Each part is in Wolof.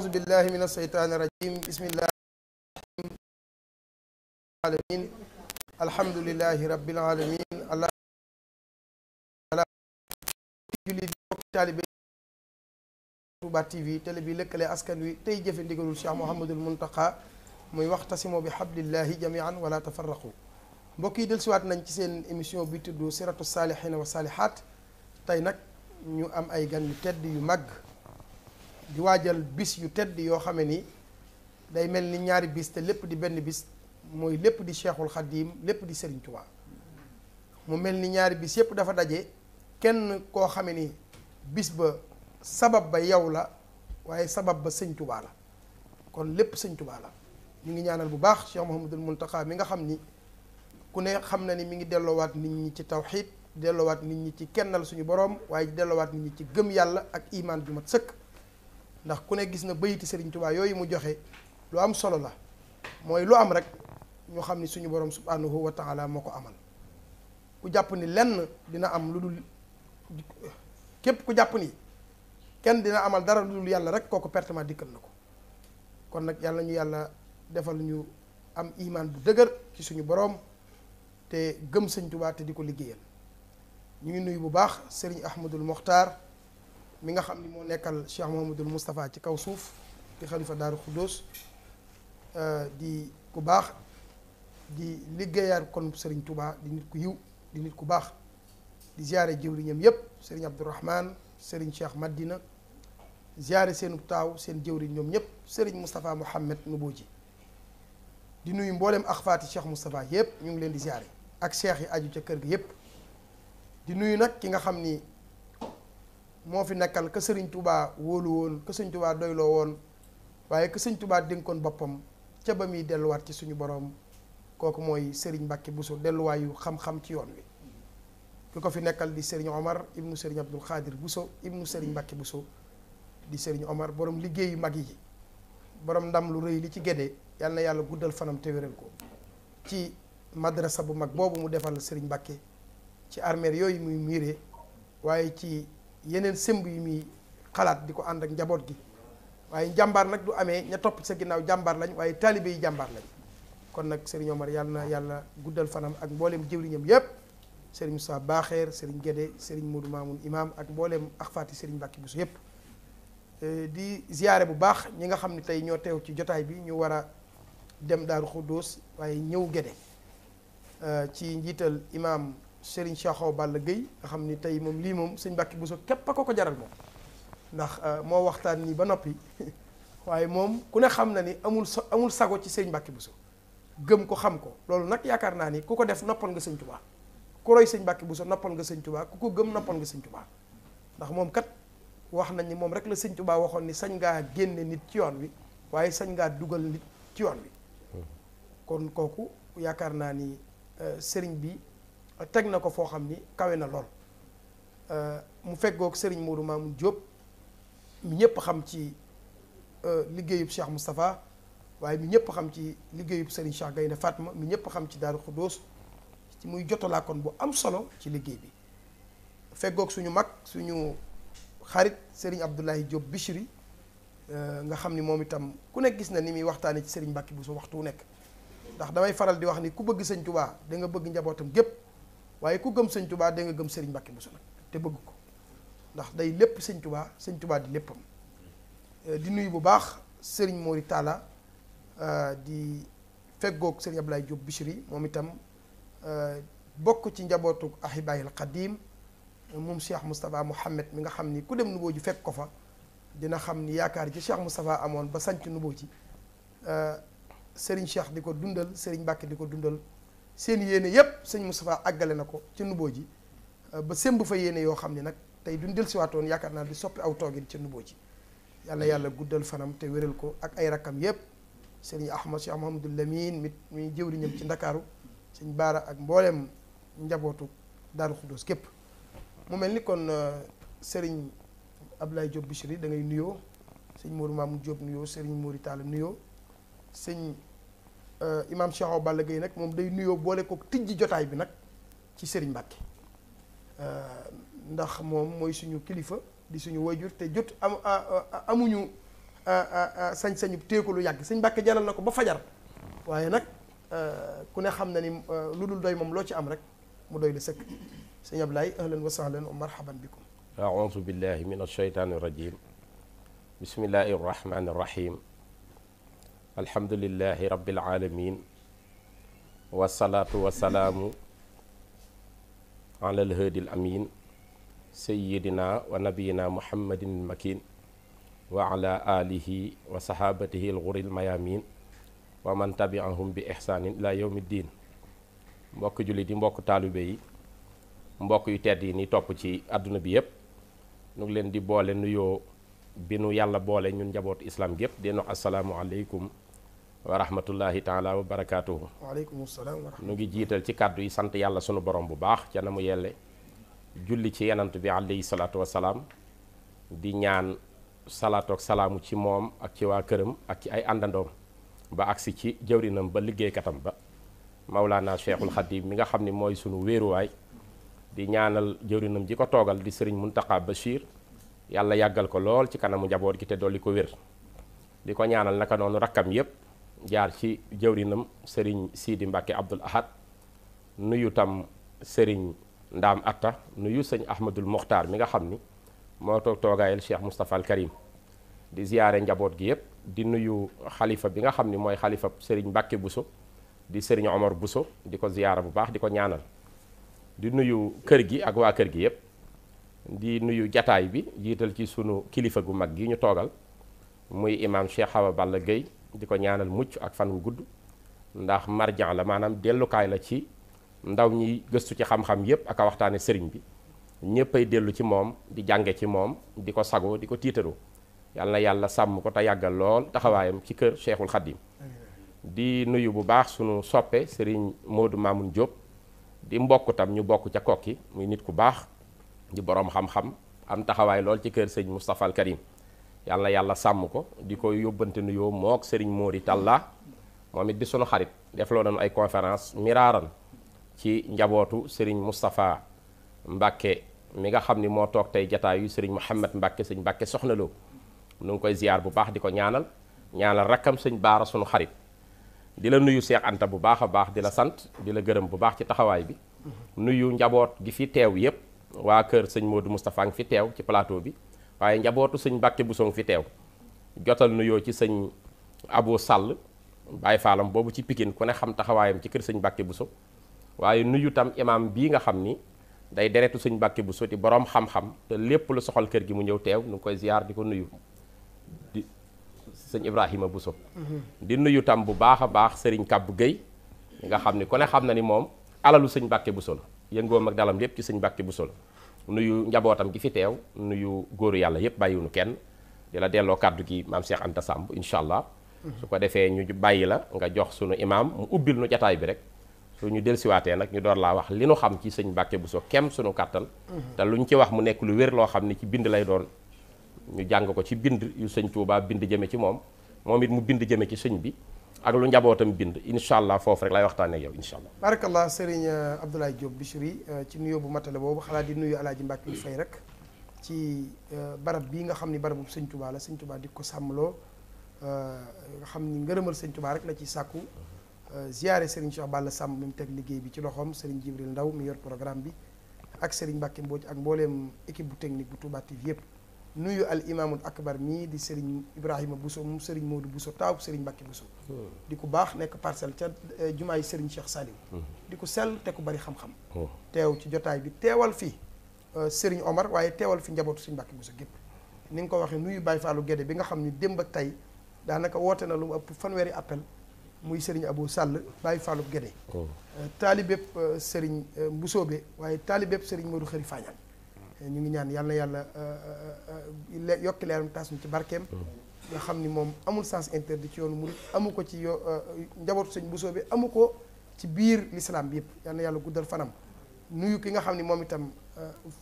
أعوذ بالله من الشيطان الرجيم بسم الله العالمين الحمد لله رب العالمين الله bokk taalibe Touba TV télé bi lëkkale askan wi tey jëfe ndigalul Cheikh Mouhamadul Muntaqa muy waxtasimo bi hablillahi jamian wala tafarraqu mbokk yi dellusiwaat nañ ci seen émission bi tudd siratu saalihiina wa saalihaat tey nag ñu am ay gan yu tedd yu màgg di wajal bis yu tedd yo xame ni day melni ñaari bis te lepp di benn bis moy lepp di Cheikhul Khadim lepp di Serigne Touba mu melni ñaari bis yépp dafa dajé kenn ko xame ni bis ba sabab ba yaw la waye sabab ba serigne Touba la kon lepp serigne Touba la ñu ngi ñaanal bu baax Cheikh mohammedul muntaka mi nga xamni ku ne xam na ni mi ngi wat nit ñi ci delo wat nit ñi ci kennal suñu waye delo wat nit ñi ci gëm yalla ak iman ju ma sekk ndax ku ne gis na bayiti Serigne Touba yooyu mu joxe lu am solo la mooy lu am rek ñu xam ni suñu borom subhanahu wa taala moo ko amal ku jàpp ni lenn dina am lu dul képp ku jàpp ni kenn dina amal dara lu dul yàlla rek kooku pertement dikkal na ko kon nag yàlla ñu yàlla defal ñu am imaan bu dëgër ci suñu boroom te gëm Sëñ Touba te di ko liggéeyal ñu ngi nuyu bu baax Serigne Ahmadul Mokhtar. mi nga xamni mo nekkal Cheikh Mouhamadul mustapha ci kaw suuf di daru Daaru euh di ku bax di liggeyar kon Serigne Touba di nit ku yiw di nit ku bax di ziare jëwriñam yépp Serigne abdou rahman Serigne Cheikh Madina ziare senou taw sen djewri ñom ñëpp Serigne mustapha mohammed nubouji di nuyu mboolem axfaati Cheikh mustapha yépp ñu ngi len di ziare ak cheikh yi aju ci kër gi yépp di nuyu nak ki nga xamni moo fi nekkal ka sëriñ tubaa wóolu woon ka sëriñ tubaa doyloo woon waaye ka sëriñ tubaa dénkoon boppam ca ba muy delluwaat ci suñu boroom kooku mooy sëriñ Mbàkke Buso delluwaayu xam-xam ci yoon wi ko fi nekkal di sëriñ Omar ibnu sëriñ Abdul Xaadir Buso ibnu sëriñ Mbàkke Buso di sëriñ Omar borom liggéeyu mag yi borom ndam lu rëy li ci gédde yàlla yàlla guddal fanam te wéral ko ci madrasa bu mag boobu mu defal sëriñ Mbàkke ci armeer yooyu muy miire waaye ci yeneen sëmb yi muy xalaat di ko ànd ak njaboot gi waaye njàmbaar nag du amee ña topp sa ginnaaw jàmbaar lañ waaye taalibe yi jàmbaar lañ kon nag Serigne Omar yàlla na yàlla guddal fanam ak mbooleem jëwriñam yépp Serigne Moussa Baaxeer Serigne Guédé Serigne Modou Mamoun Imaam ak mbooleem axfaati Serigne Mbàkke Buso yépp euh, di ziyaare bu baax ñi nga xam ne tey ñoo teew ci jotaay bi ñu war a dem Daaru Xuddoos waaye ñëw Guédé euh, ci njiital imaam Serigne Cheikh Balla Gueye nga xam ni tey moom lii moom sëñ bu so képp a ko ko jaral moom ndax euh, moo waxtaan nii ba noppi waaye moom ku ne xam na ni amul sa amul sago ci Serigne Mbàkke Bousso gëm ko xam ko loolu nag yaakaar naa ni ku ko def noppal nga sëñ Tubaa ku roy sëñ bu so noppal nga sëñ Tubaa ku ko gëm noppal nga sëñ Tubaa ndax moom kat wax nañ ni moom rek la sëñ Tubaa waxoon ni sañ ngaa génne nit ci yoon wi waaye sañ ngaa dugal nit ci yoon wi hmm. kon kooku yaakaar naa ni euh, sëriñ bi teg na ko foo xam ni kawe na lool euh, mu feggoog sëriñ Modou Mamoun Diop mi ñëpp xam ci euh, liggéeyub Cheikh Moustapha waaye mi ñëpp xam ci liggéeyub sëriñ Cheikh Gaynde faatma mi ñëpp xam ci Daaru Xuddoos ci muy jotalaakon bu am solo ci liggéey bi feggoog suñu mag suñu xarit Serigne Abdoulaye Diop Bichri euh, nga xam ni moom itam ku nekk gis na ni muy waxtaanee ci Serigne Mbacke bu su waxtu wu nekk ndax damay faral di wax ni ku bëgg Sëñ Tuubaa da nga bëgg njabootam gépp waaye ku gëm sëñ tubaa da nga gëm sëriñ Mbàkke Bousso nag te bëgg ko ndax day lépp sëñ tubaa sëñ tubaa di léppam euh, di nuyu bu baax sëriñ Mori Talla euh, di feggoog sëriñ Ablaye Diop Bichri moom itam euh, bokk ci njabootu ahibayil qadim moom Cheikh Moustapha Mouhamed mi nga xam ni ku dem nuboo ji fekk ko fa dina xam ni yaakaar ci Cheikh Moustapha amoon ba sanc nuboo ji sëriñ Cheikh di ko dundal sëriñ Mbàkke di ko dundal seen yéene yépp sëñ Moustapha àggale na ko ci nuboo ji euh, ba sémb fa yéene yoo xam ne nag tey duñ dellusiwaatoon yaakaar naa di soppi aw toogin ci nuboo ji yàlla yàlla guddal fanam te wéral ko ak ay rakkam yépp sëñ Ahmad Cheikh Mouhamadou Lamine mit muy jëwriñam ci Ndakaaru sëñ Baara ak mbooleem njabootu Daaru Xuddoos képp mu mel ni kon euh, sëriñ ab Diop Bichri da ngay nuyoo sëñ Mourou Mamoun Diop nuyoo sëriñ Mouri Tall nuyoo sëñ imam Cheikh Awa Balla Gaye nak mom day nuyo bolé ko tijji jotay bi nak ci Serigne Mbacke euh ndax mom moy suñu kilifa di suñu wajur te jot am amuñu sañ-sañu téeku lu yàgg serigne Mbacke jalal nako ba fajar wayé nak euh ku ne xam na ni lulul doy mom lo ci am rek mu doy le sëkk serigne Ablaye ahlan wa sahlan wa marhaban bikum a'udhu billahi minash alsheytani rajim bismillahir rahmanir rahim alhamdulillahi rabbil alamin wasalaatu wasalaamu ala alhadil amin sayidina wa nabiyina muhammadin makin wa ala alihi wa sahabatihi alguril mayamin wa man tabiahum bi ihsanin ila yawmi ddin mbokk jullit yi mbokk taalibe yi mbokk yu tedd yi ni topp ci àdduna bi yépp nu ngi leen di boole nuyoo bi nu yàlla boole ñun njaboot islam gépp dinu assalaamu aleykum wa rahmatullahi taala wa wa alaykum assalam wa rahmatullahi ngi jital ci kaddu yi sante yalla sunu borom bu baax ci namu yelle julli ci yanantu bi alayhi wa salam di ñaan salatu ak salamu ci mom ak ci wa kërëm ak ci ay andandom ba aksi ci jëwrinam ba katam ba maulana cheikhul khadim mi nga xamni moy sunu sunu way di ñaanal jëwrinam jiko togal di serigne muntaka bashir yalla yagal ko lol ci kanamu njaboot gi te doli ko wër diko ñaanal naka nonu rakam yépp jaar ci jëwrinam sëriñ Sidi Mbacke Abdoul Ahad nuyu tam sëriñ ndam Atta nuyu sëñ Ahmadul Mokhtar mi nga xam ni moo toog toogaayal Cheikh Moustapha al di ziyaare njaboot gi yëpp di nuyu xalifa bi nga xam ni mooy xalifa sëriñ Mbacke Bousso di sëriñ Omar Bousso di ko ziyaara bu baax di ko ñaanal di nuyu kër gi ak waa kër gi yëpp di nuyu jataay bi jiital ci sunu kilifa gu mag gi ñu toogal muy imaam Cheikh Awa Balla Gueye di ko ñaanal mucc ak fan wu gudd ndax marjan la maanaam dellukaay la ci ndaw ñi gëstu ci xam-xam yépp ak a waxtaane sëriñ bi ñépp ay dellu ci moom di jànge ci moom di ko sagoo di ko tiitaroo yàlla na yàlla sàmm ko te yàggal lool taxawaayam ci kër Cheikhul Khadim di nuyu bu baax sunu soppe sëriñ Modou Mamoun Diop di mbokk tam ñu bokk ca kokki muy nit ku baax di boroom xam-xam am taxawaay lool ci kër sëñ Moustapha al Karim yàlla yàlla sàmm ko di ko yóbbante nuyoo mook Serigne Mori Talla moom it di sunu xarit defloo nañu ay conférence miraaran ci njabootu Serigne Moustapha Mbacke mi nga xam ni moo toog tey jataayu Serigne Mouhamed Mbacke sëñ Mbacke soxna loo nu ngi koy ziar bu baax di ko ñaanal ñaanal rakkam sëñ baara suñu xarit di la nuyu Seex Anta bu baax a baax di la sant di la gërëm bu baax ci taxawaay bi nuyu njaboot gi fi teew yépp waa kër sëñ moodu mustafaa ngi fi teew ci plateau bi waaye njabootu sëñ Mbàkke Buso fi teew jotal nuyoo ci sëñ Abo Sàll Baay Faalam boobu ci pikin ku ne xam taxawaayam ci kër sëñ Mbàkke Buso waaye nuyu tam imaam bii nga xam ni day deretu sëñ Mbàkke Buso di boroom xam lépp lu soxal kër gi mu ñëw teew nu koy ziyaar di ko nuyu di sëñ Ibrahima Buso mm-hmm. di nuyu tam bu baax a baax sëriñ Kàbb Géy nga xam ni ku ne xam na ni moom alalu sëñ Mbàkke Buso la yëngoom ak dalam lépp ci sëñ Mbàkke Buso la nuyu njabootam gi fi teew nuyu góor yàlla yépp bàyyiwunu kenn di la delloo kàddu gi maam Cheikh Anta Samb allah mhm. su ko defee ñu bàyyi la nga jox sunu imaam mu ubbil nu jataay bi rek su ñu siwaatee nag ñu doon laa wax li nu xam ci sëñ Mbàkke Bousso kem sunu kàttan mhm. te ñu ci wax mu nekk lu wér loo xam ne ci bind lay doon ñu jàng ko ci bind yu sëñ Tuubaa bind jëme ci moom moom it mu bind jëme ci sëñ bi ak lu njabootam bind incha allah foofu rek lay waxtaanee ak yow incha allah. barakallah Serigne euh, Abdoulaye Diop Bichri euh, ci nuyoo bu matale boobu xalaat di nuyu Alaaji Mbàkke Fay rek ci euh, barab bii nga xam ni barabu Sëñ Tuubaa la Sëñ Tuubaa di ko sàmmloo nga xam ni ngërëmal Sëñ Tuubaa rek la ci sàkku ziyaare Serigne Cheikh Balla Samb mi mu teg liggéey bi ci loxoom Serigne Jibril Ndaw mi yor programme bi ak Serigne Mbàkke Mbooj ak mbooleem équipe bu technique bu Touba TV yëpp. nuyu al imaamul akbar mii di Serigne Ibrahima Bousso moom Serigne Modou Bousso taaw Serigne Mbacke Bousso. Hmm. di ku baax nekk parcelle ca eh, jumaay Serigne Cheikh Saliou. Hmm. di ku sell te ku bari xam-xam. Hmm. teew ci jotaay bi teewal fi eh, Serigne Omar waaye teewal fi njabootu Serigne Mbacke Bousso gépp ni nga ko waxee nuyu Baye Fallou Guédé bi nga xam ni démb ak tey daanaka woote na lu ëpp fanweeri appel muy Serigne abu sàll Baye Fallou Guédé. Eh, taalibe bépp Serigne Mbousso be waaye taalibe bépp Serigne Modou Khary Fagnane. ñu ngi ñaan yàlla na yàlla euh, euh, euh, yokki leeram taas ñu ci barkeem mm. nga xam ni moom amul sens interdition ci mu murid amu ko ci yo njabootu sëñ Bousso bi amu ko ci biir l'islam bi yëpp yal yàlla guddal fanam nuyu ki nga xam ni moom itam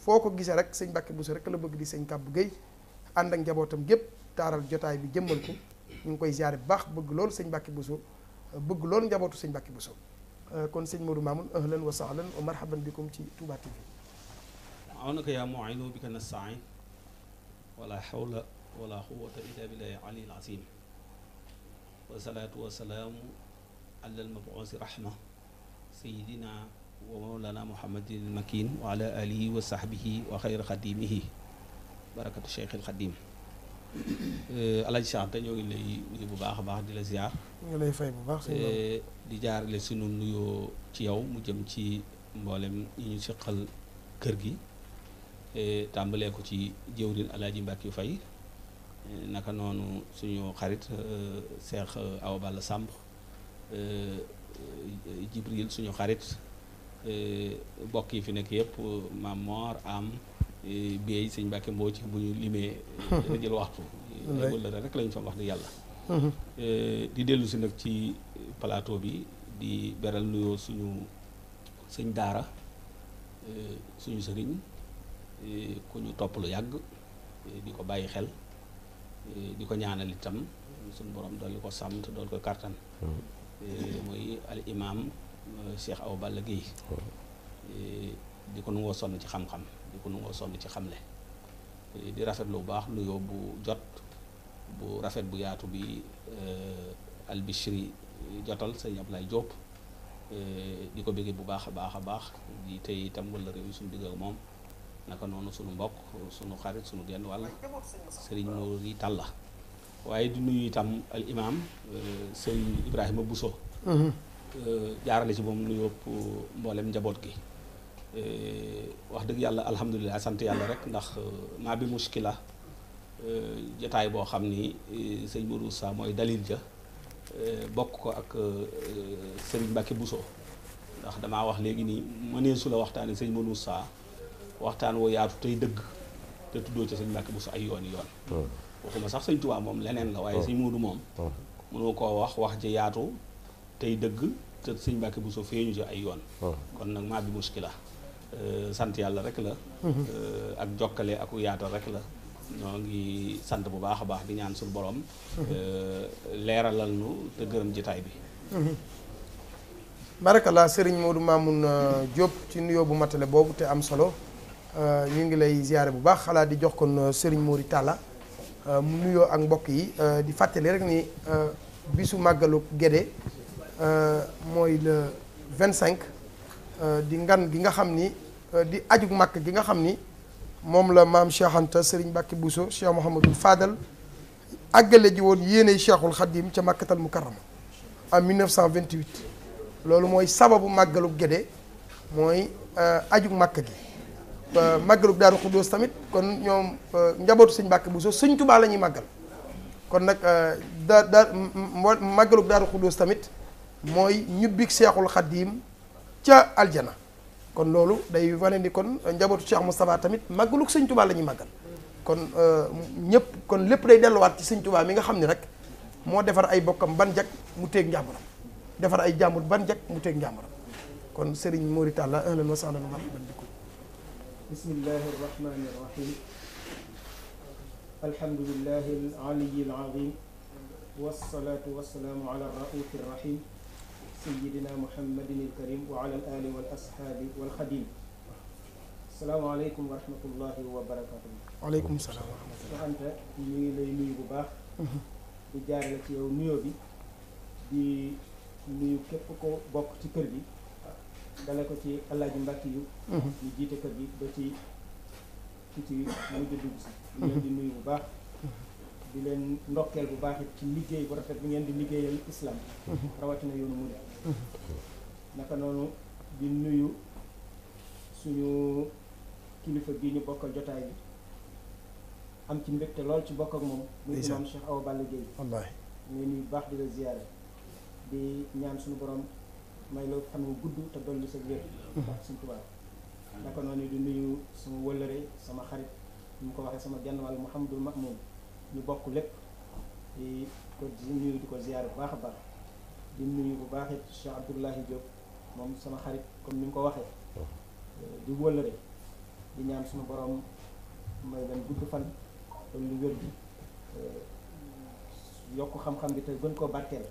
foo ko gisee rek sëñ Mbàkke Bousso rek la bëgg di sëñ Kàbbu Guèye ànd ak njabootam gépp taaral jotaay bi jëmmal ko ñu ngi koy ziare bu baax bëgg lool sëñ Mbàkke Bousso bëgg loolu njabootu sëñ Mbàkke Bousso kon sëñ Modou Mamoun ahlan wa sahlan wa marhaban bikum ci Touba TV عونك يا معين بك نستعين ولا حول ولا قوة إلا بالله العلي العظيم والصلاة والسلام على المبعوث رحمة سيدنا ومولانا محمد المكين وعلى آله وصحبه وخير خديمه بركة الشيخ الخديم alaaj Cheikh te ñoo ngi lay باخ bu baax a baax di la ziar. ñu ngi lay fay bu baax di jaarale كرغي Eh, tàmbalee ko ci jëwrin alaaji yu Fay eh, naka noonu suñu xarit eh, Seex aw Balla Samb Jibril suñu xarit bokk yi fi nekk yëpp maam am biey sëñ Mbàkke Mbóoj ci bu ñu limee dina jël waxtu wala rek lañu fa wax dëgg yàlla mm-hmm. di dellu nag ci plateau bi di beral nuyoo suñu sëñ daara suñu sëriñ ku ñu topp lu yàgg di ko bàyyi xel di ko ñaanal itam suñu borom li ko sàmm te dolli ko kàttan hmm. eh, muy al imaam eh, Cheikh Awa Balla Guèye hmm. eh, di ko nu ngoo sonn ci xam-xam di ko nu ngoo sonn ci xamle di rafet lu baax nuyoo bu jot bu rafet bu yaatu bi al Bichri jotal sëñ Ablaye Diop di ko bëggee bu baax a baax a baax di tey itam wala réew yi suñu moom naka nonu sunu mbokk sunu xarit sunu genn wàll sëriñ Mouri Talla waye di nuyu itam al imam serigne Ibrahima Bousso jaarale ci mom moom nuyoo mbollem njabot gi euh wax deug yàlla alhamdullilah sante yàlla rek ndax ma bi mushkila euh jotaay bo xamni serigne Mourou Sa moy dalil ja euh bokk ko ak serigne Mbacke Bousso ndax dama wax legui ni mënee su la waxtaanee sëñ Mourou Sa waxtaan woo yaatu tey dëgg te tuddoo ci sëñ Mbàkke bu su ay yoon yoon hmm. waxuma sax sëñ Tuubaa moom leneen la waaye hmm. sëñ Muudu moom hmm. mënoo koo wax wax ji tey dëgg sëñ Mbàkke bu su feeñu ci ay yoon kon nag maa bi muskila euh, sant yàlla rek la euh, ak ak yaatal rek la ñoo ngi sant bu baax a baax di ñaan suñu borom euh, leeralal nu te gërëm jitaay bi barakallah sëriñ Modou Mamoun Diop ci nuyoo bu matale boobu te am solo Euh, ñu ngi lay ziare bu baax xalaat di jox kon euh, Serigne moori Talla euh, mu nuyoo ak mbokk yi di fàttali rek ni bisu màggalu Guédé mooy le 25 di ngan gi nga xam ni di ajug màkk gi nga xam ni moom la maam Cheikh Anta Serigne Mbacke Bousso Cheikh Mouhamadul Fadal àggale ji woon yéeney Cheikhul Khadim ca Makkatal Mukarrama en 1928 loolu mooy sababu màggalu Guédé mooy ajug màkk gi. màggalu Daaru Xuddoos tamit kon ñoom euh, njabootu sëñ Mbàkke Buso sëñ Tubaa la ñuy màggal kon nag euh, daa daa màggalu Daaru Xuddoos tamit mooy ñubbik Seexul Xadiim ca aljana kon loolu day wane ni kon njabootu Cheikh Moustapha tamit màggalu sëñ Tubaa la ñuy màggal kon euh, ñëpp kon lépp day delluwaat ci sëñ Tubaa mi nga xam ni rek moo defar ay bokkam ban jag mu teeg njàmburam defar ay jàmbur ban jag mu teeg njàmburam kon Serigne Mori Talla ahlan wa na wa marhaban bikum بسم الله الرحمن الرحيم الحمد لله العلي العظيم والصلاة والسلام على الرؤوف الرحيم سيدنا محمد الكريم وعلى الآل والأصحاب والخديم السلام عليكم ورحمة الله وبركاته وعليكم السلام ورحمة الله وأنت نيو نيو باخ دي جارل نيو بي دي نيو كيبكو بوك تي كير بي dale ko ci alaaji mbàkk yu mhm. ñu jiite kër gi ba ci ki ci mujj dugg si mhm. ñu leen di nuyu bu baax di leen ndokkeel bu baax ci liggéey bu rafet bi ngeen di liggéeyal islam mhm. rawatina yoonu mu naka noonu di nuyu suñu kilifa bii ñu bokkal jotaay bi am ci mbégte lool ci bokk ak moom muy imaam Cheikh Awa Balla Gueye wallaay ñu nuyu bu baax di la ziyaare di ñaan suñu borom may la fan wu gudd te dolli sa wér ndax suñ tubaab naka noonu di nuyu sama wëllëre sama xarit ñu ko waxee sama genn wàll Mouhamadul Mahmoud ñu bokk lépp di ko di nuyu di ko ziar bu baax a baax di nuyu bu baax it Cheikh Abdoulahi Diop moom sama xarit comme ni mu ko waxee di wëllëre di ñaan suñu boroom may leen gudd fan dolli wér bi yokk xam-xam bi te gën koo barkeel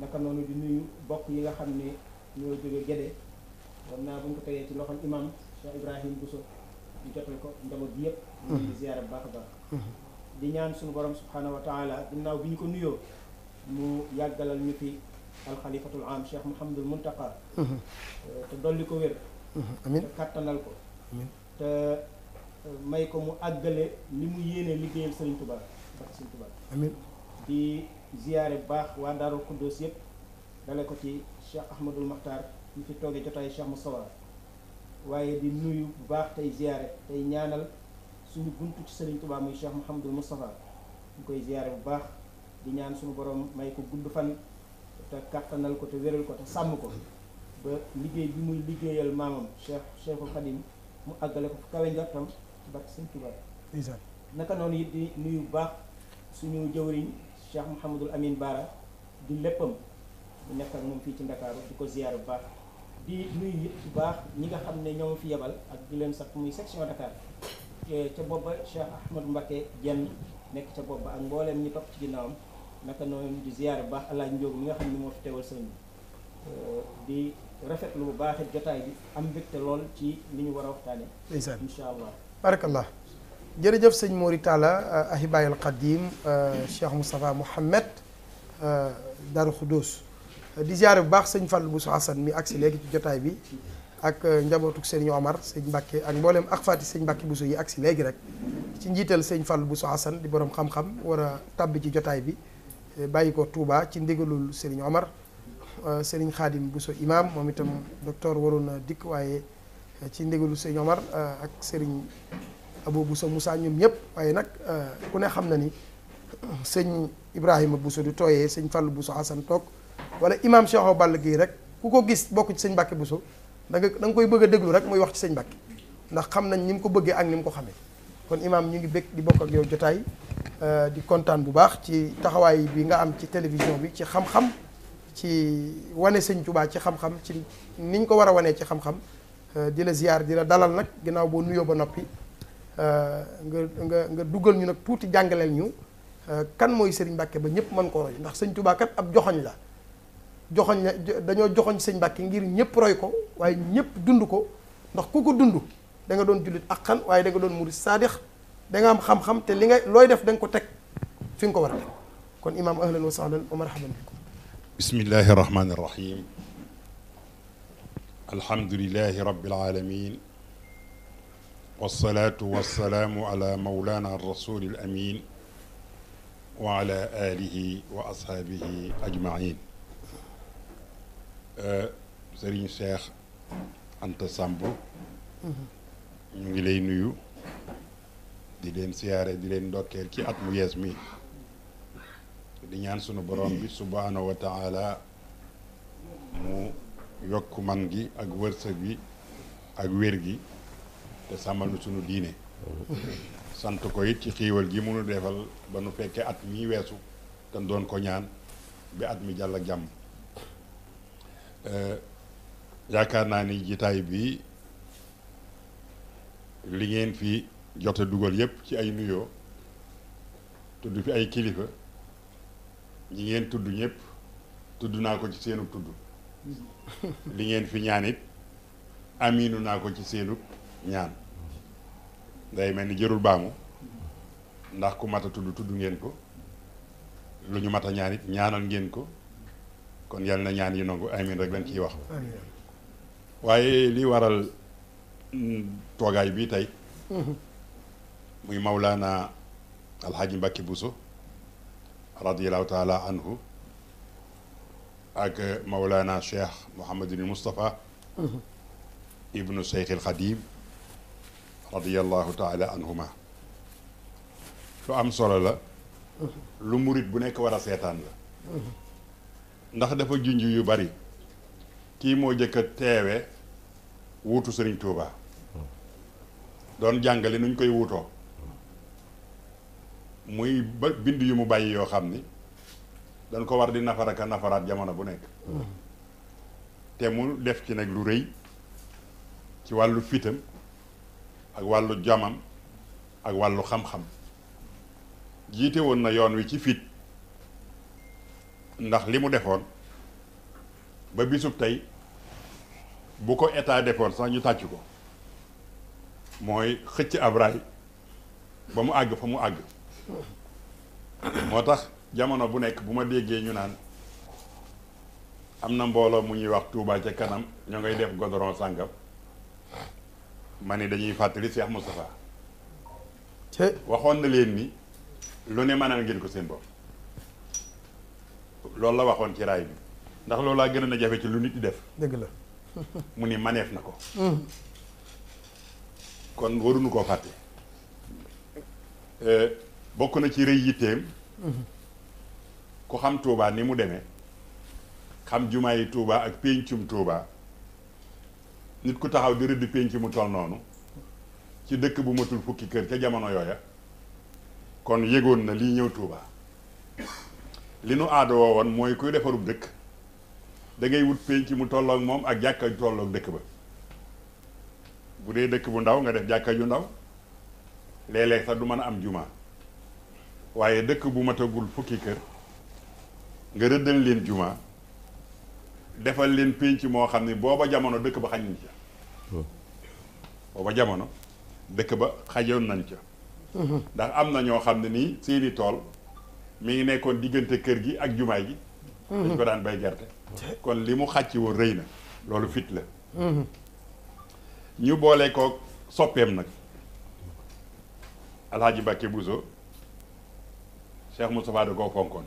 naka noonu di nuyu bokk yi nga xam ne ñoo jóge Gédé war naa bu ñu ko tegee ci loxol imam Cheikh Ibrahim Bousso ñu jotal ko njaboot bi yëpp ñu ngi ziyaara bu baax a baax di ñaan suñu borom subhaanahu wa taala ginnaaw bi ñu ko nuyoo mu yàggalal ñu fi alxalifatul am Cheikh Mouhamadul Muntaqa euh, te dolli ko wér amiin te kàttanal ko te euh, may ko mu àggale li mu yéene liggéeyal Sëriñ tubaa bak Sëriñ Tuubaa amiin ziyaare bu baax waa Daaru Xuddoos yëpp dale ko ci Cheikh Ahmadul Maxtaar ñu fi toogee jotaay Cheikh Moustapha waaye di nuyu bu baax tey ziyaare tey ñaanal suñu buntu ci Serigne Touba muy Cheikh Mouhamadul Moustapha ñu koy ziyaare bu baax di ñaan suñu borom may ko gudd fan te kàttanal ko te wéral ko te sàmm ko ba liggéey bi muy liggéeyal maamam Cheikh Cheikhul Khadim mu àggale ko fu kawe njortam ci barke Serigne Touba naka noonu it di nuyu bu baax suñu jëwriñ Cheikh Mouhamadul Amin Baara di léppam bu nekk ak moom fii ci Ndakaaru di ko ziyaar bu baax di nuyu it baax ñi nga xam ne ñoo fi yebal ak di leen sax muy section Dakar ca booba Cheikh Ahmad Mbacké jenn nekk ca booba ak mbooleem ñi topp ci ginnaawam naka noonu di ziyaar bu baax alaaj Njóogu mi nga xam ne moo fi teewal sëñ di rafetlu bu baax jotaay bi am mbégte lool ci li ñu war a waxtaane insha allah jërëjëf sëñ Mori Talla eh, Ahibayal Qadim eh, Cheikh Moustapha Mohamed eh, Darou Khoudous di ziare bu baax sëñ Fallou Bousso Assane mi agsi léegi ci jotaay bi ak njabootuk sëñ Omar sëñ Mbacke ak mbooleem ak Fati sëñ Mbacke Bousso yi agsi léegi rek ci njiital sëñ Fallou Bousso Assane di boroom xam-xam war a tabbi ci jotaay bi bàyyi ko Touba ci ndigalul sëriñ Omar sëriñ Khadim Bousso imam moom itam docteur waroon na dikk waaye ci ndigalul sëñ Omar ak sëriñ. Abou Boussa Moussa ñoom ñëpp waaye nag eh, ku ne xam na ni sëñ Ibrahima Boussa du tooyee sëñ Fallou Boussa Assane toog wala imam Cheikh Ball gii rek ku ko gis bokk ci sëñ Mbacke Boussa da nga da nga koy bëgg a déglu rek muy wax ci sëñ Mbacke ndax xam nañ ni mu ko bëggee ak ni mu ko xamee kon imaam ñu ngi bëgg di bokk ak yow jotaay eh, di kontaan bu baax ci taxawaay bi nga am ci télévision bi ci xam-xam ci wane sëñ Touba ci xam-xam ci niñ ko war a wanee ci xam-xam eh, di la di la dalal nag ginnaaw boo nuyoo ba noppi. Euh, nga nga nga dugal ñu nag tuuti jàngaleel ñu euh, kan mooy sëriñ Mbacke ba ñëpp mën koo roy ndax sëñ Touba kat ab joxoñ la joxoñ la dañoo joxoñ sëñ Mbacke ngir ñëpp roy ko waaye ñëpp dund ko ndax ku ko dund danga doon jullit ak xan waaye danga doon murid saadix danga am xam-xam te li nga looy def danga ko teg fi nga ko war a teg kon imaam ahlan wa sahlan wa marhaban bikum bismillahi rahmani rahim alhamdulilahi rabbil alamin والصلاة والسلام على مولانا الرسول الأمين وعلى آله وأصحابه أجمعين سرين شيخ أنت سامبو نجلي نيو دلين سيارة دلين دوكير كي أتمو يزمي دنيان سنو برامب سبحانه وتعالى مو يوكو مانجي أكبر سبي أكبر te sàmmal nu sunu diine sant ko it ci xiiwal gi munu defal ba nu fekkee at mii weesu te doon ko ñaan bi at mi jàll ak jàmm eh, yaakaar naa ni jitaay bi li ngeen fi jote dugal yépp ci ay nuyoo tudd fi ay kilifa ñi ngeen tudd ñépp tudd naa ko ci seenu tudd li ngeen fi ñaanit aminu naa ko ci seenu ñaan day mel ni jërul baamu ndax ku mat tudd tudd ngeen ko lu ñu mat a ñaan it ñaanal ngeen ko kon yal na ñaan yi nangu amin rek lañ ciy wax waaye li waral mm, toogaay bii tey muy mawlaana alxaaji mbàkki buso radiallahu taala anhu ak mawlaana cheikh mouhamadul moustapha ibnu seykhil xadim Allah taala anhuma lu am solo la lu murit bu nekk war la ndax dafa yu bari kii moo jëkk a don janggalinun sëriñ Touba doon jàngale nuñ koy wuutoo muy yu mu bàyyi yoo dañ ko war di nafaraka nafarat jamono bu nek, te mu def ci lu ci fitam ak wàllu jamam ak wàllu xam-xam jiite woon na yoon wi ci fit ndax li mu defoon ba bisub tey bu ko état defoon sax ñu tàcc ko mooy xëcc ab raay ba mu àgg fa mu àgg moo tax jamono bu nekk bu ma déggee ñu naan am na mbooloo mu ñuy wax tuubaa ca kanam ñoo ngay def godoron sàngam ma ne dañuy fàttali Cheikh Moustapha waxoon na leen ni lu ne mënal ngeen ko seen bopp loolu la waxoon ci raay ndax loolu laa gën a jafe ci lu nit di def dëgg la mu ni maneef na ko mm. kon waruñu koo fàtte euh, bokk na ci rëy yitteem mm-hmm. ku xam Touba ni mu demee xam jumaa yi tuubaa ak péncum tuubaa nit ku taxaw di rëdd penc mu toll noonu ci dëkk bu matul fukki kër ca jamono yooya kon yégoon na lii ñëw Touba li nu aada woo woon mooy kuy defarub dëkk dangay wut wut ci mu tolloog moom ak jàkka ju dëkk ba bu dee dëkk bu ndaw nga def jàkka ju ndaw léeg sax du mën a am juma waaye dëkk bu matagul fukki kër nga rëddal leen juma defal leen ci moo xam ne booba jamono dëkk ba xañ ci booba jamono dëkk ba xajoon nañ ca mhm. ndax am na ñoo xam ne nii seeni tool mi ngi nekkoon diggante kër gi ak jumaay gi mhm. dañ ko daan bay gerte kon li mu xàcc woon rëy na loolu fit la mhm. ñu boole koo soppeem nag alxaaji Mbàkke Buso Cheikh Moustapha da koo fonkoon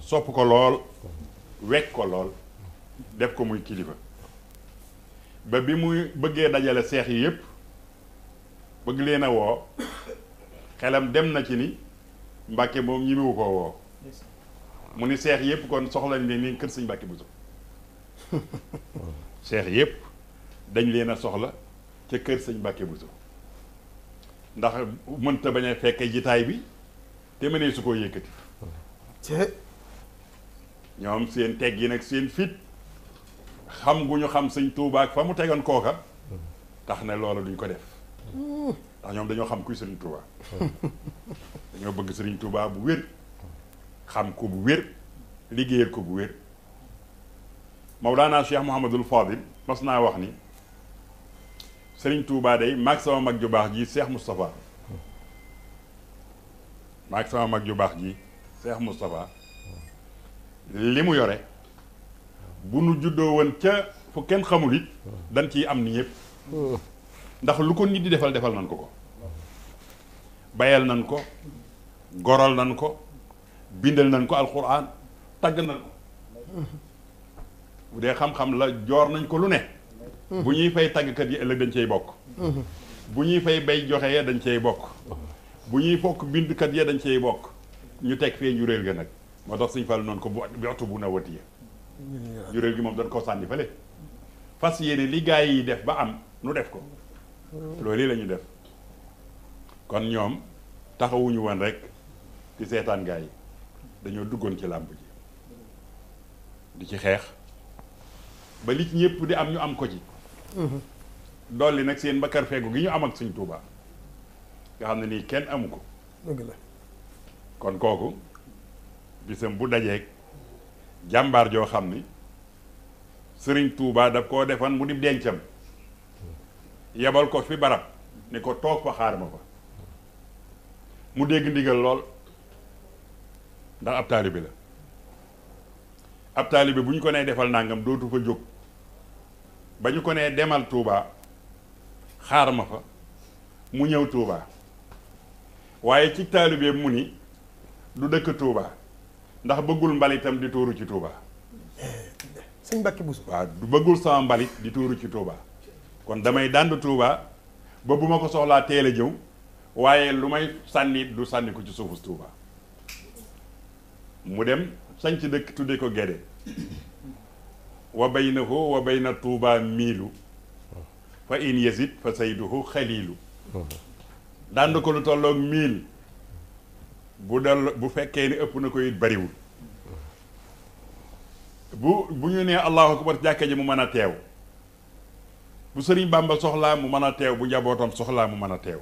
sopp ko lool wekk ko lool def ko muy kilifa ba bi muy bëggee dajale seex yi yépp bëgg leen a woo xelam dem na ci ni Mbàkke moom ñimiwu ko woo mu ni seex yépp kon soxla ni ni kër sëñ Mbàkke so seex yépp dañ leen a soxla ca kër sëñ Mbàkke Buso ndax mënta bañ a fekke jitaay bi te mënee su koo yëkkati ñoom seen teg yi nag seen fit xam gu ñu xam sëñ Touba ak fa mu tegoon kooka tax na loolu duñ ko def ndax ñoom dañoo xam kuy sëriñ Touba dañoo bëgg sëriñ tuubaa bu wér xam ko bu wér liggéeyal ko bu wér moom Mawlaana Cheikh Mouhamadul Fadil mas naa wax ni sëriñ Touba day maag sama mag ju baax ji Cheikh Moustapha maag sama mag ju baax ji Cheikh Moustapha li mu yore bu nu juddoo woon ca fu kenn xamul it dañ ciy am ni yëpp ndax lu ko nit di defal defal nan ko ko bayal nan ko goral nan ko bindal nan ko alxuraan tagg nan ko bu dee xam-xam la joor nañ ko lu ne bu ñuy fay tàggkat yi ëllëg dañ cey bokk bu ñuy fay bay joxe ya dañ cey bokk bu ñuy fokk bindkat ya dañ cey bokk ñu teg fee ñu réel ga nag ma tax suñ fàll noonu ko bu waxtu bu na wati ya njuréel gi moom dañ ko sànni fële fas yéene li gaay yi def ba am nu def ko loolu la ñu def kon ñoom taxawuñu woon rek di seetaan gaay yi dañoo duggoon ci làmb ji di ci xeex ba li ci ñëpp di am ñu am ko ci dolli nag seen bakkar fegu gi ñu am ak suñ Tuubaa nga xam ne kenn amu ko kon kooku bisam bu dajeeg jàmbaar joo xam ni sëriñ tuubaa daf koo defan mu ni dencam yebal ko fi barab ni ko toog fa xaar ma fa mu dégg ndigal lool ndax ab taalibe la ab taalibe bu ñu ko nee defal nangam dootu fa jóg ba ñu ko nee demal Touba xaar ma fa mu ñëw Touba waaye ci taalibe mu ni du dëkk Touba ndax bëggul mbalitam di tuuru ci Touba. sëñ Mbacke Bousso. waaw du bëggul sama mbalit di tuuru ci Touba kon damay dànd Touba ba bu ma ko soxlaa teel a jëw waaye lu may sànni du sànni ko ci suufu Touba mu dem sañ ci dëkk tuddee ko Guédé wa baynahu wa bayna Touba miilu fa in yazid fa sayduhu xaliilu dànd ko lu tolloog miil bu dal bu fekkee ni ëpp na ko it bariwul bu bu ñu nee allahu akbar jàkka ji mu mën a teew bu sëriñ bàmba soxlaa mu mën a teew bu njabootam soxlaa mu mën a teew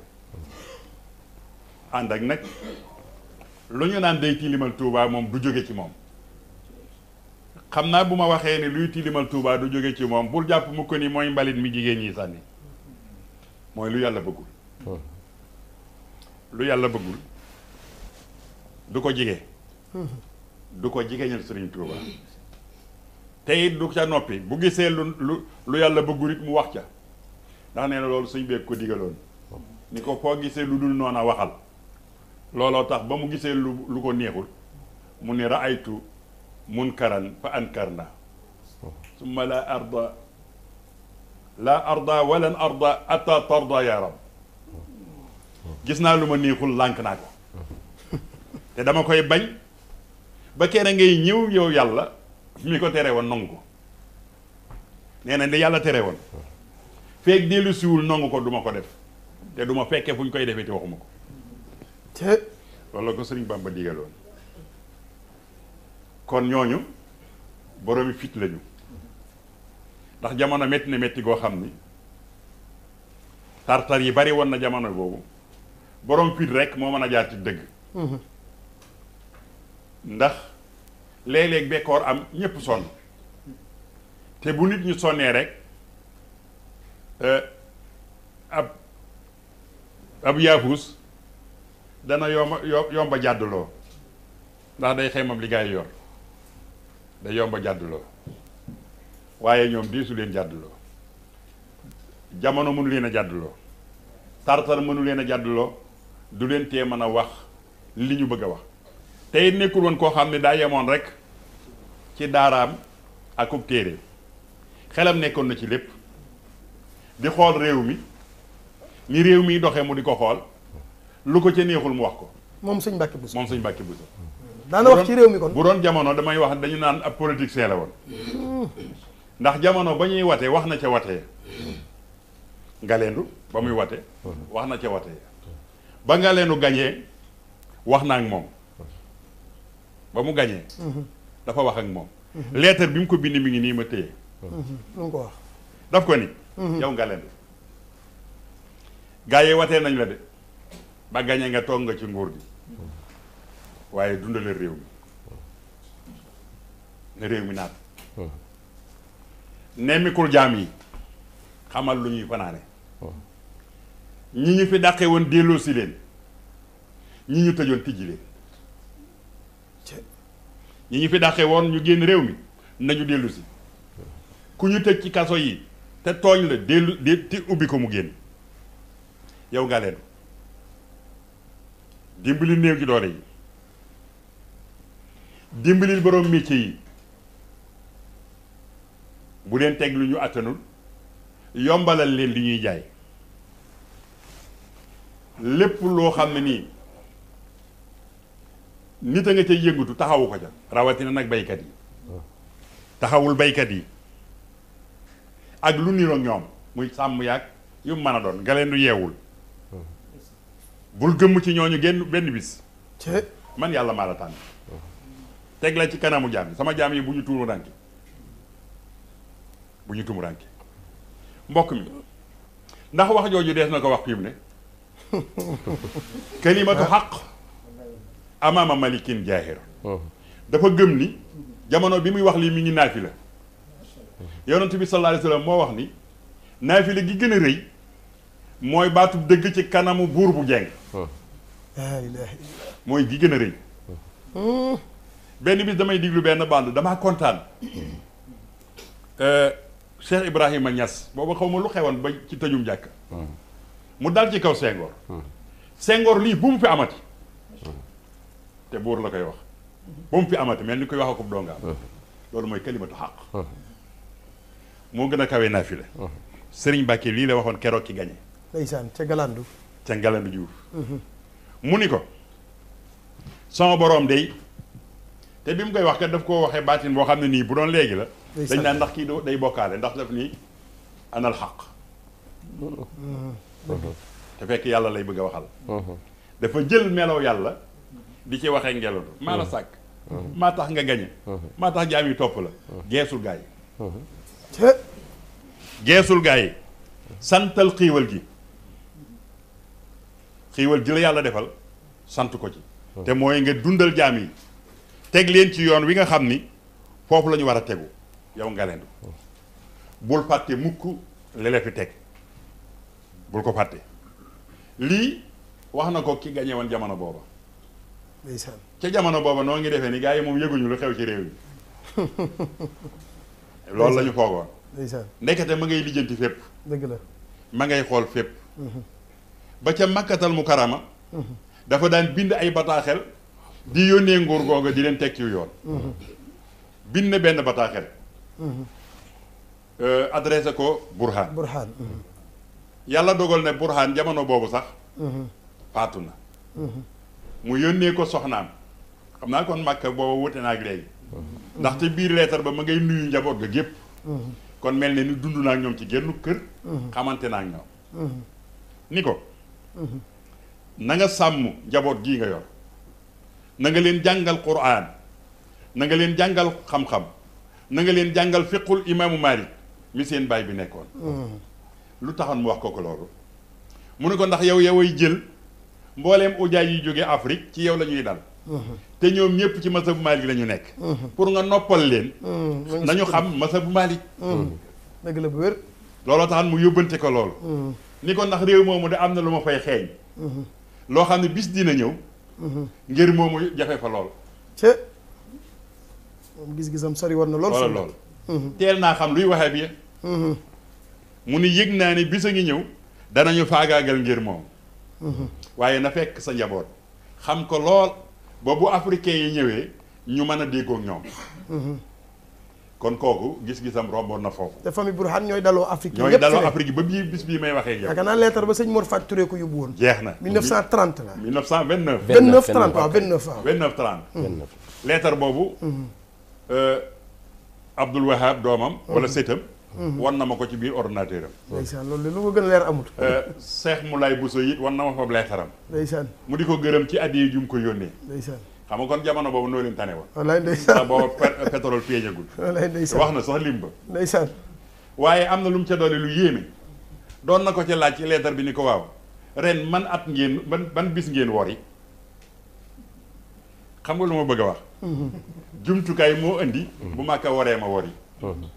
ànd ak nag lu ñu naan day tilimal tuubaa moom du jóge ci moom xam naa bu ma waxee ne luy tilimal tuubaa du jóge ci moom bul jàpp mu ko ni mooy mbalit mu jigéen ñi sànni mooy lu yàlla bëggul hmm. lu yàlla bëggul du ko jige du ko jigeñal Sëriñ Tuuba te it du ca noppi bu gisee lu lu lu yàlla bëggurit mu wax ca ndax nee na loolu suñ beeg ko digaloon ni ko foo gisee lu dul noona waxal looloo tax ba mu gisee lu lu ko neexul mu ni ne raaytu munkaran fa ankar na summa laa arda laa arda walan arda atta tarda ya gis naa lu ma neexul lank naa ko te dama koy bañ ba kere ngay ñëw yow yàlla mi ko tere woon nangu ko nee na li yàlla tere woon feeg dellusiwul siwul ko duma ko def te duma fekke fu ñu koy defee te waxuma ko te loolu la ko sëriñ Bamba digaloon kon ñooñu boroomi fit lañu ndax jamono métti na métti goo xam ni tartar yi bari woon na jamono boobu borom fit rek moo mën a jaar ci dëgg mhm. ndax léeg-léeg bekkoor am ñépp sonn te bu nit ñu sonnee rek eh, ab ab yaafus dana yomba yomba jàdduloo ndax day xeymam li gaay yor day yomba jàdduloo waaye ñoom diisu leen jàdduloo jamono mënu leen a jàdduloo tartar mënu leen a jàdduloo du leen tee mën a wax li ñu bëgg a wax tey nekkul woon koo xam ne daa yemoon rek ci daaraam ak ub téere xelam nekkoon na ci lépp di xool réew mi ni réew mi doxe mu di ko xool lu ko ca neexul mu wax ko. moom sëñ Mbacke Bousso moom sëñ Mbacke Bousso. daana wax ci réew mi kon bu doon jamono damay wax dañu naan ab politicien la woon. ndax jamono ba ñuy watee wax na ca watee leenu ba muy wate wax na ca watee ba leenu gañee wax naa ak moom. ba mu gañee mhm. dafa wax ak moom mhm. leetar bi mu ko bind mi ngi nii ma téye mhm. ko wax daf ko ni yow nga leen gaa yi watee nañ la de ba gañee nga toog nga ci nguur gi waaye dundale réew mi ne réew mi naat nemmikul jaam yi xamal lu ñuy fanaane ñi ñu fi dàqe woon delloosi leen ñi ñu tëjoon tijji leen ñi ñu fi dàqe woon ñu génn réew mi nañu dellu ku ñu tëj ci kaso yi te tooñ la dellu di ti ubbi ko mu génn yow nga leen dimbalil néew ji yi dimbalil borom métier yi bu leen teg lu ñu àttanul yombalal leen li ñuy jaay lépp loo xam ne nii nit a nga cay yëngatu taxawu ko ca rawatina nag baykat yi taxawul baykat yi ak lu niroog ñoom muy sàmm yaag yu mën a doon nga leen yeewul bul gëmm ci ñooñu génn benn bis man yàlla maa la tànn teg la ci kanamu jaam sama jaam yi bu ñu tuumu rànki bu ñu tuumu rànki mbokk mi ndax wax jooju dees na ko wax fi ne kalimatu xaq amaama malikin jaahir oh. dafa gëm ni jamono bi muy wax lii mi ngi naafila yonent bi sallallahu alayhi wa sallam moo wax ni naafila gi gën a rëy mooy baatu dëgg ci kanamu buur bu jeng oh. mooy gi gën a rëy oh. benn bis damay diglu benn bande damaa kontaan hmm. euh, Cheikh Ibrahima Niass booba xaw ma lu xewoon ba ci tëjum jàkk hmm. mu dal ci kaw Senghor hmm. Senghor lii bu mu fi amati te buur la koy wax ba mu fi amati mel ni koy wax akub dongaam uh-huh. loolu mooy kalimatu xaq uh-huh. moo gën a kawe naafile uh-huh. sëriñ Mbàkke lii la waxoon keroog ki gañe ndeysaan ca galandu ca galandu Juuf mu ni ko sama boroom day te bi mu koy wax ka daf koo waxee baatin boo xam ne nii bu doon léegi la dañ naan ndax kii do day bokkaale ndax daf nii anal xaq te fekk yàlla lay bëgg a waxal dafa jël melow yàlla di ci waxee ngelaw maa la mm. sàkk mm. maa tax nga gañe mm. maa tax jaam yi topp la geesul gaa yi geesul gaa yi santal xiiwal gi xiiwal ji la yàlla defal sant ko ci te mooy nga dundal jaam yi teg leen ci yoon wi nga xam ni foofu lañu war a tegu yow nga leen bul fàtte mukk lele teg bul ko fàtte lii wax na ko ki gañe woon jamono booba ndeysaan ca jamono booba noo ngi defee ni gaa yi moom yëguñu lu xew ci réew mi loolu la ñu foogoon ndeysaan ndekete ma ngay lijjanti fépp la ma ngay xool fépp mhm. ba ca makkatal mu karama mhm. dafa daan bind ay bataaxel di yónnee nguur googa di leen tekkiw yoon mhm. bind na benn bataaxel euh, adressé ko burhaan burhaan yàlla dogal ne burhaan jamono boobu sax faatu na mu yónnee ko soxnaam xam naa kon màkk booba wute naa ak léegi ndaxte biir leetar ba ma ngay nuyu njaboot ga gépp kon mel ne ni dund naa ñoom ci génnu kër xamante naa ak ni ko na nga sàmm njaboot gii nga yor nanga leen jàngal quraan na leen jàngal xam-xam na leen jàngal fiqul imaamu Maalik mi seen baay bi nekkoon mm-hmm. lu taxoon mu wax ko ko loolu mu ne ko ndax yow yoway jël mbooleem ujaay yi jóge Afrique ci yow la ñuy dal te ñoom ñëpp ci masabu Malik la ñu nekk pour nga noppal leen mm-hmm. nañu xam masabu Malik mm-hmm. dëgg la bu wér looloo taxan mu yóbbante ko loolu mm-hmm. ni ko ndax réew moomu de am na lu ma fay xeeñ loo xam ne bis dina ñëw ngir moomu jafe fa lool te moom gis sori woon na lool lool teel naa xam luy waxee bi mu ni yëg naa ne bis a ngi ñëw danañu faagaagal ngir moom waaye na fekk sa njaboot xam ko lool ba bu africain yi ñëwee ñu mën a déggoo ñoom. Mhm. kon kooku gis-gisam romboon na foofu. te famille Burhan ñooy daloo Afrique. ñooy daloo Afrique ba bii bis bii may waxee yow. yaakaar naa leetar ba sëñ Mor Fatou Touré ko yóbbu woon. jeex na 1930 la. 1929 29 30 waaw 29 waaw. 29 30. 29 leetar boobu. Mhm. Euh, Abdoul Wahab doomam. wala mhm. sëtam. wan na ma ko ci biir ordinateur am. ndeysaan loolu lu ko gën a leer amut. Euh, Cheikh Moulay Bousso it wan na ma fa leetaram. ndeysaan mu di ko gërëm ci addiya ju mu ko yónnee. ndeysaan xam nga kon jamono boobu noo leen tane woon. wallaay ndeysaan booba euh, pétrole feeñagul. wallaay wax na sax limba. ndeysaan waaye am na lu mu ca doole lu yéeme. doon na ko ca laaj ci leetar bi ni ko waaw ren man at ngeen ban ban bis ngeen wori xam nga lu ma bëgg a wax. Mm-hmm. jumtukaay moo indi. bu ma ko waree ma wori. Mm-hmm.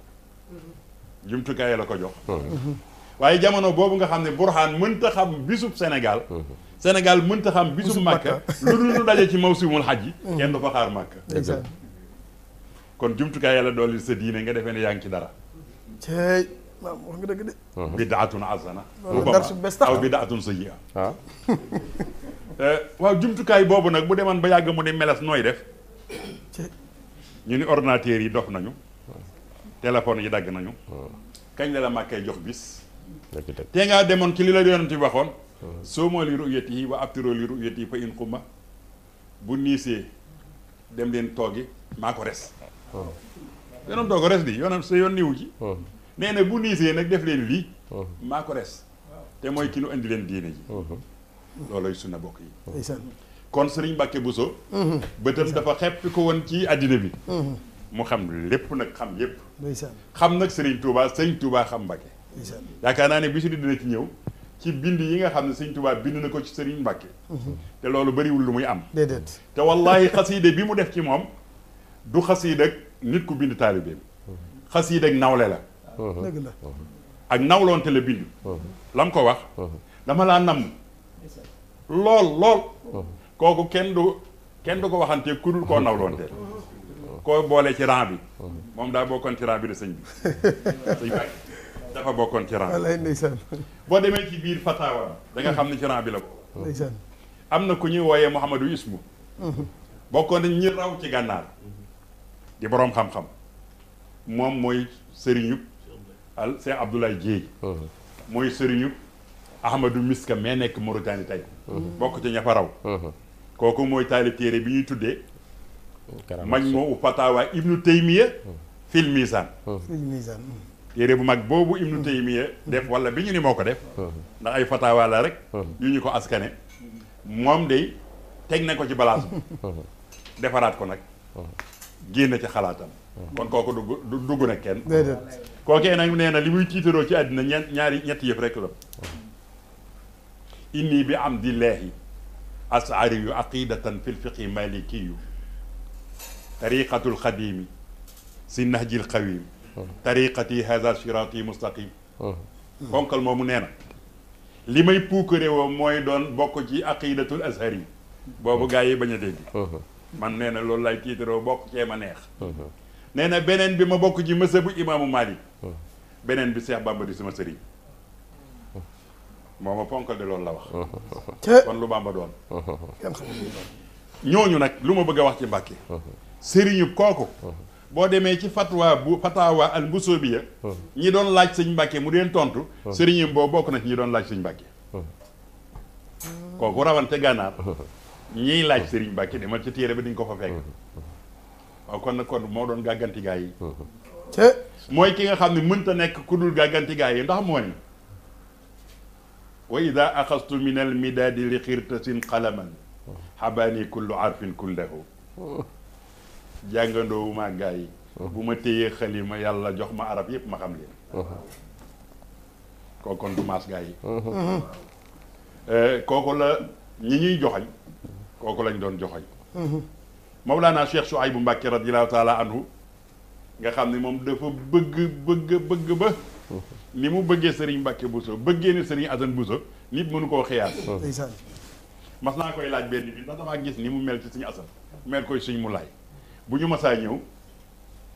jumtukaay la ko jox mm-hmm. Mm-hmm. waaye jamono boobu nga xam ne burhaan mënta xam bisub Sénégal mm-hmm. Sénégal mënta xam bisub Màkka lu dul lu daje ci mawsimul xaj yi kenn du ko xaar Màkka kon jumtukaay yàlla doolli sa diine nga defee ne yaa ngi ci dara tey waaw wax nga dëgg de bidaatun asana aw bidaatun eh, waaw jumtukaay boobu nag bu demaan ba yàgg mu ne meles nooy def ñu ni ordinateur yi dox nañu téléphone yi dagg nañu. Hmm. kañ la la màkkee jox bis. te ngaa demoon ci li la yonent bi waxoon. soo moo li ru'yatihi wa abtiroo li ru'yatihi fa in xumma bu niisee dem leen toogi maa ko res. Hmm. yoonam doo res di yoonam sa yoon niwu ji. Hmm. nee na bu niisee nag def leen lii. maa ko res. te mooy ki nu indi leen diine ji. loolooy sunna bokk yi. kon sëriñ Mbàkke Buso. bëtam dafa xepp ko woon ci àddina bi. mu xam lépp nag xam yépp xam nag Serigne Touba Serigne Touba xam Mbacke yaakaar naa ne bi su di dina ci ñëw ci bind yi nga xam ne Serigne Touba bind na ko ci Serigne Mbacke mhm. te loolu bariwul lu muy am déedéet te wallahi xasiide bi mu def ci moom du xasiid ak nit ku bind taalibeem mhm. xasiid ak nawle la mhm. dëgg la ak nawloonte la bind lam ko wax dama laa namm lool lool kooku kenn du kenn du ko waxante ku dul koo nawloonte koo boole ci rang bi moom daa bokkoon ci raabiru sëñ bi sëñ bi dafa bokkoon ci boo demee ci biir Fatawa danga xam ne ci bi la ko. am na ku ñuy wooyee Mouhamadou Ismu. bokkoon nañ ñi raw ci gànnaar. di boroom xam-xam. moom mooy sëriñub al Cheikh Abdoulaye Dieye. mooy sëriñub Ahmadou Miska mais nekk Mauritanie tey. bokk ci ña fa raw. kooku mooy taalib téere bi ñuy tuddee. mañ moo u Fatawa Ibnu Taymiya fil misaan hmm. fil hmm. bu mag boobu ibnu hmm. taymiya def wala bi ñu ni moo ko def ndax ay fatawaa la rek yu ñu ko askane moom day teg na ko ci balaas defaraat ko nag génn ci xalaatam kon kooku dugg dugg na kenn kookee nag nee na li muy tiitaroo ci àddina ñaari ñetti yëpp rek la inni bi am di leexi asari yu aqidatan fil fiqi malikiyu tariqatul xadimi si nahjil xawim tariqati hadha sirati mustaqim konkal hmm. momu nee limay poukere wo moy don mooy ci aqidatul azhari bobu gaay yi baña deg hmm. man nee lol lay titero bokk ci ma neex hmm. nee benen bi ma bokk ci mësa bu malik benen bi cheikh bamba di sama seri moma ponkal de lol la wax kon lu bamba don ñoñu nak luma bëgg wax ci boo demee ci fatwa bu fatawa al mbusoobiya oh. ñi doon laaj sëñ Mbàkke mu deen tontu oh. sëriñam boobu bokk na ci ñi doon laaj sëñ Mbàkke oh. kooku rawante gànnaar ñiy laaj sëriñ Mbàkke demal ci téere bi di ko fa fekk mm-hmm. kon na kon moo doon gàgganti gaa yi mm-hmm. mooy ki nga xam ne mënta nekk ku dul gàgganti gaa yi ndax moo ni wa ida axastu min al midaadi li xirtasin qalaman xabaani kullu arfin kullahu jàngandoowu maa gaa yi uh-huh. bu ma téyee xalima yàlla jox ma arab yëpp ma xam leen uh-huh. kooku kon du maas uh-huh. euh, kooku la ñi ñuy joxoñ kooku lañ doon joxoñ Mawlana Cheikh Souhaïbou Mbacké radiyallahu taala anhu nga xam ni moom dafa bëgg bëgg bëgg ba ni mu bëggee Serigne Mbacké Bousso bëggee ni Serigne Assane Bousso nit mënu koo xiyaat mas naa koy laaj benn bi ndax damaa gis ni mu mel ci suñu Assane mel koy suñ mu laay bu ñu masaa ñëw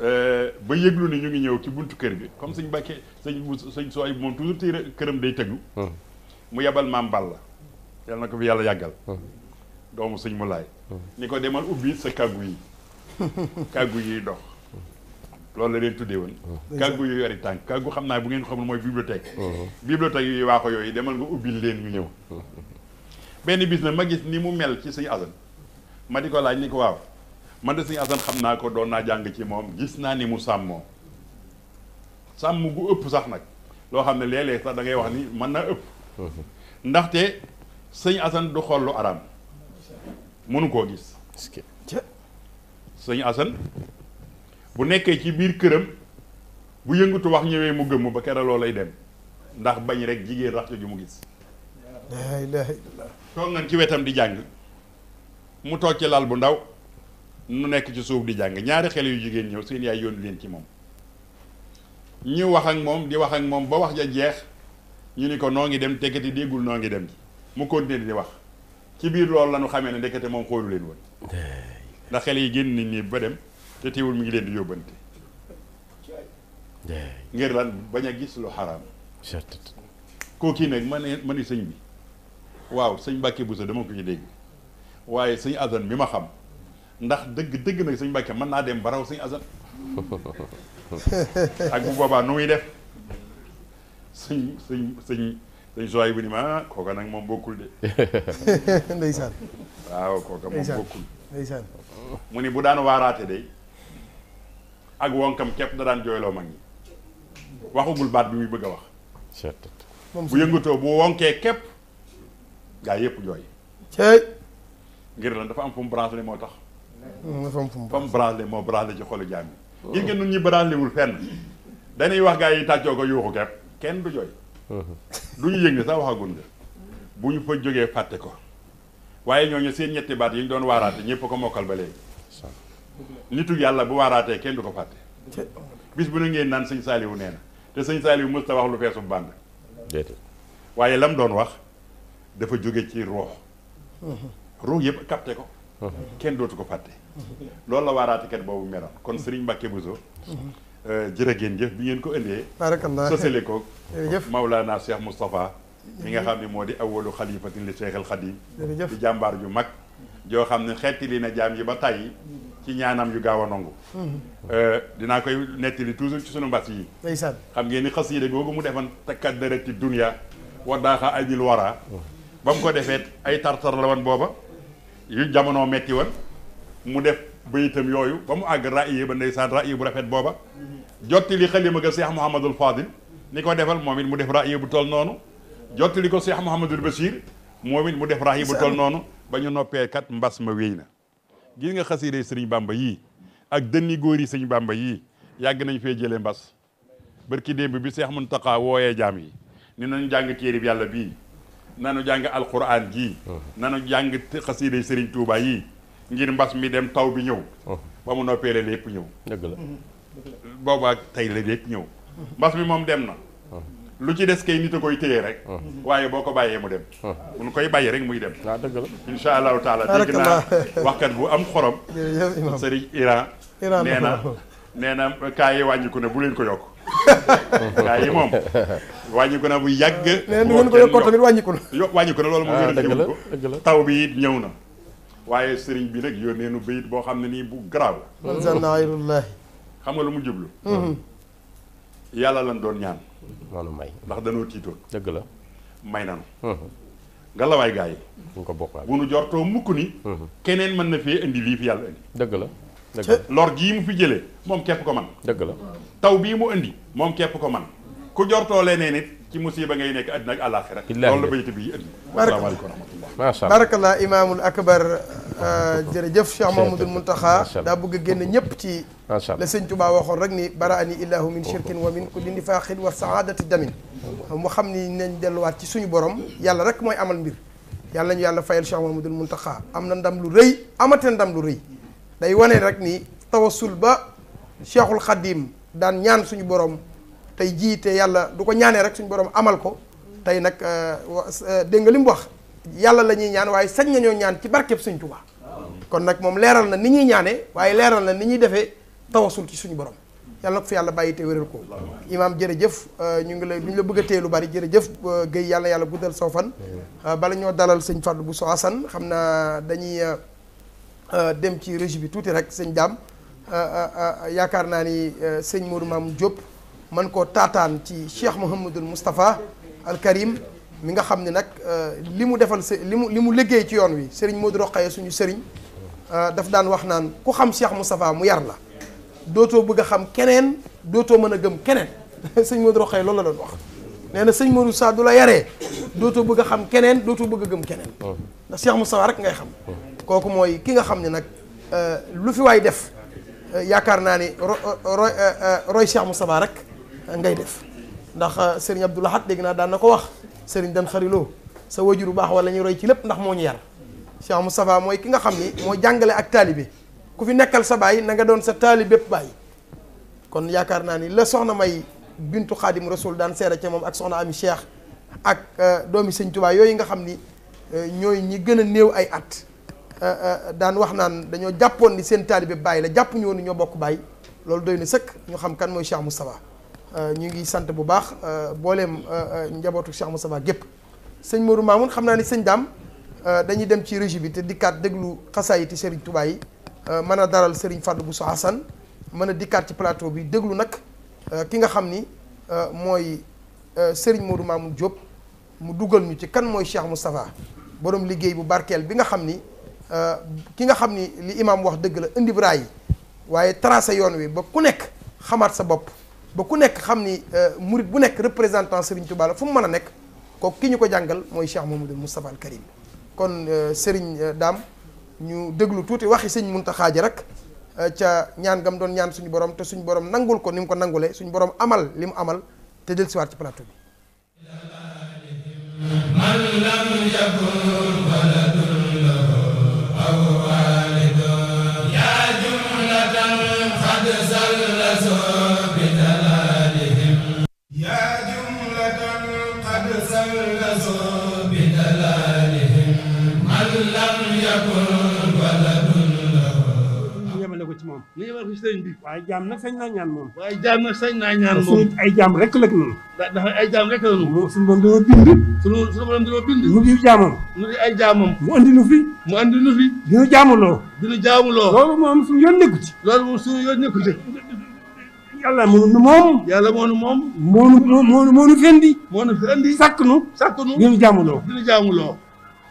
euh, ba yëglu ni ñu ngi ñëw ci buntu kër gi comme sëñ Bakke sëñ sëñ Soy moom toujours ci këram day tëggu hmm. mu yebal maam Balla yàlla na ko fi yàlla yàggal hmm. doomu suñ mu laay hmm. ni ko demal ubbi sa kàggu yi kàggu yiy dox loolu la leen tuddee woon kàggu yu yori tànk kàggu xam naa bu ngeen xamul mooy bibliothèque bibliothèque yu waaxo yooyu demal nga ubbi leen ñu ñëw benn bis ma gis ni mu mel ci sëñ Asan ma di ko laaj ni ko waaw man de sëñ asan xam naa ko doon naa jàng ci moom gis naa ni mu sàmmoo sàmm bu ëpp sax nag loo xam ne léeg-léeg sax da wax ni mën naa ëpp ndaxte sëñ Assane du xool lu araam mënu koo gis sëñ Assane bu nekkee ci biir këram bu yëngatu wax ñëwee mu gëmm ba keraloo lay dem ndax bañ rek jigéen rax ju mu gis laa ilaaha illallaah toog nañ ci wetam di jàng mu toog ci lal bu ndaw nu nekk ci suuf di jàng ñaari xel yu jigéen ñëw seen yaay yónni leen ci moom ñu wax ak moom di wax ak moom ba wax ja jeex ñu ni ko noo ngi dem tekkati déggul noo ngi dem mu ko continuer di wax ci biir lool la ñu xamee ne ndekete moom xoolu leen woon ndax xel yi génn nit ñi ba dem te teewul mi ngi leen di yóbbante ngir lan bañ a gis lu xaraam kooki nag ma ne ma ne sëñ bi waaw sëñ Mbàkke Buso dama ko dégg waaye sëñ Asan bi ma xam ndax deug deug nak seigne mbacke man na dem baraw seigne azan ak bu boobaa nu muy def seigne seigne seigne sëñ joy bu ni ma ah, kooka nag mom bokul de ndeysaan waaw kooka moom bokkul ndeysaan mu ni bu daan waaraate de ak wonkam kep da daan joylo mag ñi waxagul baat bi muy bëgg wax certet bu yëngatoo bu wonkee kep gaa yépp jooy ngir lan dafa am fu mu branché fa mu branlé moo branlé ci xolu jaam yi gis ngeen nun ñu branlé wul fenn dañuy wax gaa yi tàccoo ko yuuxu kepp kenn du jooy du mhm. ñu yëg ne sax waxagun nga bu ñu fa jógee fàtte ko waaye ñooñu seen ñetti baat yi ñu doon waaraate ñëpp ko mokkal ba léegi nitu yàlla bu waaraatee kenn du ko fàtte bis bu nu ngeen naan sëñ Saaliwu nee na te sëñ Saaliwu mës ta wax lu feesu bànd waaye lam doon wax dafa jóge ci ruux mhm. ruux yëpp capté ko kenn dootu ko fàtte loolu la waaraatekat boobu meloon kon Serigne Mbacke Bousso euh, jërë ngeen jëf bi ngeen ko indee barakallah sosale ko jërëjëf Maulana Cheikh Moustapha mi nga xam ne moo di awalu xalifatin li Cheikh al Khadim di jàmbaar ju mag joo xam ne xettali na jaam yi ba tàyyi ci ñaanam yu gaaw a nangu mm-hmm. euh, dinaa koy nettali toujours ci sunu mbas yi ndeysaan xam ngeen ni xas yi de googu mu defan takkat dara ci dunia wa daaxa ay nil wara mm-hmm. ba mu ko defee ay tartar la woon booba yu jamono metti woon mu def bayitam yooyu ba mu àgg raayé ba ndeysaan raayé bu rafet booba jotti li xalima ga Cheikh Mouhamadul Fadil ni ko defal moom it mu def raayé bu toll noonu jotti li ko Cheikh Mouhamadul Bachir moom it mu def raayé bu toll noonu ba ñu noppee kat mbas ma wéy na gis nga xasiidey sëriñ bàmba yii ak dënni góor yi sëriñ bàmba yii yàgg nañu fee jëlee mbas barki démb bi Cheikh Mountakha wooyee jaam yi ni nañu jàng bi yàlla bii nanu jàng alquran jii uh-huh. nanu jàng xasiida sëriñ Tuubaa yi ngir mbas mi dem taw bi ñëw uh-huh. ba mu noppee la lépp ñëw dëgg la uh-huh. boobaa tey la lépp ñëw mbas mi moom dem na lu ci des kay nit a koy téye rek waaye boo ko bàyyee mu dem mun koy bàyyi rek muy dem waaw ah, dëgg la insha allahu taala dégg naa waxkat bu am xorom sëriñ Iran nee na nee yi wàññiku ne bu leen ko yokk gaa yi moom wàññiku na bu yàgg neen du ngeen ko yokkoo tamit wàññiku na yo wàññiku na loolu moom yéen ah, dëgg la dëgg la taw bi it ñëw na waaye sëriñ bi nag yónnee nu bayit boo xam ne nii bu garaaw la xam nga lu mu jublu mm-hmm. yàlla lan doon ñaan noonu may ndax danoo tiitoon dëgg la may nanu mm-hmm. nga lawaay gaa yi bu nu jortoo mukk ni mm-hmm. keneen mën na fee indi lii fi yàlla indi dëgg la lor gi mu fi jele mom kep ko man deug la taw bi mu indi mom kep ko man ku jorto le ne nit ci musiba ngay nek àddina ak alakhirah lolou la bayit bi indi asalaamaaleykum rahmatullah macha allah barakallah imaamul akbar jef Cheikh Mamadul Muntaxa daa bëgg a génn ñëpp ci le seigne touba waxon rek ni baraani illahu min shirkin wa min kulli nifaqin wa saadati damin mu xamni ni delu wat ci suñu borom yàlla rek moy amal mbir yàlla ñu yàlla fayal Cheikh Mamadul Muntaxa am na ndam lu reuy amate ndam lu reuy day wane rek ni tawasul ba cheikhul xadim daan ñaan suñu borom tey jiitee yàlla du ko ñaanee rek suñu borom amal ko tey nag euh, euh, dégg nga li mu wax yàlla la ñuy ñaan waaye sañ nañoo ñaan ci barkeb suñ Tuubaa kon nag moom leeral na ni ñuy ñaanee waaye leeral na ni ñuy defee tawasul ci suñu borom yàlla na ko fi yàlla bàyyi te wéral ko imaam jërëjëf euh, ñu ngi lay duñ la bëgg a téye lu bari jëf Guèye yàlla yàlla guddal soo fan bala ñoo dalal sëñ Fadlu bu soo asan xam naa dañuy Euh, dem ci régie bi tuuti rek sëñ Dame euh, euh, yaakaar naa ni sëñ Modou Mamoune Diop man koo taataan ci Cheikh Mouhamadul Moustapha al mi nga xam ne nag li mu defal sa li mu li mu liggéey ci yoon wi sëriñ Modou Rokhaya suñu sëriñ daf daan wax naan ku xam Cheikh Moustapha mu yar la dootoo bëgg a xam keneen dootoo mën a gëm keneen sëñ Modou Rokhaya loolu la doon wax. nee na sëñ Modou Sa du la yaree dootoo bëgg a xam keneen dootoo bëgg a gëm keneen oh. ndax Cheikh Moustapha rek ngay xam oh. kooku mooy ki nga xam ne nag euh, lu fi waay def euh, yaakaar naa ni euh, Cheikh Moustapha rek ngay def ndax sëriñ Abdou naa daan na ko wax sëriñ dan xariloo sa wajuru baax wala ñu roy ci lépp ndax moo ñu yar Cheikh Moustapha mooy ki nga xam ni moo jàngale ak taalibe ku fi nekkal sa baay na nga doon sa taalibe bépp baay kon yaakaar naa ni la soxna may bintu xaadim rasul daan seere ca moom ak soxna ami cheikh ak euh, doomi sëñ Tuubaa yooyu nga xam ni euh, ñooy ñi gën a néew ay at euh, daan wax naan dañoo jàppoon ni seen taalibe bàyyi la jàpp ñu woon ñoo bokk bàyyi loolu doy na sëkk ñu xam kan mooy Cheikh Moustapha ñu ngi sant bu baax booleem njabootu Cheikh Moustapha gépp sëñ Modou Mamoun xam naa ni sëñ daam dañuy dem ci régie bi te dikkaat déglu xasaayiti Serigne Touba yi mën a daral Serigne bu Bousso asan mën a dikkaat ci plateau bi déglu nag Euh, ki nga xam ni euh, mooy euh, Serigne Modou Mamoun Diop mu dugal ñu ci kan mooy Cheikh Moustapha borom liggéey bu barkeel bi nga xam ni ki nga xam ni li imaam wax dëgg la indi bra yi waaye tracé yoon wi ba ku nekk xamaat sa bopp ba ku nekk xam ni murit bu nekk représentant Serigne Touba la fu mu mën a nekk ko ki ñu ko jàngal mooy Cheikh Mamadou Moustapha al Karim kon Serigne daam ñu déglu tuuti waxi sëñ Muntaxa ji rek. ca ñaan gam doon ñaan suñu borom te suñu borom nangul ko ni mu ko nangulee suñu borom amal li mu amal te dellusiwaat ci plateau bi. ñu yebal bi. waaye jaam na sañ naa ñaan moom. waaye jaam nag sañ naa ñaan moom. ay jaam rek la ak noonu. dafa ay jaam rek la ak noonu. suñu borom dañoo bind. suñu suñu borom dañoo bind. nu di jaamam. nu di ay jaamam. mu andi moom suñu yoon nekku ci. loolu moom suñu yoon nekku ci. yàlla moonu moom. yàlla moonu moom. fendi. sakk nu. sakk nu di nu jaamuloo. di nu jaamuloo.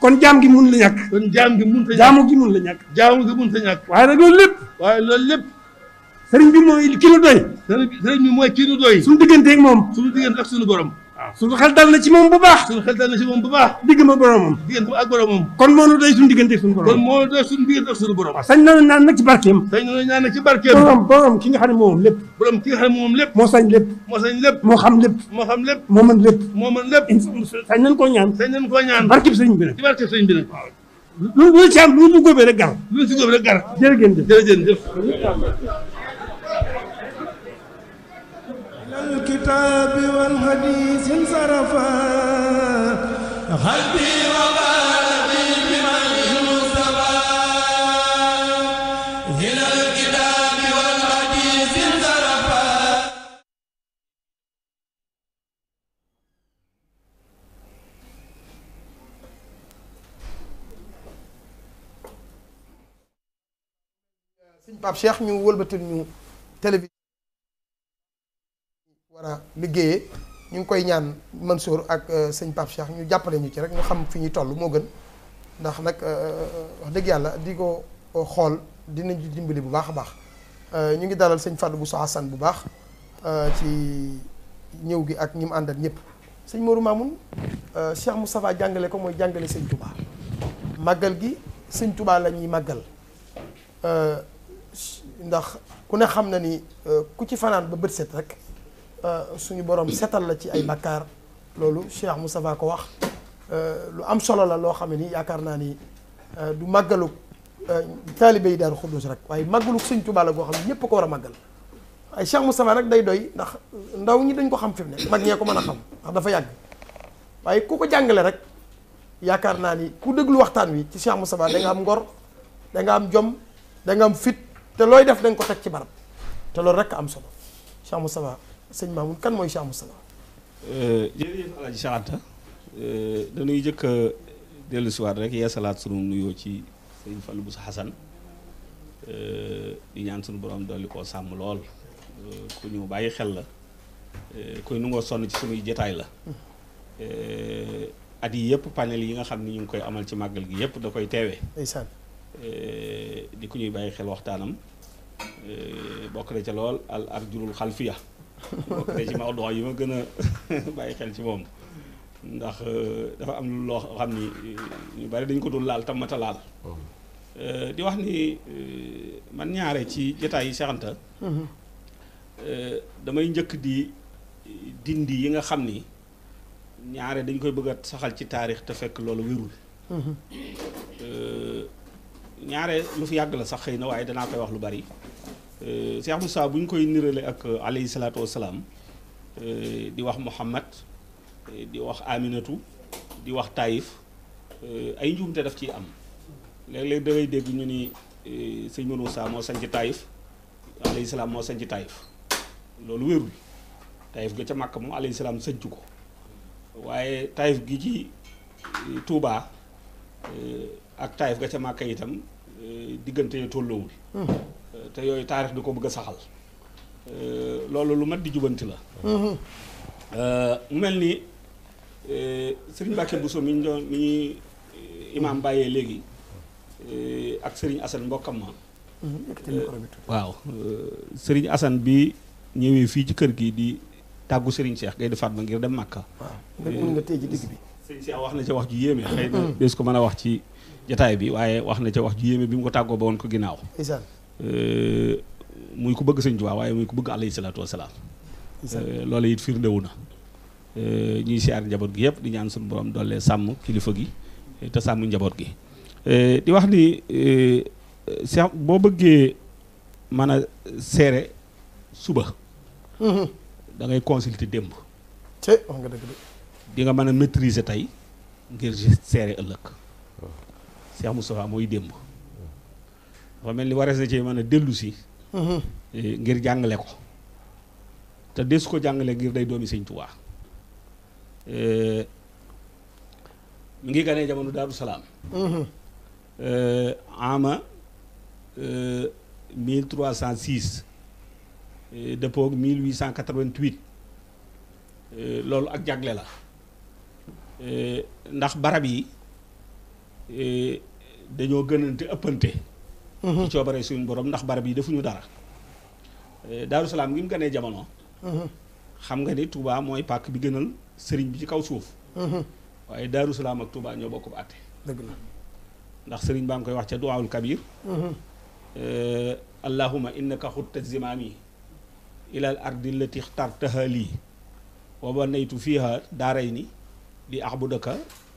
kon jaam gi mun la ñàkk. kon jaam gi mun la ñàkk jaamu gi mun la ñàkk. jaamu gi mun la ñàkk. waaye nag loolu lépp. waaye loolu lépp. sëriñ bi mooy ki nu doy. sëriñ bi mooy ki nu doy. suñu digganteeg moom. suñu diggante ak suñu borom. waaw suñu xel dal na ci moom bu baax suñu xel dal na ci moom bu baax digg ma boromam diggante ak boromam kon moo nu doy suñu diggante suñu borom kon moo doy suñu diggante suñu borom waaw sañ na naan nag ci barkeem sañ na naan nag ci barkeem borom borom ki nga xam ne moo moom lépp borom ki nga xam ne moom lépp moo sañ lépp moo sañ lépp moo xam lépp moo xam lépp moo mën lépp moo mën lépp sañ nañ koo ñaan sañ nañ koo ñaan barkeb sëñ bi nag ci barkeb sëñ bi nag waaw lu lu ci am lu mu góobee rek gar lu ci góobee rek gar jërëjëf jërëjëf الكتاب والحديث انصرفا قلبي وبال بي المصطفى إلى الكتاب والحديث انصرفا سيدي Pape Cheikh ñu wëlbatil ñu télévision war a liggéeyee ñu ngi koy ñaan Mansour ak euh, sëñ Pape Cheikh ñu jàppale ñu ci rek nga xam fi ñuy toll moo gën ndax nag euh, euh, wax dëgg yàlla di ko xool dinañ ci dimbali bu baax a baax ñu ngi dalal sëñ Fadou Bousso Assane bu baax ci ñëw gi ak ñi mu àndal ñëpp sëñ Mourou Mamoun Cheikh Moustapha jàngale ko mooy jàngale sëñ Touba màggal gi sëñ tubaa lañuy ñuy màggal ndax ku ne xam na ni ku ci fanaan ba bët set rek. Euh, suñu borom setal la ci ay bakkar lolu Cheikh Moustapha ko wax euh, lu am solo la lo xamni yakar na ni euh, du màggalug talibey dar khudus rek waye màggalug seigne touba la go xamni ñepp ko wara magal ay Cheikh Moustapha nak day doy ndax ndaw ñi dañ ko xam fimne mag ñe ko mëna xam ndax dafa yag waye kuko jangale rek yakar na ni ku déglu waxtan wi ci Cheikh Moustapha da nga am ngor da nga am jom da nga am fit te loy def ko tek ci barab te loolu rek am solo Cheikh Moustapha sëñ Mamoun kan mooy Cheikh Moustapha. Euh, jërëjëf El Hadj Cheikh Anta euh, dañuy jëkk a dellusiwaat rek sunu nuyoo ci sëñ Fallou Boussa Hassan euh, di ñaan sunu borom dolli koo sàmm lool ku ñu bàyyi xel la kuy nu ngoo sonn ci sunuy jataay la. at yi yëpp panel yi nga xam ni ñu ngi koy amal ci màggal gi yëpp da koy teewee. ndeysaan di ku ñuy bàyyi xel waxtaanam bokk na ca lool al arjurul xalfiya bokk na ci mawduu yi ma gën a bàyyi xel ci moom ndax euh, dafa am loo xam ni ñu bari dañ ko doon laal tam mata laal euh, di wax ni euh, man ñaare ci jotaay yi Cheikh mhm. damay njëkk di dindi yi nga xam ni ñaare dañ koy bëgg a saxal ci taarix te fekk loolu wérul mhm. ñaare lu fi yàgg la sax xëy na waaye danaa koy wax lu bari Eh, Cheikh Moussa buñ koy nirale ak eh, alayhi salaatu wasalaam eh, di wax Muhammad di wax Aminatu di wax Taif ay njumte daf ciy am léeg-léeg da ngay dégg ñu ni sëñ sa mo moo ci Taif alayhi salaam moo ci Taif loolu wërul Taif ga ca makk mo alayhi salaam sanc ko waaye Taif gi ci Touba ak Taif ga ca màkk itam diggante tollowul hmm. Euh, te yooyu taarix du ko bëgg a saxal euh, loolu lu mat di jubanti la mhm. euh, mu mel ni sëriñ Mbàkke bu so ñu doon mi ñuy imaam bàyyee léegi ak sëriñ Asan mbokkam ma mhm, waaw sëriñ Asan bi ñëwee fii ci kër gi di tàggu sëriñ Cheikh Gaynde ma ngir dem Màkka waaw nga tey ci digg bi sëriñ Cheikh wax na ca wax ju yéeme mhm. xëy na ko mën a wax ci jataay bi waaye wax na ca wax ju yéeme bi mu ko tàggoo ba woon ko ginnaaw Eh, muy ku bëgg sëñ Tuubaa waaye muy ku bëgg alayhi salaatu wasalaam eh, loolu it firndewu na eh, ñuy siyaar njaboot gi yëpp di ñaan suñu borom doole sàmm kilifa gi te sàmm njaboot gi di wax ni Cheikh boo bëggee mën a seere suba mm-hmm. da ngay consulter démb te wax nga dëgg di nga mën a maîtriser tey ngir seere ëllëg Cheikh oh. Moustapha mooy démb dafa mel ni warees sa ci man a dellu si mhm. eh, ngir jàngale ko te des ko jàngale ngir day doomi sëñ Tuubaa eh, mu ngi ganee jamono Daaru Salaam mhm. eh, ama 1306 dëppoog 1888 loolu ak jàgle la ndax barab yi dañoo gënante ëppante ci coobare suñu borom ndax barab yi defuñu dara daaru salaam gi mu gënee jamono xam nga ni Touba mooy pàkk bi gënal sëriñ bi ci kaw suuf waaye daaru salaam ak Touba ñoo bokk bu àtte dëgg la ndax sëriñ baa ngi koy wax ca duwaawul kabir allahuma innaka xutta zimaami ila al ardi allati ixtartaha lii wa banaytu fiha daarayni li axbudaka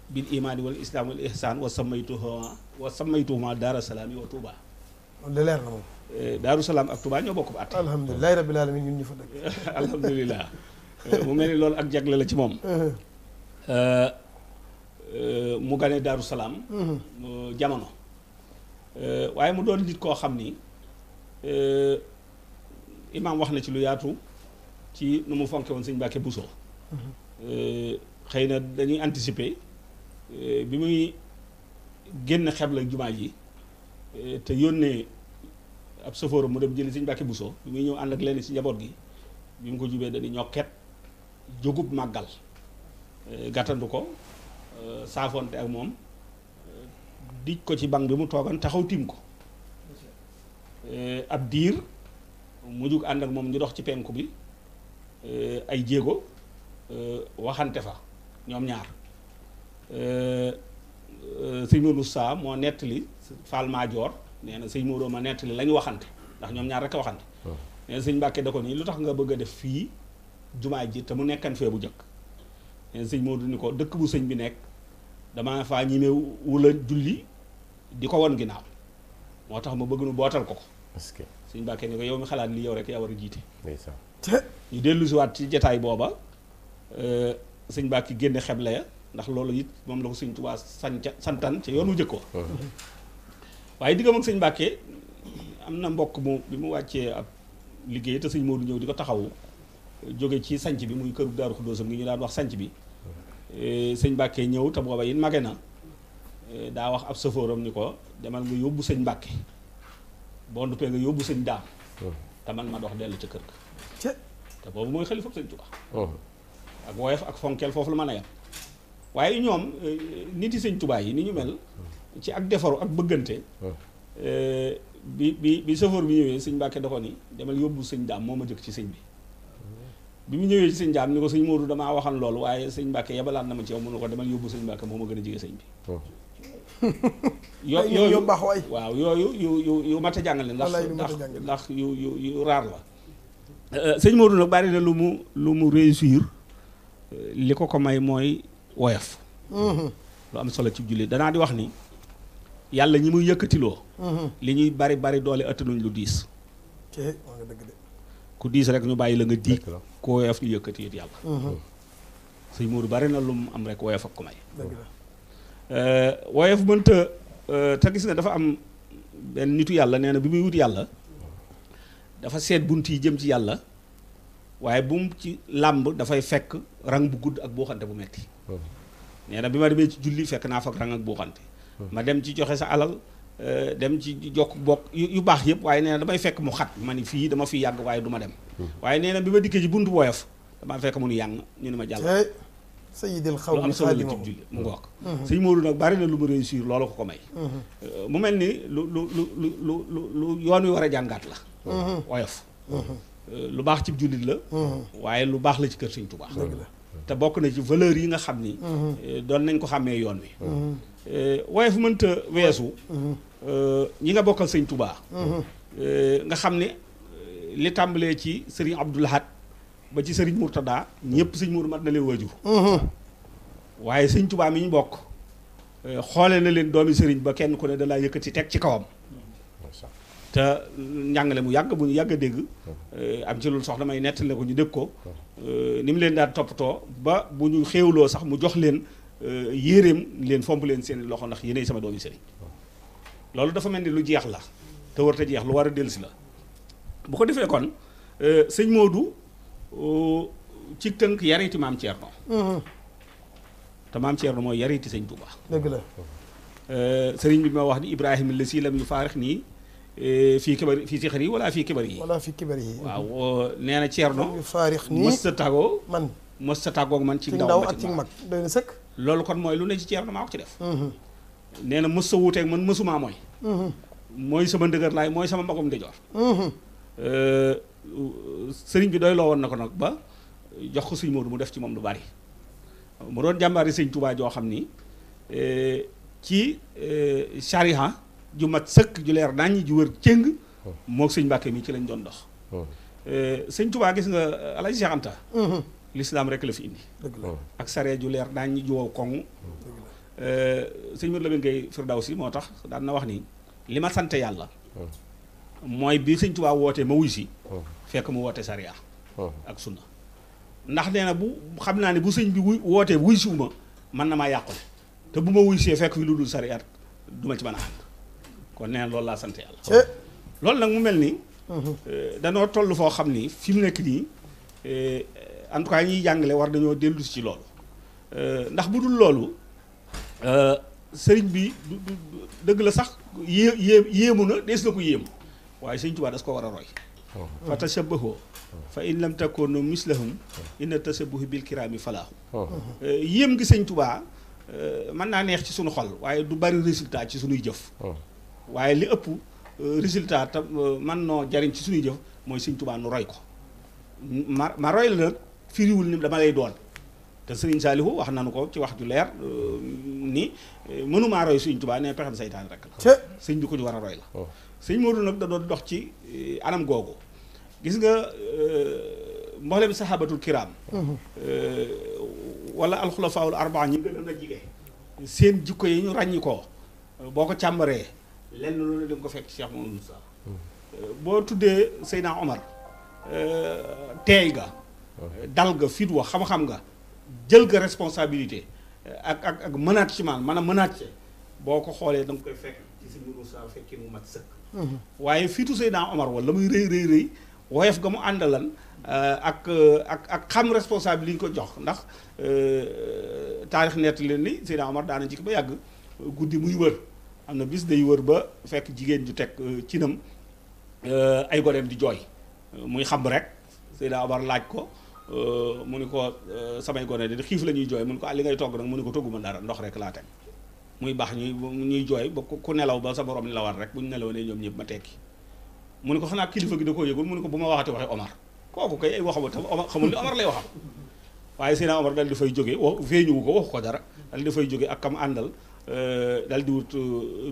bil imaani wal islaam wal ihsaan wa samaytuhuma wa samaytuhuma daara salaami wa Touba loolu leer na moom. Daaru Salaam ak Touba ñoo bokk ba at. alhamdulilah rabbil alamin ñun ñu fa dëkk. alhamdulilah mu mel ni loolu ak jagle la ci moom. mu gane Daaru Salaam. jamono. waaye mu doon nit koo xam ni imaam wax na ci lu yaatu ci nu mu fonke woon sëñ Mbàkke Bousso. xëy na dañuy anticiper bi muy génn xebla jumaa ji. Eh, te yónnee ab sofóor mu dem jëli Sëñ Mbàkke Buso bi muy ñëw ànd ak lenn ci njaboot gi bi mu ko jubee dañu ñokket jógub màggal eh, gàttandu ko eh, saafonte ak moom dij ko ci banc bi mu toogan taxaw tiim ko ab diir mu ànd ak moom ñu dox ci penku bi ay jéego waxante fa ñoom ñaar sëñ saa moo nettali fal Madior nee na sëñ Mourou ma netti lañ waxante ndax ñom ñaar rek waxante. Hmm. neena seigne mbacke dako ni lutax nga bëgg def fi jumaa ji te mu nekkane fe bu jëk neena seigne sëñ Mourou ni ko dëkk bu seigne bi nekk dama fa ñime wula julli diko won ginaaw motax ma bëgg nu botal ko parce que seigne mbacke ni ko yow mi xalaat li yow rek yaa war a jiite. ñu delu ci wat ci jataay booba euh, sëñ Mbàkke génne xeble ya ndax loolu yit mom la ko seigne touba santan ci yoonu jëkk ko waaye diggam ak sëñ Mbàkke am na mbokk mu bi mu wàccee ab liggéey te moo du ñëw di ko taxawu jóge ci sanc bi muy këru Daaru Xuddoosam ngi ñu daan wax sanc bi eh, sëñ Mbàkke ñëw te booba yin mage na eh, daa wax ab safóoram ni ko demal nga yóbbu sëñ Mbàkke boo nduppee nga yóbbu sëñ daam te man dellu ca kër ga te boobu mooy xalifa sëñ Tuubaa ak woyof ak fonkeel foofu la mën a yem waaye ñoom eh, nit yi sëñ tubaay yi ni ñu mel ci ak defaru ak bëggante. Euh, bi bi bi chauffeur bi ñëwee sëñ Mbàkke da ni demal yóbbu sëñ daam moo ma jëkk ci sëñ bi. bi mu ñëwee ci sëñ daam ni ko sëñ Modou damaa waxan loolu waaye sëñ Mbàkke yebalaat na ma ci yow mu ne ko demal yóbbu sëñ Mbàkke moo a jege sëñ bi. yo yooyu baax yooyu yu mat a jàngale ndax ndax ndax yu yu yu raar la euh, sëñ Modou nag bari na lu mu lu mu réussir euh, li ko ko may mooy woyof mm-hmm. lu am solo ci julli danaa di wax ni yàlla ñi muy yëkkatiloo. Mhm. li ñuy bari bari doole ëttanuñ lu diis. ku diis rek ñu bàyyi la nga diig. ku woyof ñu yëkkati it yàlla. Mhm. sëñ Modou bari na lu mu am rek woyof ak ku may. Euh, woyof mënta euh, te gis nga dafa am benn nitu yàlla nee na bi muy wut yàlla. dafa seet bunt yi jëm ci yàlla waaye bu ci làmb dafay fekk rang bu gudd ak boo xante bu metti oh. nee na bi ma demee ci julli fekk naa fak rang ak boo ma dem ci joxe sa alal euh, dem ci jokk bokk yu baax yëpp waaye nee na damay fekk mu xat ma ni fii dama fi yàgg waaye du dem hmm. waaye nee na bi ma dikkee ci buntu woyof damaa fekk mu nu yàng ñu ne ma jàll eh, sayidil xaw lu am solo la cib julli mu nga wax hmm. hmm. sëñ Modou nag bari lu mu réussir loolu ko ko may euh, mu mel ni lu lu lu lu lu lu yoon wi war a jàngaat la woyof euh, lu baax cib jullit la waaye lu baax la ci kër sëñ Tuubaa te bokk na ci valeur yi nga xam ni doon nañ ko xàmmee yoon wi Eh, waaye fu mënta weesu. Eh, ñi nga bokkal sëñ Touba. Eh, nga xam ne li tàmbalee ci sëriñ Abdoul Ahad ba ci sëriñ Mourtada ñëpp sëñ Mour mat na leen waajur. waaye sëñ Touba mi ñu bokk xoolee na leen doomi sëriñ ba kenn ku ne dalaa yëkkati teg ci kawam. te njàngale mu yàgg bu ñu yàgg a dégg am ci loolu soxna may nettali ko ñu dégg ko ni mu leen daan toppatoo ba bu ñu xéewloo sax mu jox leen. Euh, yéeréem leen fomp leen seen loxo ndax yéenay sama doomi sëriñ loolu dafa mel ni lu jeex la te war jeex lu war a dellusi la bu ko defee kon euh, sëñ Modou euh, ci tënk yariti maam Thierno. Mm-hmm. te maam Thierno mooy yariti sëñ Touba. dëgg sëriñ bi ma wax ni Ibrahima la si lam yu faarix nii fii kibar fii si xar yi wala fii kibar yi. waaw nee na Thierno. yu sa tàggoo man mës sa tàggoo man. ci ndaw ak ci loolu kon mooy lu ne ci Ceerno maa ko ci def. Mm-hmm. nee na mës sa wuuteeg man mësumaa mooy. Mm-hmm. mooy sama ndëgër laay mooy sama mbagum ndijoor. Mm-hmm. Euh, sëriñ bi doy loo woon na ko nag ba jox ko moo Moodu mu def ci moom lu bari. mu doon jàmbaari sëñ tubaa joo xam ni euh, ci euh, sariha ju mat sëkk ju leer naññ ju wër cëng. Oh. moog sëñ Mbàkke mi ci lañ doon dox. Oh. sëñ Tuubaa gis nga Alaaji Seex lislaam rek la fi indi. Oh. ak saree juleer leer daañ ñu juwoo koŋ. Eh, sëñ Mor Lamine Gueye si moo tax daan na wax ni li ma sante yàlla. Oh. mooy bi sëñ Tuubaa wootee ma wuy si. Oh. fekk mu woote sariya. ak sunna ndax nee bu xam naa ne bu sëñ bi wuy wootee wuy si wu ma man na maa yàqule te bu ma wuy see fekk fi lu dul sariya du ma ci man a ànd kon nee na loolu laa sant yàlla. Eh. loolu nag mu mel ni. Mm-hmm. Eh, danoo toll foo xam ni fi mu nekk nii. en tout cas ñuy jàngale war nañoo dellu ci loolu euh, ndax bu dul loolu euh, sëriñ bi du dëgg la sax yée yée yéemu na dees na ko yéemu waaye sëriñ Tuubaa das ko war a roy fa tashabahu fa in lam takunu mislahum inna tashabuhu bil kiraami falaahu euh, yéem gi sëriñ Tuubaa mën naa neex ci suñu xol waaye du bari résultat ci suñuy jëf waaye li ëpp résultat man noo jariñ ci suñuy jëf mooy sëriñ Tuubaa nu roy ko ma roy la firiwul ni dama lay doon te Serigne Saliou wax nanu ko ci wax ju leer euh, ni euh, mënumaa roy Serigne Touba ne pexem saytaane rek la sëñ bi ñu war a roy la oh. sëñ Modou nag da doon dox ci euh, anam googu gis nga mboolem sahabatul kiram wala alxulafaawul arbaa ñi seen jikko yi ñu ràññi ko boo ko càmbaree lenn loolu da ko fekk Cheikh Mouhamadou Moussa boo tuddee Seydina Omar teey ga dal nga fit wa xam-xam nga jël ga responsabilité ak ak ak management maanaam manage boo ko xoolee da nga koy fekk ci si mbiru saa fekkee mu mat sëkk mhm. waaye fiitu Seydina Omar wala muy rëy rëy rëy woyof ga mu àndalan euh, ak euh, ak ak xam responsable liñ ko jox ndax euh, taarix nett leen ni Seydina Omar daana jikk ba yàgg guddi muy wër am na bis day wër ba fekk jigéen ju teg cinam ay goreem di jooy muy xam rek Seydina Omar laaj ko Euh, mu ni ko euh, samay gone di xiif la ñuy jooy mu ni ko ah li ngay togg nag mu ni ko togguma dara ndox rek laa teg muy baax ñuy ñuy jooy ba ku nelaw ba sa borom ni la rek bu ñu nelaw ne ñoom ñëpp ma tekki mu ni ko xanaa kilifa gi da koo yëgul mu ni ko bu ma waxati waxe Omar kooku kay ay waxam tam Omar xamul li Omar lay waxam waaye Seydina Omar dal di fay jóge wax feeñuwu ko waxu ko dara dal di fay jóge ak am àndal euh, dal di wut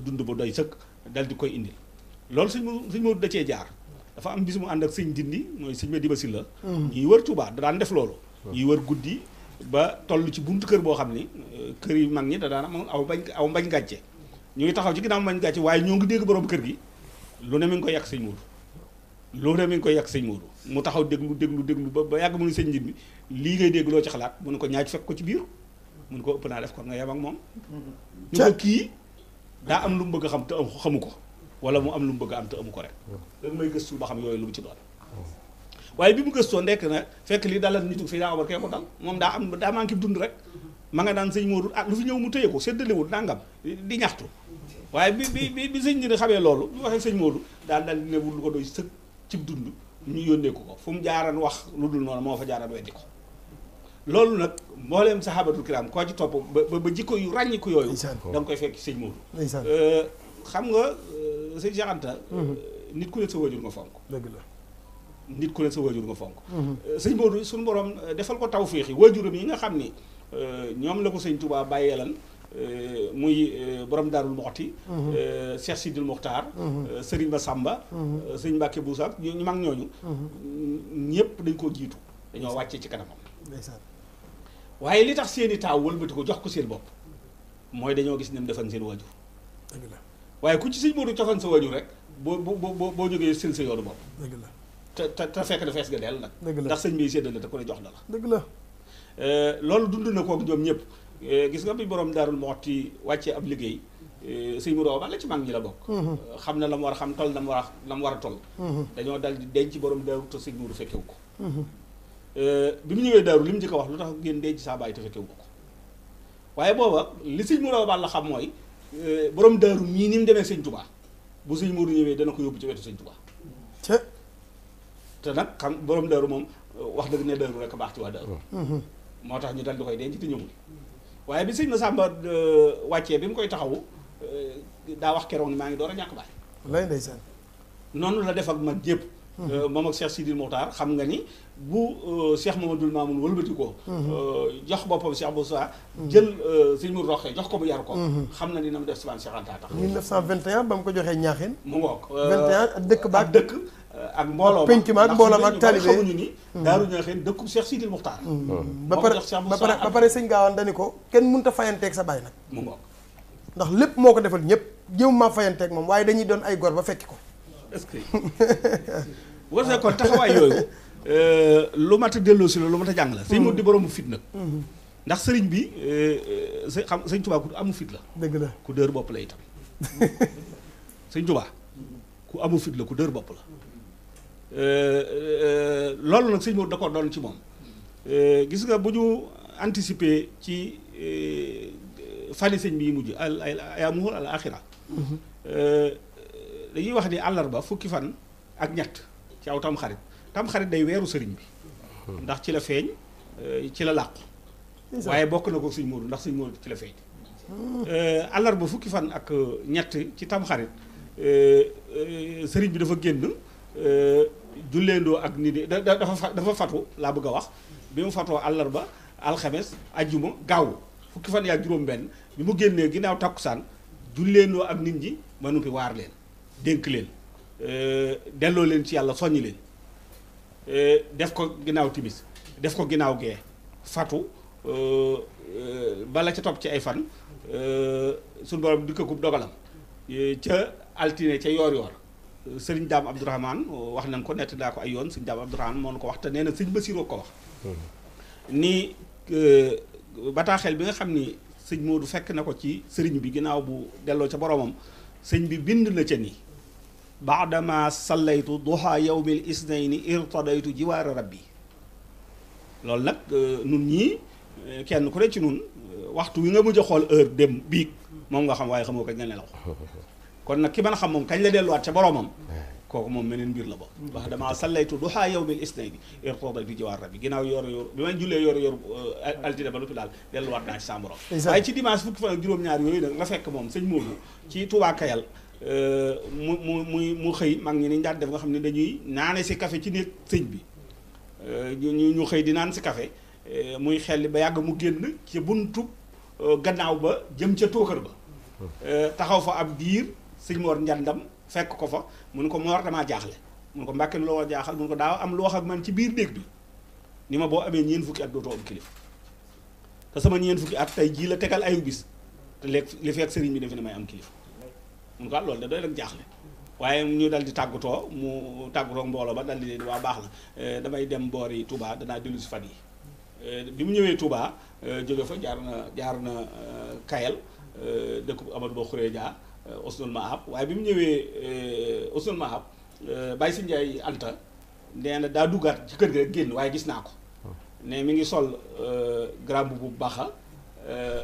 dund ba doy sëkk dal di koy indil loolu suñ suñ ma da cee jaar dafa am bis andak ànd ak sëñ dindi moy seigne Madiba silla hmm. yi wër Touba da dan def lolu hmm. yi wër goudi ba toll ci buntu kër bo xamni ni euh, kër yi mag da dan am aw bañ aw bañ gatché ñu ngi taxaw ci ginnaaw bañ gatché waye ñu ngi dégg borom kër gi lu ne mi ngi koy yak seigne mourou lu ne mi ngi koy yak seigne mourou mu taxaw déglu déglu déglu ba yag mu ni seigne dindi li ngay dégg lo ci xalaat mu ne ko ñaaj fekk ko ci biir mu ne ko ëpp na def kon nga yam ak mom ñu hmm. ko kii am lu mu bëgg xam te xamuko wala mu am lu mu bëgg am te amu ko rek danga hmm. may gëstu ba xam yooyu lu mu ci doon waaye bi mu gëstoo ndekk na fekk lii dalal nitu fi daa war kee dal moom daa am daa manqué dund rek hmm. ma nga daan sëñ Modou ah lu fi ñëw mu téye ko séddalewul nangam di ñaxtu waaye bi bi bi bi sëñ bi xamee loolu bu waxee sëñ Modou daal dal newul lu ko doy ci dund ñu yónnee ko ko fu mu jaaran wax lu dul noonu moo fa jaaran weddi ko loolu nag mbooleem saxaabatul kiram koo ci topp ba ba jikko yu ràññiku yooyu da nga koy fekk sëñ Modou euh, xam nga sëñ Cheikh mhm. euh, nit ku ne sa waajur nga fonk dëgg la nit ku ne sa waajur nga mhm. euh, sëñ Modou suñu borom euh, defal ko tawféex yi waajuram yi nga xam ni ñoom la ko sëñ Touba bàyyeelan muy borom daarul moxti mhm. Cheikh Sidil Mokhtar ba Bassamba sëñ Mbacke Boussa ñu mag ñooñu ñëpp dañ koo jiitu dañoo wàccee ci kanamam waaye li tax seeni taaw wëlbati ko jox ko seen bopp mooy dañoo gis ne mu defan seen waajur waaye ku ci sëñ Modou cofan sa wajur rek boo boo boo boo jógee seen sa yoonu bopp. dëgg la te te fekk na fees ga dell nag. dëgg la ndax sëñ bi la te ku ne jox la la. dëgg la euh, loolu dund na kook ñoom ñëpp euh, gis nga bi borom daarul Moxti wàccee ab liggéey euh, sëñ Modou Awa Balla ci mag ñi la mhm. xam na la mu war a xam toll na mu war a war a toll. Mhm. dañoo dal di denc borom daaru te sëñ Modou fekkewu ko. Mhm. bi mu ñëwee daaru li mu jëkk a wax lu tax ngeen denc saa bàyyi te fekkewu ko waaye booba li sëñ Modou Awa la xam mooy. Euh, borom daaru mii ni mu demee sëñ tubaa bu sëñ Moodu ñëwee dana ko yóbbu ci wetu sëñ tubaa te nag xam borom daaru moom euh, wax dëgg ne daaru rek a baax ci waa daaru mm-hmm. moo tax ñu dal di koy denc te ñëwul waaye bi sëñ Masamba euh, wàccee bi mu koy taxawu daa wax keroog ni maa ngi door a ñàkk baay lay ndeysaan noonu la def ak mag jépp Euh, moom ak Cheikh Sidil Mokhtar xam nga ni bu euh, Cheikh Mamadou Mamoun wëlbati ko. Mhm. Euh, jox boppam Cheikh Boussa. jël sëñ mu roxee jox ko mu yar ko. Mhm. xam na ni na mu def si wàllu Cheikh Anta tax. 1921 ba ko joxee Ñaaxin. mu ngoog 21 dëkk ba ak dëkk. ak mbooloo penc ma ak mbooloo ma ak taalibe xamuñu ni mhm. daaru ñaaxeen dëkku Cheikh Sidil Muxtaar ba pare ba pare ba pare sëñ gaawaan dani ko kenn munta fayanteek sa baay nag mu ndax lépp moo ko defal ñëpp jéem maa fayanteeg moom waaye dañuy doon ay gor ba fekki ko est-ce que war see kon taxawaay yooyu lu mat a delloo si la lu mat a jàng la sëñ Moodu di boroomu fit nag ndax sëriñ bi sa xam sëñ Tuubaa ku amu fit la dëgg la ku dër bopp la itam sëñ Tuubaa ku amu fit la ku loolu nag sëñ Moodu da ko ci moom gis nga bu ñu anticiper ci fani sëñ bi mujj al ay amuhul al axira dañuy wax ni àllarba fukki fan ak ñett ci aw tamxarit tamxarit day weeru sëriñ bi ndax ci la feeñ euh, ci la làqu waaye bokk na ko suñ Moodu ndax suñ Moodu ci la feeñ euh, àllarba fukki fan ak euh, ñett ci tamxarit sëriñ bi dafa génn julleendoo ak nit yi da dafa dafa fatu laa bëgg a wax bi mu fatoo àllarba alxames ajjuma gaaw fukki fan yaa juróom benn bi mu génnee ginnaaw takkusaan julleendoo ak nit ñi ba noppi waar leen dénk leen euh, delloo leen ci yàlla soññ leen euh, def ko ginnaaw timis def ko ginnaaw gee fatu euh, bala ca topp ci ay fan sun suñu borom dikkakub dogalam ca altine ca yoor yoor sëriñ daam abdourahman wax nañ ko nett daa ko ay yoon sëriñ daam abdourahman moo ko wax te nee na sëñ basiroo ko wax mm-hmm. nii bataaxel bi nga xam ni sëñ moo moodu fekk na ko ci sëriñ bi ginnaaw bu delloo ca boroomam sëñ bi bind na ca nii بعدما صليت ضحى يوم الاثنين ارتضيت جوار ربي loolu nag nun ñii kenn ku ne ci nun waxtu wi nga mujj a xool heure dem biig moom nga xam waaye xamoo kañ nga nelaw kon nag ki mën a xam moom kañ la delluwaat ca boromam kooku moom meneen mbir la bokk wax damaa sallaytu duxaa yawmil isnayni irtadaytu jiwaar rabbi ginnaaw yor yor bi ma jullee yor yor altine ba noppi daal delluwaat naa ci sa borom waaye ci dimanche fukki fan ak juróom-ñaar yooyu nag nga fekk moom sëñ Moodu ci Touba Kayal Euh, mu mu muy mu xëy mag ñi niñ daan def nga xam ne dañuy naane si kafe ci néeg sëñ bi euh, ñu ñu xëy di naan si café euh, muy xelli ba yàgg mu génn ci buntu gannaaw ba jëm ca tookar ba taxaw fa ab diir sëñ Mor njandam fekk ko fa mu ne ko Mor damaa jaaxle mu ne ko Mbàkke loo jaaxal mu ne ko daaw am lu wax ak man ci biir néeg bi ni ma boo amee ñeen fukki at dootoo am kilifa te sama ñeen fukki at tey jii la tegal ayu bis te léeg li fekk sëriñ bi ne may kilifa mun ko ah, loolu da doy nag jaaxle waaye ñu dal di tàggatoo mu tàggatoo mbooloo ba dal di leen waa baax na eh, damay dem boori tubaa danaa dellu si fan yi eh, bi mu ñëwee Touba eh, jóge fa jaar na jaar na Kayel dëkk Amadou Ba Khourédia Osnul Mahab waaye bi mu ñëwee Osnul Mahab Baye Si Ndiaye Anta nee na daa duggaat ci kër ga génn waaye gis naa ko oh. ne mi ngi sol grand boubou bu baaxa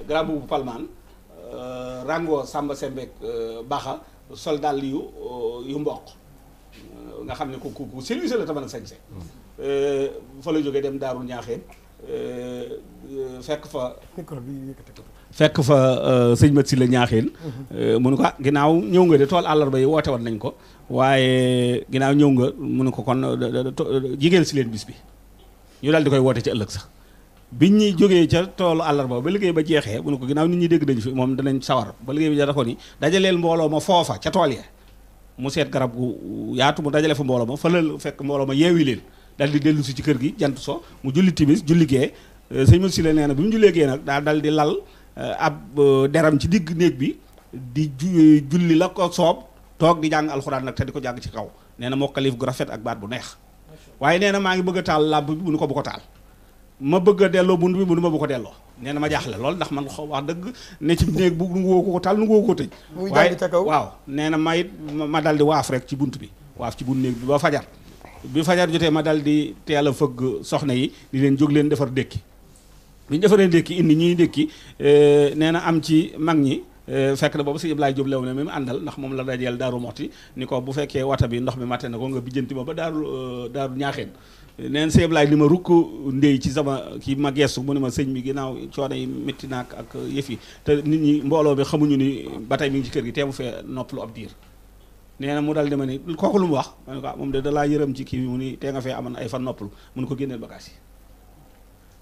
grand boubou bu palmaan Euh, rango Samba Sembeek euh, Baxa sol dàll yu euh, yu mboq nga xam ne ko ku ku service la te mën a sañse fa la jógee dem daaru ñaaxeen fekk fa fekk fa sëñ si la ñaaxeen mhm. mu ne ko ah ginnaaw ñëw nga de tool àllarba yi woote woon nañ ko waaye ginnaaw ñëw nga munu ko kon jigéen si leen bis bi ñu daal di koy woote ci ëllëg sax biñ jogi jógee ca toolu alarba ba liggéey ba jeexee bu ne ko ginnaaw nit ñi dégg dañ fi moom danañ sawar ba liggéey bi jara ko ni dajaleel mbooloo ma foofa ca tool ya mu seet garab gu yaatu mu dajale fa mbooloo ma fa fekk ma leen dal di si ci kër gi jant so mu julli timis julli gee euh, sëñ mo si la nee na bi mu dal di lal euh, ab euh, deram ci digg bi di julli la ko soob dijang di jàng alxuraan nag te ko jang ci kaw nee na mokkalif gu rafet ak baat bu neex waye nee ma ngi bëgg taal bu ko bu ko taal ma bëgg a delloo bunt bi bu ma bu ko delloo nee na ma jaaxle lool ndax man wax dëgg ne ci néeg bu nu woo ko tal nu ko tëj waaye waaw nee na ma it ma dal di waaf rek ci bunt bi waaf ci bu néeg bi ba fajar bi fajar jotee ma dal di teel a fëgg soxna yi di leen jóg leen defar dékki bi ñu defaree ndékki indi ñuy ndékki eh, nee na am ci mag ñi eh, fekk na boobu si Ablaye Diop lew ne mi mu àndal ndax moom la dajeel daaru moxti ni ko bu fekkee wata bi ndox mi matte na ko nga bijjanti ma ba daaru eh, daaru ñaaxeen neen sëñ Ablaye ma rukk ndey ci sama kii ma geestu mu ne ma sëñ bi ginnaaw coono yi métti naak ak yëf te nit ñi mbooloo bi xamuñu ni ba tey mi ngi ci kër gi tee teemu fee noppalu ab diir nee na mu dal di ma ni kooku lu mu wax ah, moom de da laa yërëm ci kii mu ni tee nga fee amoon ay fan noppalu mu ne ko génneel bagage yi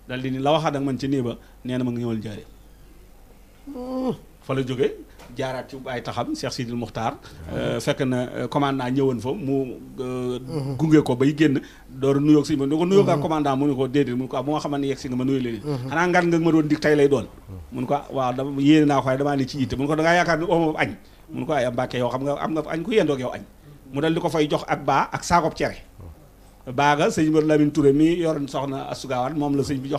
dal di la waxaat ak man ci néeg ba nee na ma nga ñëwal jaaree mm. fa la jógee jaaraat ci ay taxam Cheikh Sidil Muxtaar euh, fekk na euh, commandant ñëwoon fa mu euh, gunge ko bay génn door nuyoog si ma ne ko nuyoog ak commandant mu ne ko déedéet mu ne ko ah bu nga xamante ne yegg si nga ma nuyu leen mhm. xanaa ngan nga ma doon dig tey lay doon mu ne ko ah, waaw dama yéene naa ko waaye damaa ci yitte mu ko da ngaa yaakaar ne omo añ mu ne ko ay Mbàkke yow xam nga am nga añ ku yendoog yow añ mu dal di ko fay jox ak baa ak saakob cere baaga sëñ Mor Lamine Touré mi yoroon soxna Asugawaan moom la sëñ bi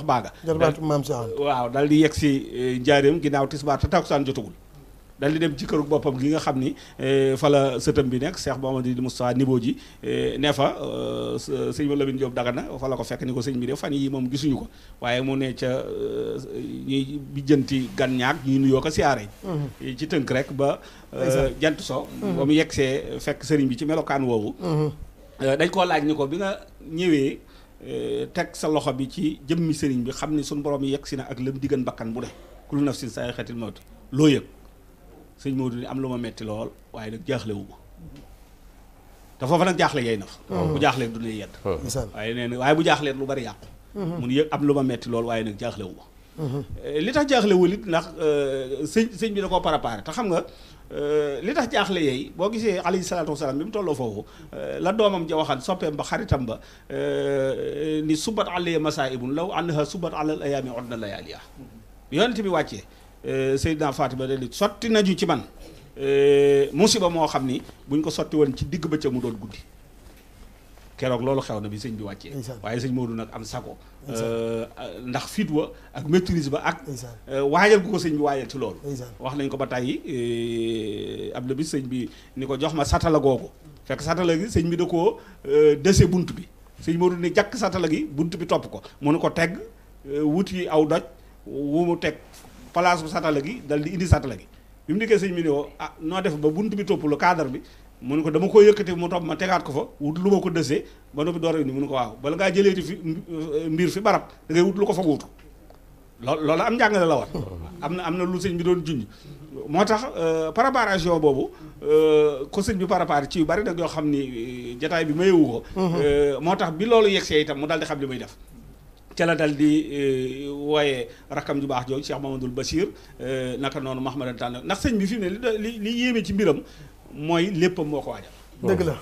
daal di dem ci këru boppam gi nga xam ni eh, fa la sëtam bi nekk Cheikh Mouhamadou Moustapha Nibo ji eh, ne fa euh, sëñ ma Lamine Diop Dagana fa la ko fekk ni ko sëñ bi de fan yi moom gisuñu ko waaye mu ne ca euh, ñuy bijjanti gan ñaak ñuy nuyoo ko siyaare mm-hmm. ci tënk rek ba euh, jant so mm-hmm. ba mu yegsee fekk sëriñ bi ci melokaan woowu mm-hmm. dañ koo laaj ni ko bi nga ñëwee teg sa loxo bi ci jëmmi sëriñ bi xam ni suñ borom yegsi na ak lëm diggan bakkan bu ne ku nafsin saay xetil mawt loo yëg sëñ Modou ni am lu ma metti lool waaye nag jaaxle wu ma te foofa nag jaaxle yey na fa bu jaaxlee du lay yedd waaye nee na waaye bu jaaxlee lu bari yàqu mun yëg am lu ma metti lool waaye nag jaaxle wu ma li tax jaaxle wul it sëñ sëñ bi da préparé te xam nga li tax jaaxle yeey boo gisee alayhi salaatu wasalaam bi mu tolloo foofu la doomam ja waxan soppeem ba xaritam ba ni subat alayya masaa'ibun law annaha subat alal ayaami odna layaaliya yonent bi wàccee Eh, Seydina Fatima da sotti nañu ci man eh, musiba moo xam ni buñ ko sotti woon ci digg bëccëg mu doon guddi keroog loolu xew na bi sëñ bi wàccee waaye sëñ Modou nag am sago eh, ndax fit ak maîtrise ba ak waajal gu ko sëñ bi waajal ci loolu wax nañ ko ba tàyyi am na bi sëñ bi ni ko jox ma satala googu fekk satala gi sëñ bi da koo dese bunt bi sëñ Modou ne jàkk satala gi bunt bi topp ko mu ne ko teg wuti aw doj wu mu teg place bu satala gi dal di indi satala gi bi mu dikkee sëñ bi ne woo ah noo def ba bunt bi topp lu cadre bi mu ne ko dama koo yëkkati mu topp ma tegaat ko fa wut lu ma ko dësee ba noppi door a indi mu ne ko waaw bala ngaa jëleeti fi euh, mbir fi barab da ngay wut lu ko fa wuutu loolu loolu am njàngale la war am na am na lu sëñ bi doon junj moo tax préparation euh, boobu euh, ko sëñ bi préparé ci yu bari nag yoo xam ni jataay bi mayewu ko mm-hmm. moo tax bi loolu yegsee itam mu daal di xam li muy def ca la dal di euh, wooyee rakam ju baax seex Cheikh Mamadou Bachir euh, naka noonu Mahmadan Tànn ndax sëñ bi fi mu ne li li yéeme ci mbiram mooy léppam moo ko waajal. dëgg la.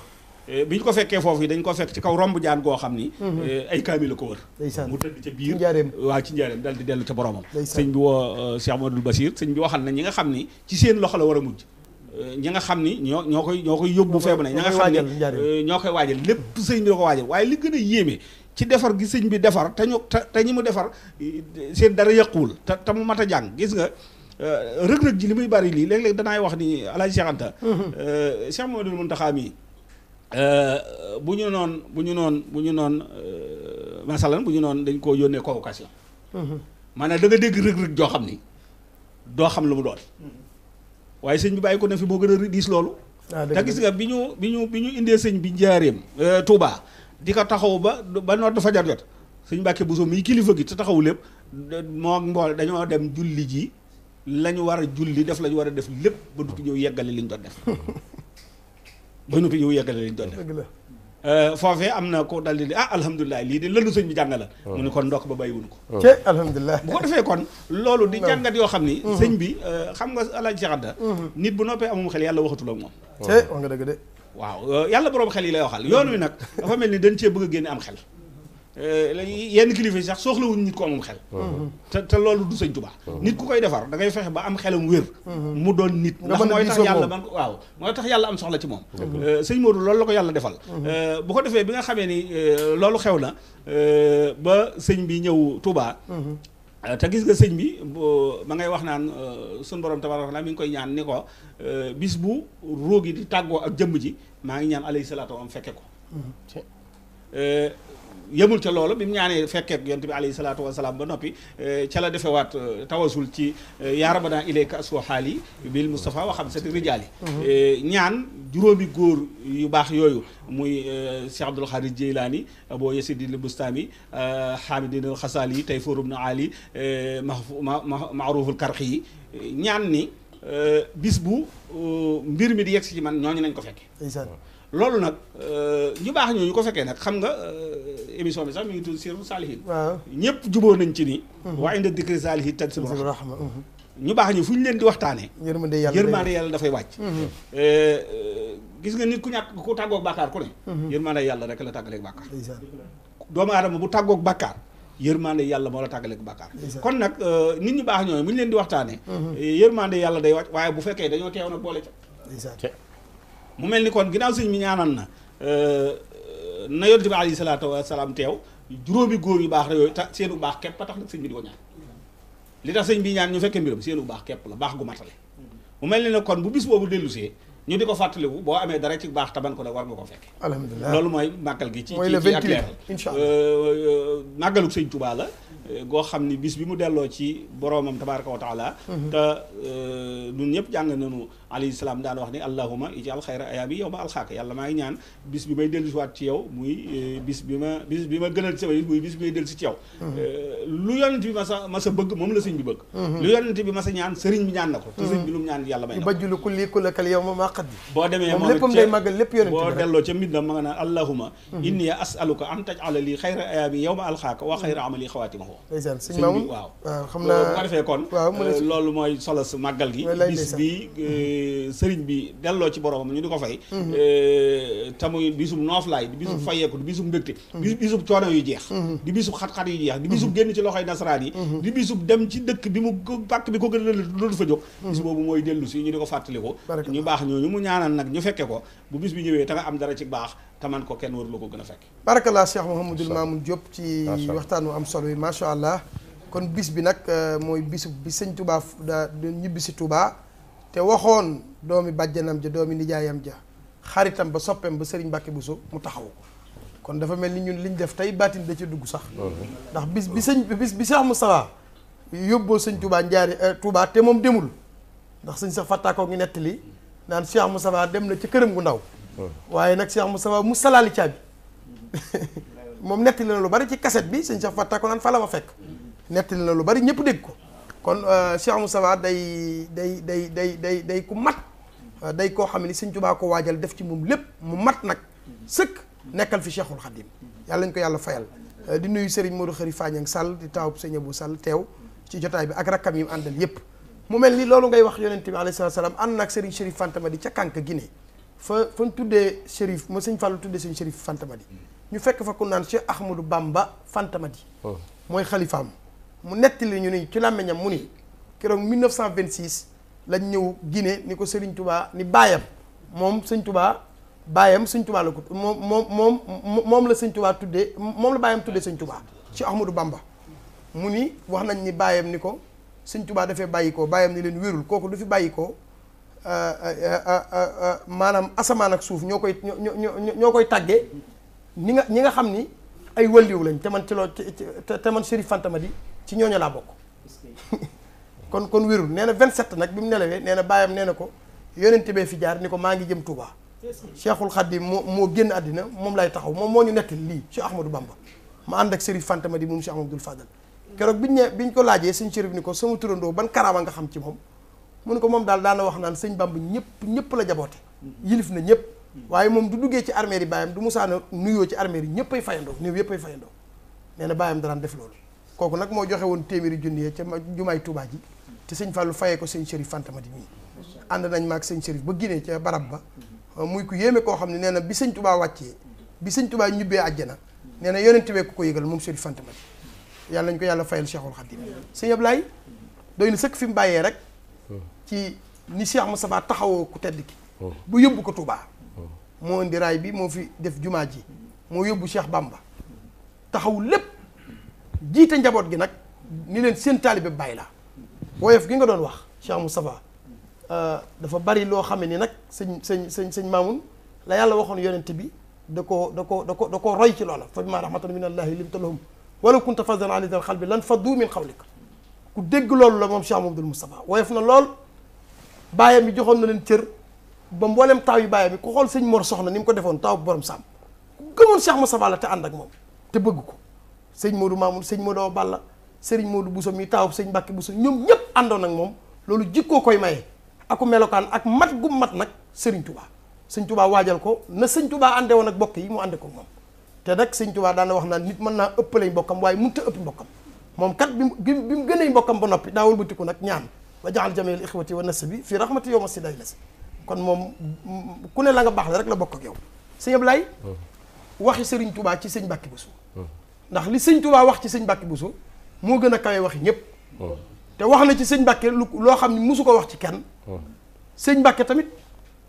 Euh, bi ñu ko fekkee foofu yi dañ ko fekk ci kaw romb jaan goo xam ni mhm. ay kaami la ko wër mu tëdd ca biir waaw ci njaareem dal di dellu ca boromam sëñ bi woo Cheikh Amadou Basir sëñ bi waxal na ñi nga xam ni ci seen loxo la war a mujj ñi nga xam ni ñoo ñoo koy ñoo koy yóbbu feebu na ñi nga xam ñoo koy waajal lépp sëñ ko waajal waaye li gën a yéeme ci defar gi sëñ bi defar te ñu te ñi mu defar seen dara yàquwul te te mu mat a jàng gis nga euh, rëg-rëg ji li muy bari lii léeg-léeg danaay wax nii Alaaji Cheikh Anta mhm. euh, Cheikh Mamadou Mountakha mii euh, bu ñu noon bu ñu noon bu ñu noon masalan bu ñu noon dañ koo yónnee convocation mhm. maanaam da nga dégg rëg-rëg joo xam ni doo xam lu mu doon mhm. waaye sëñ bi bàyyi ko ne fi moo gën a diis loolu ah, te gis nga bi ñu bi ñu bi ñu indee sëñ bi njaareem Touba di ko taxaw ba ba nodd fajar jot sëñ bu Buso mi kilifa gi te taxaw lépp moo ak mbool dañoo dem julli ji lañu war a julli def lañu war a def lépp ba noppi ñëw yeggale li ñu doon def ba noppi ñëw yeggale li euh, am na ko dal di ah alhamdulilah lii de lëndu sëñ bi jàngala oh. mu ne kon ndokk ba bàyyiwuñ ko ci alhamdulilah bu ko defee kon loolu di jàngat yoo xam ni mm-hmm. sëñ bi euh, xam nga alaaj ci xadda mm-hmm. nit bu noppee amum xel yàlla waxatu la moom waaw euh, yàlla boroom xel yi lay waxal yoon wi nag dafa mel ni dañ cee bëgg a génne am xel euh, yenn kilifa yi sax soxlawuñ nit ko amum xel mhm. te te loolu du sëñ Tuubaa mhm. nit ku koy defar da ngay fexe ba am xelam wér mhm. mu doon nit ndax mooy tax yàlla man waaw mooy tax yàlla am soxla ci moom euh, sëñ Modou loolu la ko yàlla defal bu ko defee bi nga xamee ni loolu xew na ba sëñ bi ñëw tubaa te gis nga sëñ bi ba ngay wax naan sun borom tabaaraka mi ngi koy ñaan ni ko bis bu róogi di tàggoo ak jëmm ji maa ngi ñaan alayhi salaatu am fekke ko yëmul ca loolu bi mu ñaanee fekkee ak yonent bi alayhi salaatu wasalaam ba noppi ca la defewaat tawasul ci yaa rabbana ilayka aswa xaali bil Mustafa wa xamsati rijaali ñaan juróomi góor yu baax yooyu muy Cheikh Abdul Xaadir Jeylaani Abu Yasid al Bustami Xaamidin al Xasaali Tayfur ibn Ali Maaruf al Karxi yi ñaan ni Euh, bis bu euh, mbir mi di yegg si ci man ñooñu nañ ko fekkee. loolu nag euh, ñu baax ñooñu ko fekkee nag xam nga émission bi sax mi ngi tudd Sirru Saalihin. waaw juboo nañ ci ni. Mhm. waa inda dikri saalihin tanzilu rahma mhm. ñu baax ñu fu ñu leen di waxtaanee. yërmande yàlla yërmande yàlla dafay wàcc. Mhm. gis nga nit ku ñàkk ku tàggoog bàkkaar ku ne. yërmande yàlla rek la tàggaleeg bàkkaar. doomu aadama bu tàggoog bàkkaar. yërmande yàlla moo la tàggale ak bàkkaar kon nag euh, nit ñu baax ñooñu bu ñu leen di waxtaanee mhm. euh, yërmande yàlla day wàcc waaye bu fekkee dañoo teew nag boole ca mu mel ni kon ginnaaw sëñ mi ñaanal na euh, na yonent bi alayhi salaam wasalaam teew juróomi góor yu baax rek yooyu ta seenu baax képp a tax nag sëñ bi di ko ñaan li tax sëñ bi ñaan ñu fekkee mbiram seenu baax képp la baax gu matale mhm. mu mel ni ne kon bu bis boobu dellusee ñu di ko fàttaliku boo amee dara ci baax taban ko la war nga ko fekke loolu mooy màggal gi ci ci ak leeral euh, euh, màggalu sëñ Tuubaa la euh, goo xam ni bis bi mu delloo ci boroomam tabaraka wa taala mm-hmm. te ñun ñëpp jàng nañu alayhi salaam daan wax ni allahuma ijal xayra ma alxaaka yàlla maa ngi ñaan bis bi may dellusiwaat ci yow muy eh, bis bi ma bis bi ma gënal ci sama muy bis bi may dellusi ci yow mhm. eh, lu yonent bi sa ma sa la sëñ bi bëgg mhm. lu yonent bi ma sa ñaan sëriñ bi ñaan na ko te sëñ bi lu ñaan yàlla may na ko bajjulu kulli kullakal yow ma maa xaddi boo demee moom léppam day màggal lépp yonent boo delloo ca mbindam ma nga naan allahuma mhm. inni as'aluka an taj'ala li xayra ayaami yow ma alxaaka wa xayra amali xawaatimahu sëñ bi bu ko defee kon eh, loolu mooy solos màggal gi bis bi sëriñ bi delloo ci boromam ñu di ko fay mhm. euh, tamuy bisub nooflaay di bisub mhm. fayeeku di bisub mbégte mhm. di bisub coono yu jeex di bisub xat-xat yu jeex di bisub génn ci loxoy nasaraan yi di bisub dem ci dëkk bi mu pàkk bi ko gën a loolu fa jóg bis boobu mooy dellu ñu di ko fàttaliku ñu baax ñooñu mu ñaanal nag ñu fekke ko bu bis bi ñëwee te nga am dara ci baax taman ko kenn waruloo ko gën a fekk barakallah Cheikh Mouhamadul Mamoun Diop ci waxtaan te waxoon doomi bàjjanam ja doomi nijaayam ja xaritam ba soppeem ba Serigne bu Bousso mu taxaw ko kon dafa mel ni ñun liñ def tey baatin da ci dugg sax ndax bis bi sëñ bis bi Cheikh Moustapha yóbboo sëñ Touba njaari eh, Touba te moom demul ndax sëñ sax fàttaakoo ngi nettali naan mu Moustapha dem na ci këram gu ndaw waaye nag Cheikh Moustapha mu salaali caabi moom nettali na lu bari ci kaset bi sëñ sax fàttaakoo naan fa la ma fekk nettali na lu bari ñëpp dégg ko kon euh, cheikh moustapha day day day day day day ku mat euh, day ko xamni seigne touba ko wadjal def ci mom lepp mu mat nak seuk nekkal fi cheikhul khadim yalla nagn ko yalla fayal euh, di nuyu serigne Modou Khari Fagnang sal di tawb seigne Abou sal tew ci jotay bi ak rakam yim andal yep mu melni ni ngay wax yonnati bi alayhi salam an nak serigne sëriñ fantama di ca kank guiné fa fa tuddé tuddee mo seigne sëñ tuddé seigne sëñ fantama Fantamadi ñu fekk fa ku nan Cheikh Ahmadou Bamba Fantamadi oh. moy Khalifam mu nettali ñu ni ci làmmiñam mu ni keroog 1926 lañ ñëw Guinée ni ko Serigne Touba ni baayam moom sëñ Touba baayam Serigne Touba la ko moom moom moom la Serigne Touba tuddee moom la baayam tuddee Serigne Touba ci Ahmadou Bamba mu ni wax nañ ni baayam ni ko Serigne Touba dafay bàyyi ko baayam ni leen wérul kooku du fi bàyyi ko euh, euh, euh, maanaam asamaan ak suuf ñoo koy ñoo koy tàggee ñi nga ñi nga xam ni ay wëlliw lañ te man ci loo te man Chérif Fantama ci ñooñu laa bokk kon kon wérul nee na 27 nag bi mu nelawee nee na bàyyam nee na ko yonente bee fi jaar ni ko maa ngi jëm Touba Cheikhul Khadim moo moo génn àddina moom lay taxaw moom moo ñu nettali lii Cheikh Ahmadou Bamba ma ànd ak Serif Fantama di moom Cheikh Ahmadou Fadal keroog biñ ne biñ ko laajee sëñ Serif ni ko sama turandoo ban karaama nga xam ci moom mu ko moom daal daana wax naan sëñ Bamba ñëpp ñëpp la jaboote yilif na ñëpp waaye moom du duggee ci armée yi bàyyam du musaana nuyoo ci armée yi ñëpp ay fayandoo néew yëpp ay fayandoo nee na bàyyam daraan def loolu kooku nag moo joxe woon téeméeri junni yee ca jumaay tubaa ji te sëñ Fallou fayee ko sëñ Chérif Fantamadi mii ànd nañ ma ak sëñ Chérif ba Guinée ca barab ba muy ku yéeme koo xam ne nee na bi sëñ tubaa wàccee bi sëñ Tuubaa ñubbee àjjana nee na yonent wee ko ko yëgal moom Chérif Fantamadi yàlla nañ ko yàlla fayal Cheikhul Khadim sëñ Ablaye doy na sëkk fi mu bàyyee rek ci ni Cheikh Moustapha taxawoo ku tedd ki bu yóbbu ko Touba. moo indi raay bi moo fi def jumaa ji moo yóbbu Cheikh Bamba taxaw lépp jiite njaboot gi nag ni leen seen taalibe bàyyi la woyof gi nga doon wax Cheikh Moustapha euh, dafa bari loo xam ni nag sëñ sëñ sëñ sëñ Maamun la yàlla waxoon yonent bi da koo da koo da ko da koo roy ci loola fa bi ma rahmatan min allahi limta lahum wala kunta fasan alidan xalbi lan faddu min xawlik ku dégg loolu la moom Cheikh Mamadou Moustapha woyof na lool baayam yi joxoon na leen cër ba mboolem taaw yi baayam yi ku xool sañ Mor soxna ni mu ko defoon taaw borom sàmm ku gëmoon Cheikh Moustapha la te ànd ak moom te bëgg ko sëñ Modou Mamoun sëñ Modou Balla sëriñ Modou Bousso mi taaw sëñ Mbacke Bousso ñoom ñëpp àndoon ak moom loolu jikkoo koy maye aku melokaan ak mat gu mat nag sëriñ Touba sëñ Touba waajal ko na sëñ Touba ànde woon ak bokk yi mu ànde ko moom te nag sëñ Touba wax naan nit mën naa ëppalay mbokkam waaye mënut a ëpp mbokkam moom kat bi mu bi mu gën gënee mbokkam ba noppi daa wëlbatiku nag ñaan wa jaxal jameel ixwati wa nasabi fii rahmati yow ma si day las kon moom ku ne la nga baax la rek la bokk ak yow sëñ Ablaye mm. waxi sëriñ Touba ci sëñ Mbacke Bousso ndax li sëñ Tuubaa wax ci sëñ Mbàkke Bousso moo gën a kawe wax ñëpp te wax na ci sëñ Mbàkke lu loo xam ne mosu ko wax ci kenn sëñ Mbàkke tamit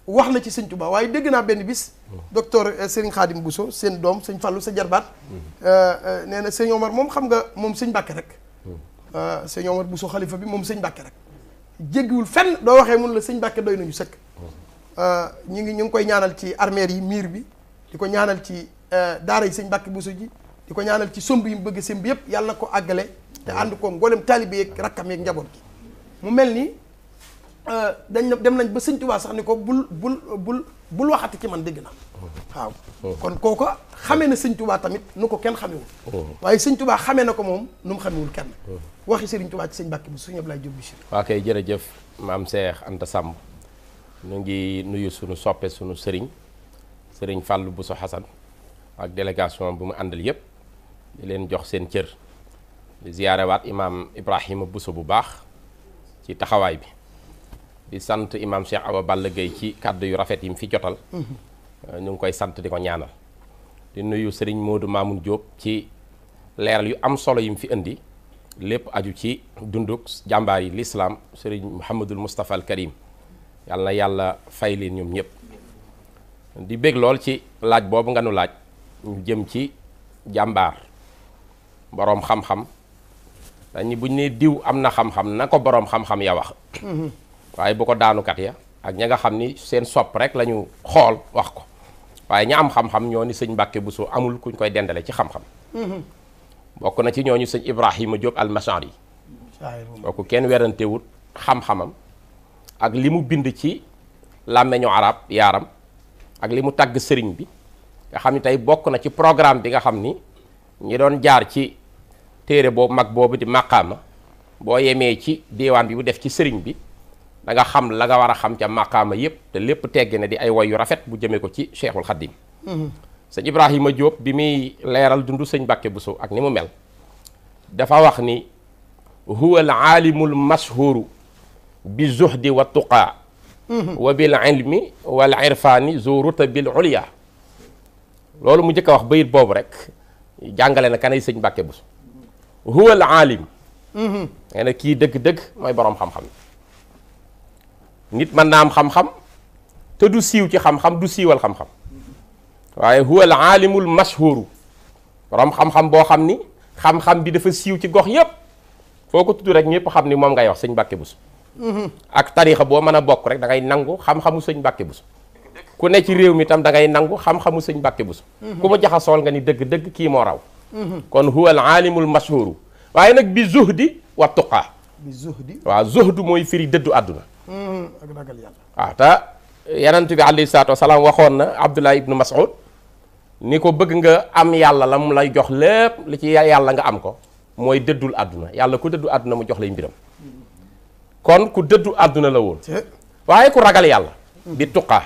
wax na ci sëñ Tuubaa waaye dégg naa benn bis docteur eh, Serigne Khadim Bousso seen doom sëñ fàllu sa jarbaat mm-hmm. eh, eh, nee na sëñ Omar moom xam nga moom sëñ Mbàkke rek mm-hmm. sëñ Omar Bousso xalifa bi moom sëñ Mbàkke rek jéggiwul fenn doo waxee mun la sëñ Mbàkke doy nañu sëkk mm-hmm. ñu ngi ñu ngi koy ñaanal ci armeer yi miir bi di ko ñaanal ci daara yi sëñ Mbàkke Bousso ji di ko ñaanal ci sumb yi mu bëgg sumb yëpp yàlla na ko àggale te ànd ko mboolem taalibe yeeg rakkam yeeg njaboot gi mu mel ni euh, dañ na dem nañ ba sëñ Tuubaa sax ni ko bul bul bul bul waxati ci man dégg na waaw kon kooko xamee na sëñ Tuubaa tamit nu ko kenn xamewul waaye sëñ Tuubaa xamee na ko moom nu mu xamewul kenn waxi sëriñ Tuubaa ci sëñ Mbàkke bu suñu Ablaay Jóob Bichir waa maam Cheikh Anta Samb nu ngi nuyu sunu soppe suñu sëriñ sëriñ Fàllu Buso Xasan ak délégation bu mu àndal yëpp di leen jox seen cër di ziyaarewaat imaam Ibrahima Bousso bu baax ci taxawaay bi di sant imaam Cheikh Awa Balla Gueye ci kàddu yu rafet yi mu fi jotal mhm. ñu ngi koy sant di ko ñaanal di nuyu sëriñ moodu Mamoun Diop ci leeral yu am solo yi mu fi indi lépp aju ci dunduk jàmbaar yi lislaam sëriñ Mouhamadul Moustapha al Karim yàlla na yàlla fay leen ñoom ñëpp di bég lool ci laaj boobu nga nu laaj ñu jëm ci jàmbaar borom xam-xam dañu buñ né diw amna na xam-xam nako ko borom xam-xam ya wax waye bu ko kat ya ak ñinga ni seen sop rek la xol wax ko waye ñi am xam-xam ñoo ni Buso amul kuñ koy dendalé ci xam-xam bokku na ci ñoñu sëñ Ibrahima job al yi bokku kenn wut xam-xamam ak limu bind ci làmmeñu arab yaram ak limu tag tàgg bi nga xam ni tey na ci programme bi nga xam ni ñi doon jaar ci téere boobu mag boobu di màqaama boo yemee ci diiwaan bi bu def ci sëriñ bi danga xam la nga war a xam ca màqaama yépp te lépp tegge na di ay woy yu rafet bu jëmee ko ci cheikhul xaddim mhm. sëñ Ibrahima Diop bi muy leeral dundu sëñ Mbàkke Buso ak ni mu mel dafa wax ni huwa al aalimul mashhuru bi zuhdi wa tuqaa mhm. wa bil ilmi wal irfaani zu rutabil ulya loolu mu njëkk a wax bayit boobu rek jàngale na kanay sëñ Mbàkke Buso هو العالم يعني كي دك دك ما يبرم خم خم نيت من نام خم خم تدوسي وتي خم خم دوسي والخم خم واي هو العالم المشهور رام خم خم بو خم ني خم خم بي دافا سيو تي غوخ ييب فوكو تودو رك نييب خم ني موم غاي واخ سيغ باكي بوس اك تاريخ بو مانا بوك رك داغاي نانغو خم خمو سيغ باكي بوس كو ني تي ريو مي تام داغاي نانغو خم خمو سيغ باكي بوس كوما جاخا سول غاني دك دك كي مو راو kon huwa al alimul mashhur waye nak bi zuhdi wa tuqa bi zuhdi wa zuhdu moy firi deddu aduna hmm, ak dagal yalla ah ta bi alayhi waxon na Abdullah ibnu Mas'ud Niko beug nga am yalla lam lay jox lepp li ci yalla nga am ko moy deddul aduna yalla ku deddu aduna mu jox lay mbiram kon ku deddu aduna la won waye ku ragal yalla bi tuqa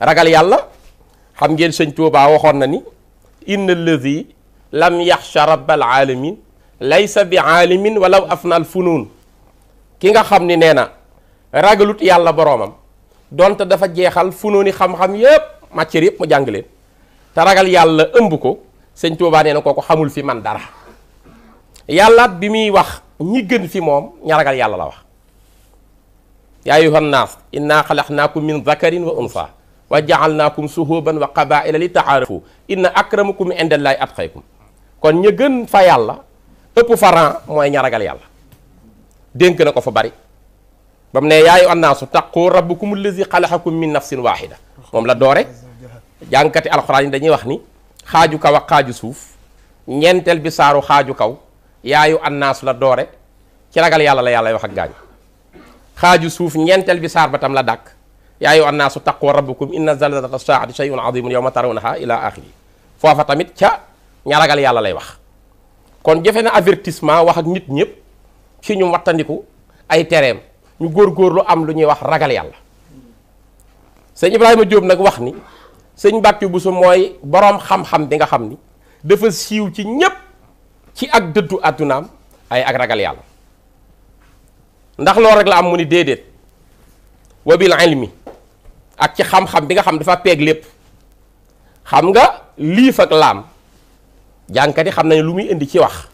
ragal yalla xam ngeen seigne touba waxon na ni innal ladhi لم يخش رب العالمين ليس بعالم ولو افنى الفنون كيغا خامني نينا راغلوت يالا بروم دونت دافا جيخال فنوني خام خام ييب ماتير ييب مو جانغلين تا راغال يالا امبوكو سيغ توبا نينا كوكو خامول في مان دارا يالا بيمي واخ ني گن في موم ني راغال يالا لا واخ يا ايها الناس انا خلقناكم من ذكر وانثى وجعلناكم شهوبا وقبائل لتعارفوا ان اكرمكم عند الله اتقاكم kon ña gën fa yàlla ëpp faran mooy ña ragal yàlla dénk na ko fa bari ba mu ne yaayu annaasu taqu rabbukum allazi xalaxakum min nafsin waaxida moom la doore jànkati alxuraan yi dañuy wax ni xaaju kaw ak xaaju suuf ñeenteel bi saaru xaaju kaw yaayu annaasu la doore ci ragal yàlla la yàlla wax ak gaañ xaaju suuf ñeenteel bi saar ba tam la dàkk yaayu annaasu taqu rabbukum inna zalzalata saati shay'un azimun yawma tarawnaha ila axiri foofa tamit ca ña ragal yàlla lay wax kon jëfe na avertissement wax ak nit ñëpp ci ñu wattandiku ay tereem ñu góor góorgóorlu am lu ñuy wax ragal yàlla sëñ Ibrahima Diop nag wax ni sëñ Mbàkke Buso mooy boroom xam-xam bi nga xam ni dafa siiw ci ñépp ci ak dëddu àddunaam ay ak ragal yàlla ndax loolu rek la am mu ni déedéet wabil ilmi ak ci xam-xam bi nga xam dafa peeg lépp xam nga liif ak laam jankati yi xam nañ lu muy indi ci wax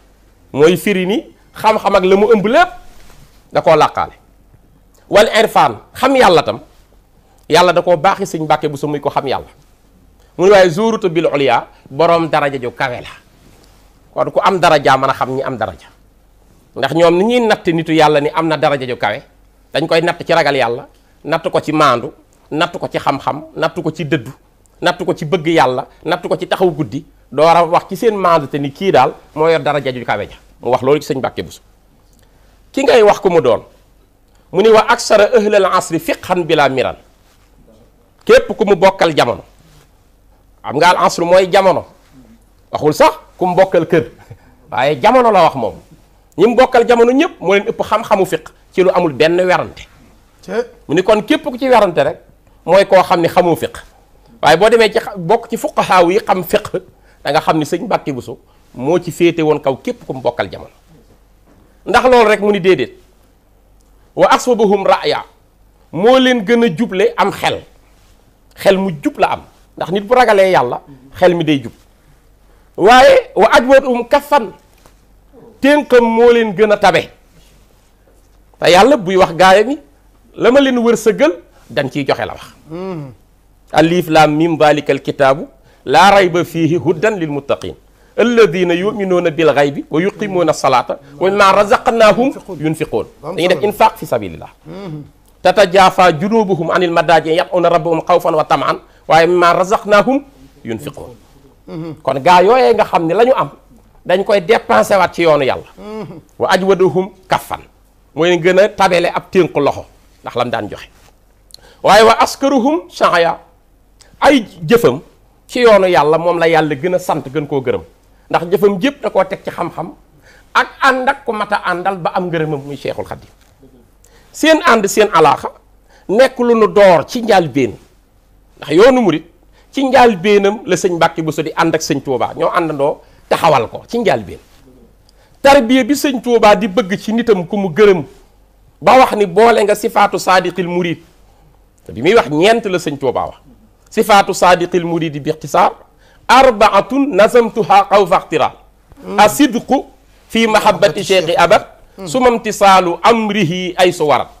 moy firini xam-xam ak lamu ëmb da ko làqaale wal irfan xam yalla tam yalla da ko baxi sëñ Mbàkke bu sumuy ko xam yalla muy way zurutu bil ulya borom daraja ju kawe la kon ku am daraja. mana xam ñi am daraja ndax ñom ni ñi natt nitu yalla ni am daraja ju kawe dañ koy natt ci ragal yalla natt ko ci mandu natt ko ci xam-xam natt ko ci dëddu natt ko ci bëgg yalla natt ko ci taxaw guddii doo war wax ci seen maandu te ni kii daal moo yor dara jaju kawe ja mu wax loolu ci sëñ Mbàkke Buso ki ngay wax ko mu doon mu ni wa aksara ahlal asri fiqhan bilaa miran képp ku mu bokkal jamono xam nga al asru mooy jamono waxul sax ku mu bokkal kër waaye jamono la wax moom ñi mu bokkal jamono ñëpp moo leen ëpp xam-xamu fiq ci lu amul benn werante mu ni kon képp ku ci werante rek mooy koo xam ni xamu fiq waaye boo demee ci bokk ci fuqahaaw yi xam fiq danga xam ni sëñ bu Buso moo ci féete woon kaw képp ku mu bokkal jamono ndax loolu rek mu ni déedéet wa aswabahum raya moo leen gën a juble am xel xel mu jub la am ndax nit bu ragalee yàlla xel mi day jub waaye wa ajwadum kafan ténkam moo leen gën a tabe te yàlla buy wax gaaya mi la ma leen wërsëgal dañ ciy joxe la wax hmm. alif laam mim dalikal kitaabu لا ريب فيه هدى للمتقين الذين يؤمنون بالغيب ويقيمون الصلاة وما رزقناهم ينفقون يعني إنفاق في سبيل الله تتجافى جنوبهم عن المداجع يقعون ربهم خوفا وطمعا وما رزقناهم ينفقون كون غا يو ايغا خامني لا نيو ام دا نكوي ديبانسي وات سي يالا واجودهم كفن موي غنا تابيلي اب تينكو لوخو نخلام دان جوخي واي وا اسكرهم شايا اي جيفم ci yoonu yàlla moom la yàlla gën a sant gën koo gërëm ndax jëfam jëpp da koo teg ci xam-xam ak ànd ak ku mat a àndal ba am ngërëmam muy Cheikhul Khadim seen ànd seen alaaxa nekk lu nu door ci njaal njàlbéen ndax yoonu murit ci njàlbéenam la sëñ bu Bousso di ànd ak sëñ Touba ñoo àndandoo taxawal ko ci njaal njàlbéen tarbiya bi sëñ Touba di bëgg ci nitam ku mu gërëm ba wax ni boole nga sifaatu saadiqil murit te bi muy wax ñeent la sëñ Touba wax sifaatu saadiqil muridi bi ixtisaar arbaatun nazamtuha xawfa ixtiraar asidqu fi mahabbati cheikhi abad suma imtisaalu amrihi ay su warat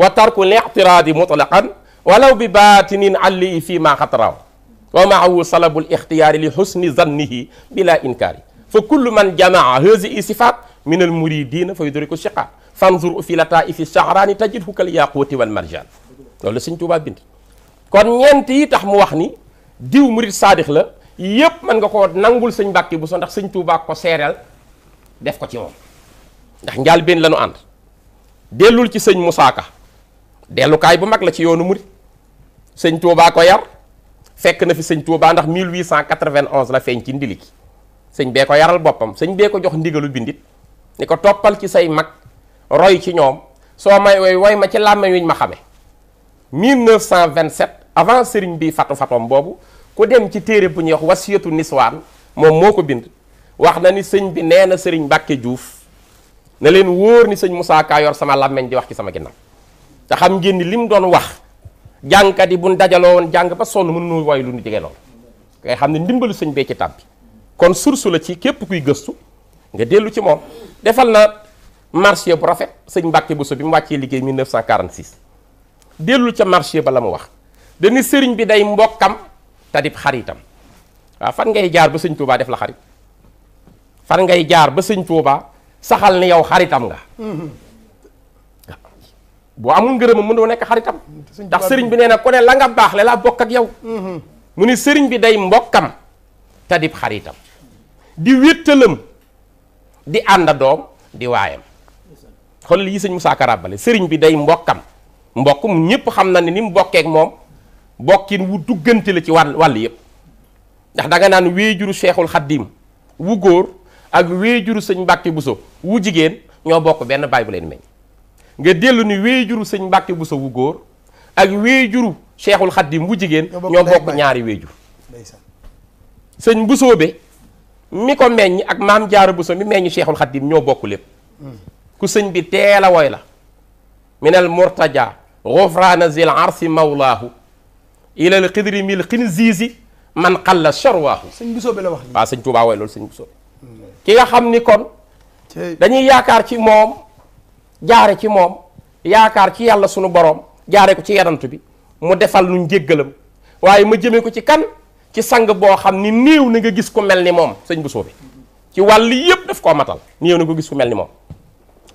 wa tarku liictiraadi mutlaqan walaw bi baatinin alli fi ma xataraaw wa maahu salabu lixtiyaari li xusni zannihi bila inkaari fa kullu man jamaa hazihi sifaat min almuridina fa yudriku siqa fanzur fi lataifi shahraani tajidhu kal yaquuti wal marjaan loolu la Sëñ Tuubaa bind kon ñeent yi tax mu wax ni diw murit saadix la yépp mën nga ko nangul sëñ bu so ndax sëñ Tuubaa ko seereel def ko ci moom ndax njaal benn la ànd dellul ci sëñ Musaa Ka dellukaay bu mag la ci yoonu murit sëñ Tuubaa ko yar fekk na fi sëñ Tuubaa ndax 1891 la feeñ ci ndiliki sëñ bee ko yaral boppam sëñ bee ko jox ndigalu bindit ni ko toppal ci say mag roy ci ñoom soo may woy woy ma ci làmmiñ wiñ ma xame 1927 avant sëriñ bi fatu fatom boobu ku dem ci téere bu ñuy wax wasiyatu niswaan moom moo ko bind wax na ni sëñ bi nee na sëriñ Mbàkke Juuf na leen wóor ni sëñ Moussa Ka yor sama làmmeñ di wax ci sama ginnaaw te xam ngeen ni li mu doon wax jàngkat yi buñ dajaloo woon jàng ba sonn mën nu woy lu nu jege lool ngay xam ne ndimbalu sëñ bee ci tàbbi kon source la ci képp kuy gëstu nga dellu ci moom defal na marché bu rafet sëñ Mbàkke Bousso bi mu wàccee liggéey 1946 dellu ca marché ba la mu wax dañu sëriñ bi day ta dib xaritam wa fan ngay jaar ba sëriñ Touba def la xarit fan ngay jaar ba sëriñ Touba saxal ni yow xaritam nga boo amul mu ndo nek xaritam ndax sëriñ bi neena ko ne la nga bax le laa bokk ak yow mu ni sëriñ bi day ta dib xaritam di wéttalam di anda dom di wayam xol li seigne Moussa karabale Rabbale bi day mbokam mbokum ñepp xamna ni mu bokkeek bokkin wu duggante la ci wàll wàll yëpp ndax danga naan wéejuru seexul xaddiim wu góor ak wéejuru sëñ Mbàkke Buso wu jigéen ñoo bokk benn baay bu leen meñ nga dellu ni wéejuru sëñ Mbàkke Buso wu góor ak wéejuru seexul xaddiim wu jigéen ñoo bokk ñaari wéejur sëñ Buso be mi ko meññ ak maam Jaara Buso mi meññ seexul xaddiim ñoo bokk lépp hmm. ku sëñ bi teel woy la minal murtaja gufraana zil arsi mawlaahu ilal xidri mil xin ziisi man xalla charwaahu sëñ Busoobe la wax waaw sëñ Tuubaa way loolu sëñ Busoobe hmm. ki nga xam ni kon dañuy yaakaar ci moom jaare ci moom yaakaar ci yàlla sunu borom jaare ko ci yarantu bi mu defal nu njéggalam waaye ma jëmee ko ci kan ci sang boo xam ni néew na nga gis ku mel ni moom sëñ bi ci wàll yëpp daf koo matal néew na ko gis ku mel ni moom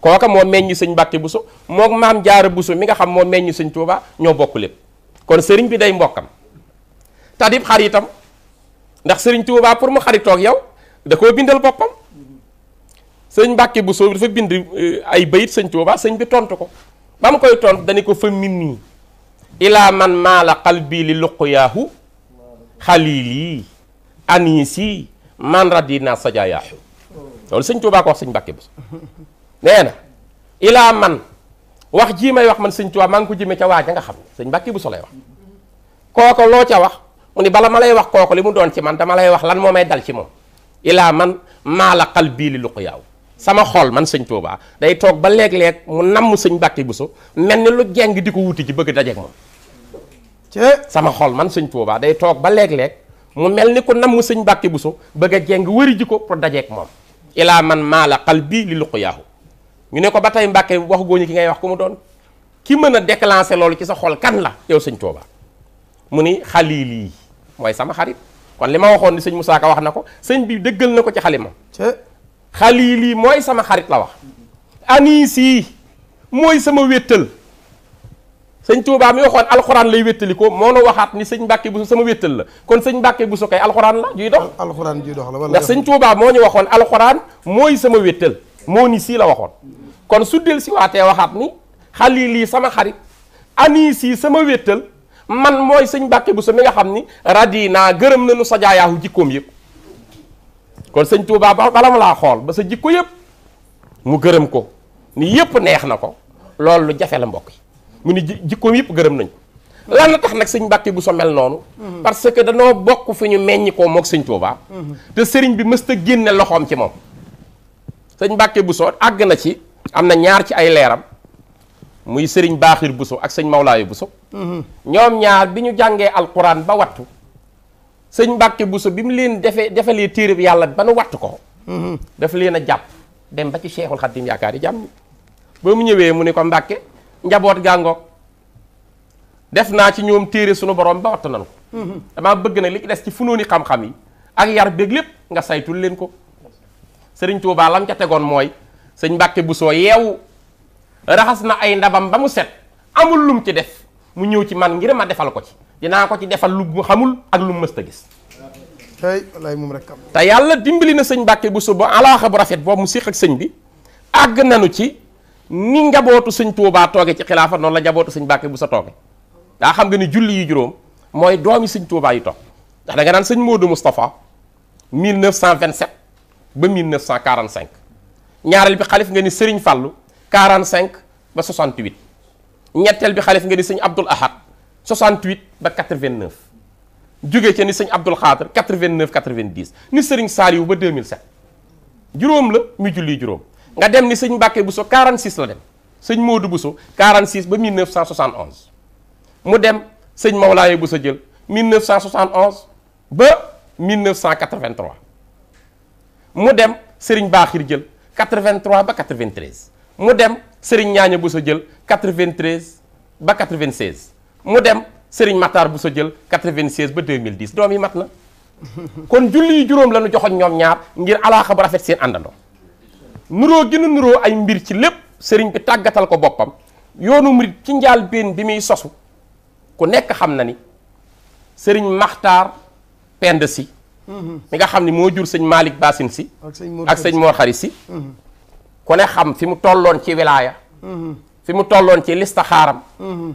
kooka moo meññi sëñ Mbàkke Buso moo maam jaare Buso mi nga xam moo meññi sëñ Tuubaa ñoo bokk lépp kon sëriñ bi day mbokkam tadib xaritam ndax sëriñ Tuubaa pour mu xaritoog yow da koo bindal boppam sëñ Mbàkke bu soob dafa bind eh, ay bayit sëñ Tuubaa sëñ bi tontu ko ba mu koy tont dañu ko fa minni ilaa man maala bii li luqyaahu xalili anisi man radina sajayaahu loolu sëñ Tuubaa ko wax sëñ Mbàkke bu nee na ilaa man wax jii may wax man sëñ Tuubaa maa ngi ko jëmee ca waaja nga xam ne sëñ Mbàkke bu lay wax kooko loo ca wax mu ni bala ma lay wax kooko li mu doon ci man dama lay wax lan moo may dal ci moom ilaa man maala qalbi li luqyaaw sama xol man sëñ Tuubaa day toog ba léeg-léeg mu namm sëñ Mbàkke bu so mel ni lu jeng di ko wuti ji bëgg dajeeg moom sama xol man sëñ Tuubaa day toog ba léeg-léeg mu mel ni ku namm sëñ Mbàkke bu so bëgg a jeng wëri ji ko pour dajeeg moom ilaa man maala qalbi li luqyaaw ñu ne ko ba tey Mbàkke wax góoñu ki ngay wax ku mu doon ki mën a déclencher loolu ci sa xol kan la yow sañ Tuuba mu ni xaliil yi mooy sama xarit kon li ma waxoon ni sëñ Moussa Ka wax na ko sëñ bi dëggal na ko ci xalima xaliil yi mooy sama xarit la wax aniis yi mooy sama wéttal sëñ Tuuba mi waxoon alxuraan lay wéttali ko moo nu waxaat ni sëñ Mbàkke Buso sama wéttal la kon sëñ Mbàkke Buso kay alxuraan la juy dox alxuraan juy dox sëñ Tuuba moo ñu waxoon alxuraan mooy sama wéttal moo ni sii la waxoon kon su del si waatee waxaat ni xalil lii sama xarit ani sii sama wéttal man mooy sëñ Mbàkke Buso mi nga xam ni radi naa gërëm nañu sa jaayaahu jikkoom yëpp kon sëñ Tuubaa ba bala mu laa xool ba sa jikko yëpp mu gërëm ko ni yëpp neex na ko loolu lu jafe la mbokk yi mu ni jikkoom yëpp gërëm nañ ko lan la tax nag sëñ Mbàkke Buso mel noonu mhm. parce que danoo bokk fi ñu meññi koo moog sëñ Tuubaa mhm. te sëriñ bi mës génne loxoom ci moom sëñ Mbàkke Bousso àgg na ci am na ñaar ci ay leeram muy sëriñ Baaxir Bousso ak sëñ Mawlaayu buso mhm. ñoom ñaar bi ñu jàngee alxuraan ba wattu sëñ Mbàkke Bousso bi mu leen defee defalee téere bi yàlla ba nu wattu ko mhm. def leen a jàpp dem ba ci Cheikhul Khadim yaakaar yi jàmm ba mu ñëwee mu ne ko Mbàkke njaboot gàngoog def naa ci ñoom téere sunu borom ba wattu nan ko mhm. damaa bëgg na li des ci funooni xam-xam yi ak yar beeg lépp nga saytul leen ko sëriñ Touba lam ca tegoon mooy sëñ bu soo yeewu raxas na ay ndabam ba mu set amul lum ci def mu ñëw ci man ngir ma defal ko ci dinaa ko ci defal lu mu xamul ak lu mu mës a gis. moom rek te yàlla dimbali na sëñ Mbàkke Bousso ba alaaxa bu rafet boobu mu séq ak sëñ bi àgg nanu ci ni njabootu sëñ Touba tooge ci xilaafa noonu la njabootu sëñ bu sa tooge daa xam nga ni julli yu juróom mooy doomi sëñ tuubaa yi toog ndax da nga naan sëñ Modou Moustapha 1927. ba 1945 ñaaral bi khalif nga ni Serigne fallu 45 ba 68 ñettel bi khalif nga ni serigne abdul Ahad 68 ba 89 jóge ci ni serigne abdul Khadr 89 90 ni Serigne saliw ba 2007 juróom la mi julli juróom nga dem ni serigne Mbacke buso 46 la dem serigne Modou buso 46 ba 1971 mu dem serigne Mawlaaye buso jël 1971 ba 1983. mu dem Serigne Baaxir jël 83 ba 93 mu dem Serigne Ñaaña bu sa jël 93 ba 96 mu dem Serigne Matar bu sa jël 96 ba 2010 doom yi mat na kon julli yu juróom la ñu joxoon ñoom ñaar ngir alaaxa bu rafet seen àndandoo nuroo gi nu nuroo ay mbir ci lépp sëriñ bi tàggatal ko boppam yoonu murit ci njaal benn bi muy sosu ku nekk xam na ni sëriñ Maxtaar Pend Si mi nga xamni ni jur seigne malik bassin si. ak seigne Mor Xaris si. ko ne xam fi mu tollon ci wilaya mm-hmm. fi mu tollon ci listaxaaram. Mm-hmm.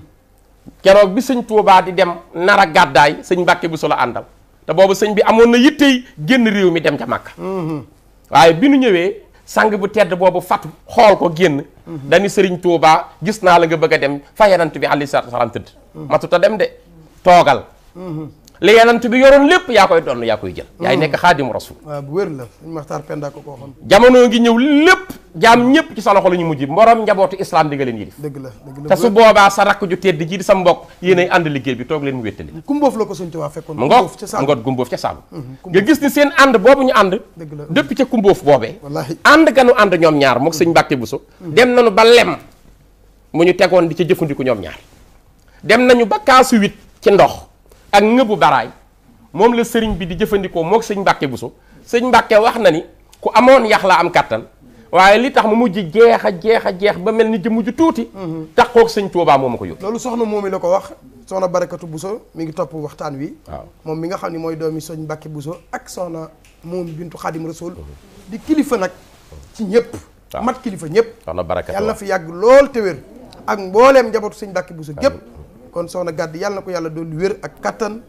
kero bi seigne Touba di dem nara gaday seigne sëñ bu solo andal, te bobu seigne bi amone yitte genn rew mi dem ca Màkka. Mm-hmm. waye bi nu ñewé sang bu tedd bobu fatu xol ko genn dani seigne Touba gis na la nga bëgg dem fa yanantu bi ali sallallahu alaihi wasallam matu ta dem de togal li yonent bi yoron lepp yaa koy donn yaa koy jël yaay hmm. nek khadim rasul wa bu wér la sëñ Maxtaar Penda ko ko xon jamono gi ñew lepp jam ñepp ci sa loxo ñu mujj mborom njabootu islam di nga leen yilif deug la deug la ta su boba sa rak ju tedd ji di sa mbokk yene and liggey bi tok leen mu wéttali gumboof la ko suñ tubaa fekkoon mu ngoog ngoog gumboof ci saabu hmm, nga gis ni seen and bobu ñu and depuis ca kumboof bobé and ganu and ñom ñaar mok sëñ hmm. Mbàkke busu dem nañu ba lem mu ñu tegoon di ca jëfandiku ñom ñaar dem nañu ba kaasu wit ci ndox ak ngëbu baraay moom la sëriñ bi di jëfandikoo moog sëñ Mbàkke Buso sëñ Mbàkke wax na ni ku amoon yax la am kàttan waaye li tax mu mujj jeex a jeex a jeex ba mel ni jëmm ju tuuti mhm. tax kook sëñ Tuubaa moom a ko yóbbu loolu soxna moom mi la ko wax soxna Barakatu Buso mi ngi topp waxtaan wi moom mi nga xam ne mooy doomi sëñ Mbàkke Buso ak soxna moom bintu Xaadim Rasuul mhm. di kilifa nag ci ñëpp mat kilifa ñëpp soxna Barakatu yàlla fi yàgg lool te ak mbooleem njabootu sëñ Mbàkke Buso gépp kon soxna gàdd yàlla na ko yàlla doon wér ak kàttan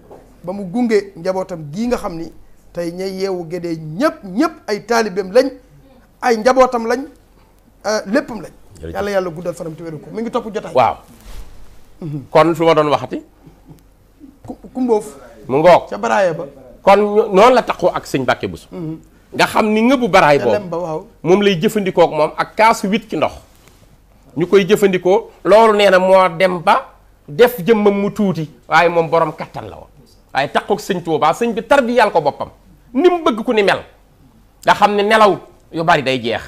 ba mu gunge njabootam gii nga xam ni tey ñay yeewu gédee ñëpp ñëpp ay taalibeem lañ ay njabootam lañ euh, léppam lañ yàlla yàlla guddal fanam te wéru ko mu ngi topp jotaay waaw kon lu ma doon waxati kumboof mu ngoog ca baraaye ba kon noonu la taxoo ak sëñ Mbàkke Buso mm-hmm. nga xam ni ngëbu baraay boobu moom lay jëfandikoo moom ak kaasu wit ci ndox ñu koy jëfandikoo loolu nee na moo dem ba def jëmmam mu tuuti waaye moom boroom kattan la woon waaye takkook sëñ Tuubaa sëñ bi tarbiyal ko boppam ni mu bëgg ko ni mel nga xam ne nelaw yu bari day jeex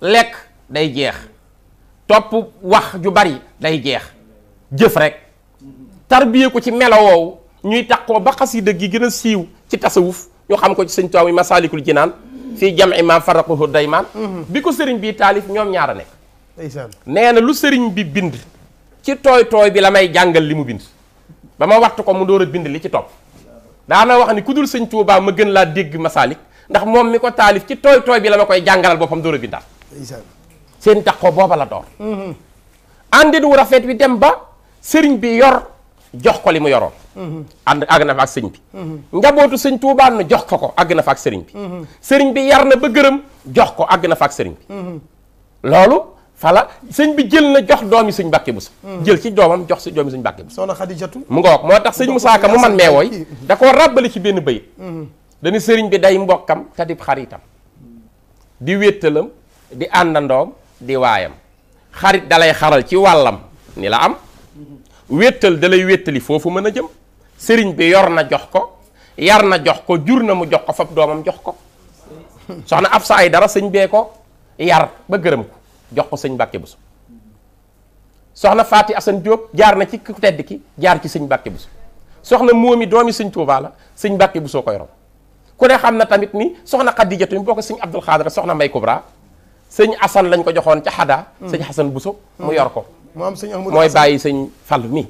lekk day jeex topp wax yu bari day jeex jëf rek tarbiye ko ci melowoow ñuy takkoo ba xasida gi gën a siiw ci tasawuf ñu xam ko ci sëñ Tuubaa yi masaalikul jinaan fii jam jam'i ma faraqahu daymaan mhm. bi ko sëriñ bi taalif ñoom ñaar a nekk nee na lu sëriñ bi bind ci tooy tooy bi la may jàngal li mu bind ba ma wattu ko mu door a bind li ci topp daana wax ni ku dul sëñ Tuubaa ma gën laa dégg masaalik ndax moom mi ko taalif ci tooy tooy bi la ma koy jàngalal boppam door a bindaat seen taxaw booba la door mm-hmm. àndin wu rafet wi dem ba sëriñ bi yor jox ko li mu yoroon mm-hmm. ànd àgg na fa ak sëriñ bi mm-hmm. njabootu sëñ Tuubaa na jox ko ko àgg na fa ak sëriñ bi sëriñ bi yar na ba gërëm jox ko àgg na fa ak sëriñ bi loolu fala sëñ bi jël na jox doom doomi sëñ Mbàkke Buso hmm. jël ci doomam jox si doomi sëñ Mbàkke Buso soxna Xadijatu mu nga wax moo tax sëñ Musaa saaka mu man mee wooy hmm. da koo ràbbali ci benn bayit hmm. dañu sëriñ bi day mbokkam te di xaritam di wéttalam di àndandoom di waayam xarit dalay xaral ci wàllam ni la am wéttal dalay wéttali foofu mën a jëm sëriñ bi yor na jox ko yar na jox ko jur na mu jox ko fab doomam jox ko soxna sa ay dara sëñ bee ko yar ba gërëm ko jox ko sëñ Mbàkke Buso soxna Faati Asan Jóob jaar na ci ku tedd ki jaar ci sëñ Mbàkke Buso soxna Moomi doomi sëñ Tuubaa la sëñ Mbàkke Buso koy rob ku ne xam na tamit ni soxna Xadijatu mi bokk sëñ Abdul Xaadir soxna May Kubra sëñ Asan lañ ko joxoon ca Xada sëñ Xasan Buso mu yor ko mooy bàyyi sëñ Fallu mi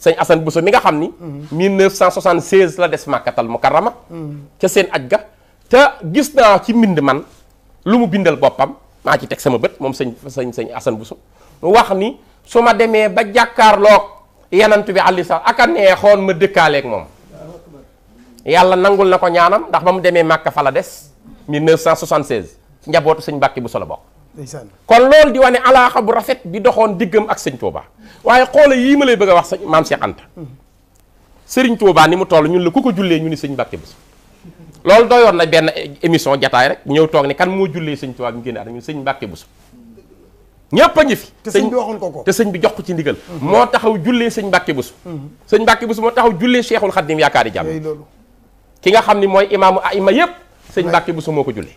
sëñ Asan Buso mi nga xam ni 1976 la des Màkkatal Mukarrama mm. ca seen aj ga te gis naa ci mbind man lu mu bindal boppam maa ci teg sama bët moom sëñ sëñ sëñ Assane Bousso mu wax ni su ma demee ba jàkkaarloog yenant bi alli sax aka neexoon ma dëkkaaleeg moom yàlla nangul na ko ñaanam ndax ba mu demee Màkka fa la des 1976 ci njabootu sëñ Mbàkke Bousso la bokk kon loolu di wane alaaxa bu rafet bi doxoon diggam ak sëñ Touba waaye xoola yii ma lay bëgg a wax sëñ maam Cheikh Anta sëriñ Touba ni mu toll ñun la ku ko jullee ñu ni sëñ Mbàkke Bousso loolu doyoon na benn émission jataay rek ñëw toog ni kan moo jullee sëñ Tuubaa bi mu génne àdduna sëñ Mbàkke Buso ñëpp a fi te sëñ bi waxoon ko sëñ bi jox ko ci ndigal mhm. moo taxaw jullee sëñ Mbàkke Buso mhm. sëñ Mbàkke Buso moo taxaw jullee Cheikhul Khadim yaakaari jàmm ki nga xam ne mooy imaamu aima yëpp sëñ Mbàkke Buso moo ko jullee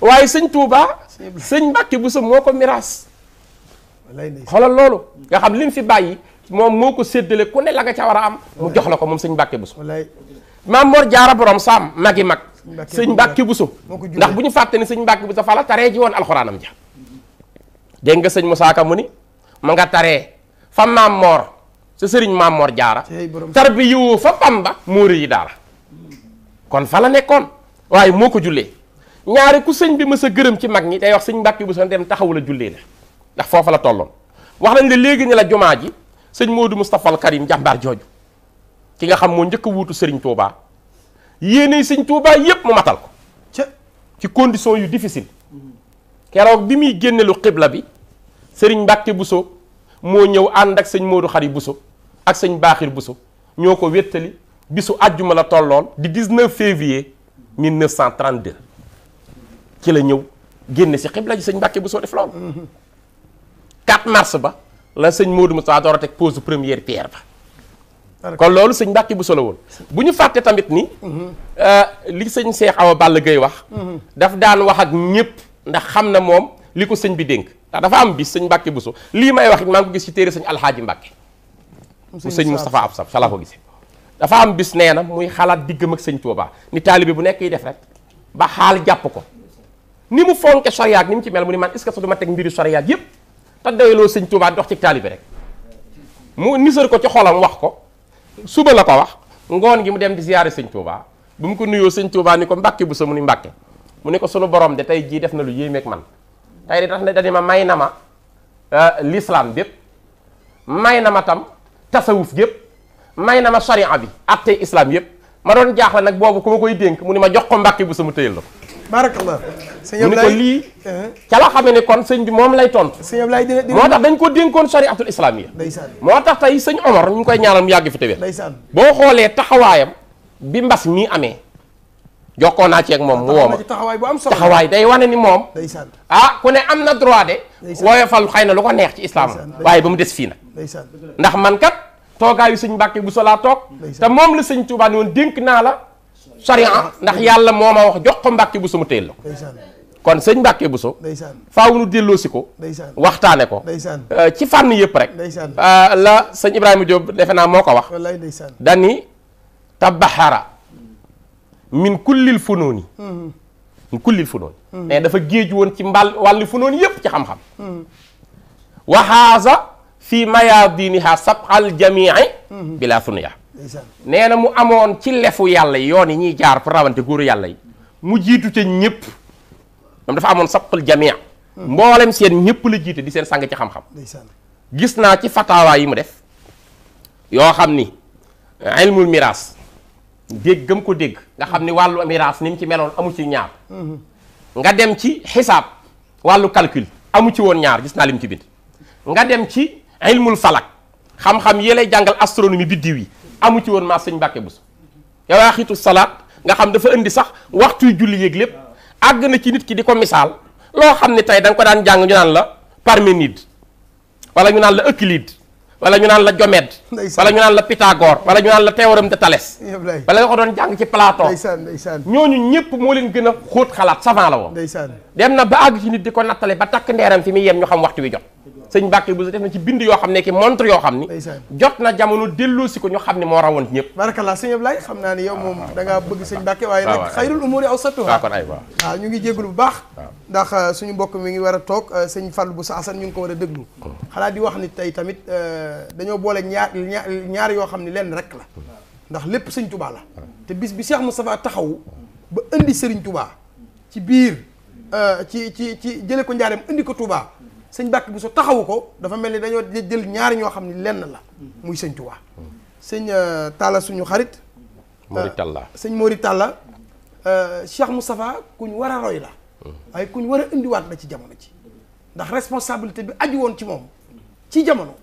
waaye sëñ Tuubaa sëñ Mbàkke Buso moo ko miraas xoolal loolu nga xam li mu fi bàyyi moom moo ko séddale ku ne la nga ca war a am mu jox la ko moom sëñ Mbàkke Buso Mamor mor jaara borom sam magi mag seigne mbacke bousso ndax buñu ni seigne mbacke bousso fala taré ji won am ja de nga seigne moussa ka muni ma nga taré fa mam mor ci serigne jaara tarbiyu fa pamba muri yi dara kon fala nekkon waye moko julé ñaari ku seigne bi mësa gërem ci mag ñi day wax seigne mbacke bousso dem taxawula julé la ndax fofu la tollon wax nañ le ni la jumaa ji seigne modou mustapha al karim jambar jojo ki nga xam moo njëkk a wuutu Serigne Touba yéene sëñ Touba yépp mu matal ko ci condition yu difficile keroog bi muy génne lu xibla bi Serigne Mbacke Bousso moo ñëw ànd ak sëñ Modou Khari Bousso ak sëñ Baaxir Bousso ñoo ko wéttali bisu àjjuma la tolloon di 19 février 1932 ci la ñëw génne si xibla ji sëñ Mbacke Bousso def lool 4 mm-hmm. mars ba la sëñ Modou mu saa a teg pose première pierre ba. kon loolu sëñ Mbàkke bu solo woon bu ñu fàttee tamit ni mm-hmm. euh, li sëñ Seex a Balla gay wax mm-hmm. daf daan wax ak ñëpp ndax xam na moom li ko sëñ bi dénk ndax dafa am bis sëñ Mbàkke bu so lii may wax it maa ngi ko gis ci téere sëñ Alxaaji Mbàkke bu sëñ Moustapha sa falaa ko gisee dafa am bis nee na muy xalaat diggam ak sëñ Tuubaa ni taalibe bu nekk yi def rek ba xaal jàpp ko ni mu fonke soriyaag ni mu ci mel mu ni man est-ce que sa du ma teg mbiri soriyaag yëpp te doyloo sëñ rek mu nisar ko ci xolam wax ko suba la ko wax ngoon gi mu dem di ziyaare sëñ Touba bu mu ko nuyoo sëñ Touba ni ko mbàkke bu sa mu ni mbàkke mu ne ko sunu borom de tey jii def na lu yéemeeg man tey de tax na dani ma may na ma eh, lislaam bépp may na ma tam tasawuf gépp may na ma sharia bi attey islam yëpp ma doon jaaxle nag boobu ku ma koy dénk mu ni ma jox ko mbàkke bu sa mu téyal la ko barakallah sëñ Ablaye mu ko la ne kon moom lay dina dina dañ ko shariatul islam yi. ndeysaan moo tax Omar ñu koy ñaanal mu yàgg fi tawee. ndeysaan boo xoolee taxawaayam bi mbas ci ak moom mu bu moom. ah ku ne amna droit de. woyofal xëy lu ko neex ci islam. waaye ba mu des fii nag. ndax man kat bu moom la sëñ ni sariya ndax yàlla moo ma wax jox ko bu Buso mu téel la ko kon sëñ Mbàkke Buso faaw nu delloosi ko waxtaane ko euh, ci fànn yëpp rek euh, la sëñ Ibrahima Diop defe naa moo ko wax dani tabaxara min kullil funooni mm-hmm. min kullil funooni mm-hmm. mais dafa géej woon ci mbal wàllu funooni yëpp ci xam-xam mm-hmm. waxaasa fi mayaadiniha sab al jamii bila nee na mu amoon ci lefu yàlla yi yoon yi ñuy jaar pour rawante góoru yàlla yi mu jiitu ca ñëpp dafa amoon sappal jamia hmm. mboolem seen ñëpp la jiite di seen sang ci xam-xam gis naa ci fatawaa yi mu def yoo xam ni ilmul miraas dégg gëm ko dégg nga xam ni wàllu miraas ni mu ci meloon amu ci ñaar hmm. nga dem ci xisaab wàllu calcul amu ci woon ñaar gis naa lim ci bind nga dem ci ilmul falak xam-xam yi lay jàngal astronomie biddiw yi amu ci woon maam sëñ Mbàkke Bousso xiitu salaat nga xam dafa indi sax waxtuy julli yéeg lépp àgg na ci nit ki di ko misaal loo xam ne tey da ko daan jàng ñu naan la Parménide wala ñu naan la Euclide wala ñu naan la Diomède wala ñu naan la Pythagore wala ñu naan la théorème de Thalès wala nga ko doon jàng ci Platon ñooñu ñëpp moo leen gën a xóot xalaat savant la woon dem na ba àgg ci nit di ko nattale ba takk ndeeram fi muy yem ñu xam waxtu wi jot sëñ Mbàkke bu sa def na ci bind yoo xam ne ki montre yoo xam ni jot na jamono delloo si ko ñu xam ne moo rawoon ñëpp barakallah sëñ Ablaye xam naa ni yow moom ah, ah, da ngaa bëgg sëñ Mbàkke waaye nag xayrul umuri aw sattuha kon ay waaw ah, ñu ngi jégalu bu baax ndax suñu mbokk mi ngi war a toog sëñ fal bu sa asan ñu ngi ko war a déglu oh. xanaa di wax ni tey tamit dañoo boole ñaar ñaar yoo xam ne lenn rek la ndax lépp sëñ Touba la te bis bi Cheikh Moustapha taxaw ba indi sëriñ Touba ci biir ci ci ci jële ko njaareem indi ko Touba sëñ Bàkki Bousso taxawu ko dafa mel ni dañoo jël ñaari ñoo xam ni lenn la muy sëñ Tuubaa sëñ euh, Talla suñu xarit Mori euh, Talla sëñ Mori Talla euh, Cheikh Moustapha kuñ war a roy la mm-hmm. waaye kuñ war a indiwaat la ci jamono ci ndax responsabilité bi aju woon ci moom ci jamono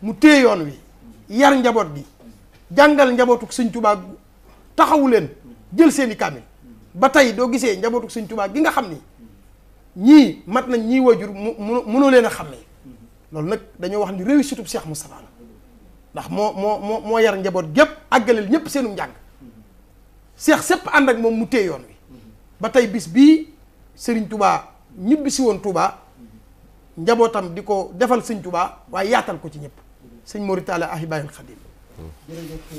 mu téye yoon wi yar njaboot gi jàngal njabootuk sëñ Tuubaa taxawu leen jël seeni kaamil ba tey doo gisee njabootuk sëñ Tuubaa gi nga xam ni ñii mat nañ ñii waajur mu mu mënoo leen a xàmmee loolu nag dañoo wax ni réussite bu Cheikh Moustapha la ndax moo moo moo moo yar njaboot gépp àggaleel ñëpp seenu njàng seex sépp ànd ak moom mu téye yoon wi ba tey bis bii sëriñ tubaa ñibbi si woon tubaa njabootam di ko defal sëñ Touba waaye yaatal ko ci ñëpp sëñ Mauritala Ahibayil Khadim. jërëjëf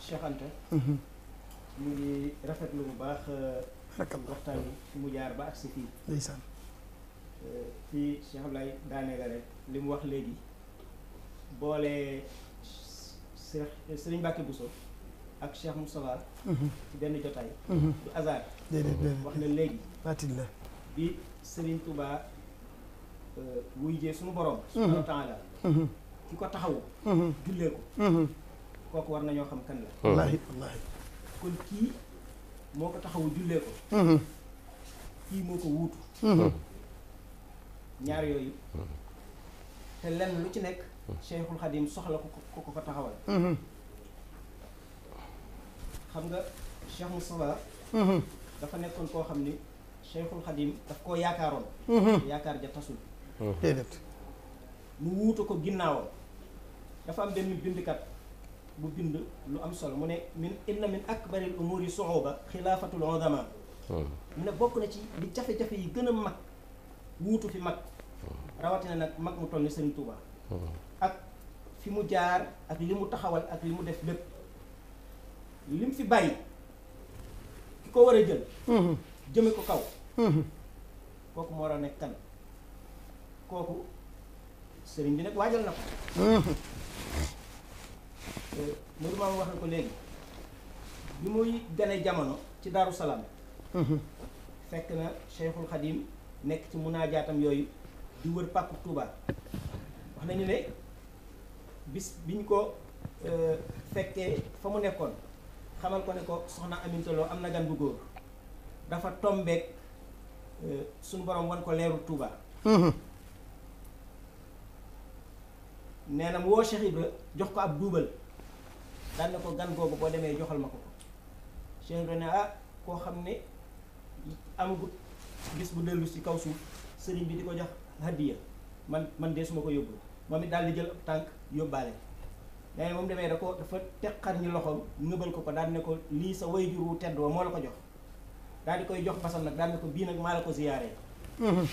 Cheikh Anta. Mhm. mu ngi bi ci Cheikh Ablaye daane la li mu wax léegi boole se Serigne Mbacké Bousso ak Cheikh Moustapha mhm. ci benn jotaay mhm. du hasard wax na léegi batil la bi Serigne Touba euh, wuy jee suñu borom mhm. subhanahu wa taala ki ko taxaw jullee ko kooku war nañoo xam kan la oh. wallaahi wallaahi kon kii moo ko taxawu jullee ko kii moo ko wuutu oh. ñaar yooyu te lenn lu ci nekk Cheikhul Khadim soxla ku ko fa taxawal xam nga Cheikh Moustapha dafa nekkoon koo xam ni Cheikhul Khadim daf koo yaakaaroon yaakaar ja tasul déedéet mu wuutu ko ginnaawam dafa am benn bindkat bu bind lu am solo mu ne min inna min akbaril umuri suxuba xilaafatul udama mu ne bokk na ci li jafe-jafe yi gën a mag wuutu fi mag rawatina nag mag mu toll ni Serigne ak fi mu jaar ak li mu taxawal ak li mu def lépp li mu fi bàyyi ki ko war a jël jëme ko kaw kooku moo war a nekk kan kooku sëriñ bi nag waajal na ko Modou wax na ko léegi bi muy gane jamono ci Daaru Salaam fekk na Cheikhul Khadim nekk ci munaajaatam yooyu di wër pàkku Touba wax nañu ne bis biñ ko euh, fekkee fa mu nekkoon xamal ko ne ko soxna Aminta am na gan bu góor dafa tombeek euh, suñu borom wan ko leeru Touba mhm. nee na mu woo Cheikh jox ko ab duubal daan na ko gan boobu boo demee joxal ma ko ko Cheikh Ibra ah koo xam ne amagut bis bu dellu si kaw suuf sëriñ bi di ko jox hadiya man man dee su ma ko yóbbu moom it daal di jël tànk yóbbaale mais moom demee da ko dafa teqar ñi loxoom ngëbal ko ko daal ne ko lii sa way juru tedd wa la ko jox daal di koy jox basam nag daal ko bii nag maa la ko ziyaare mhm.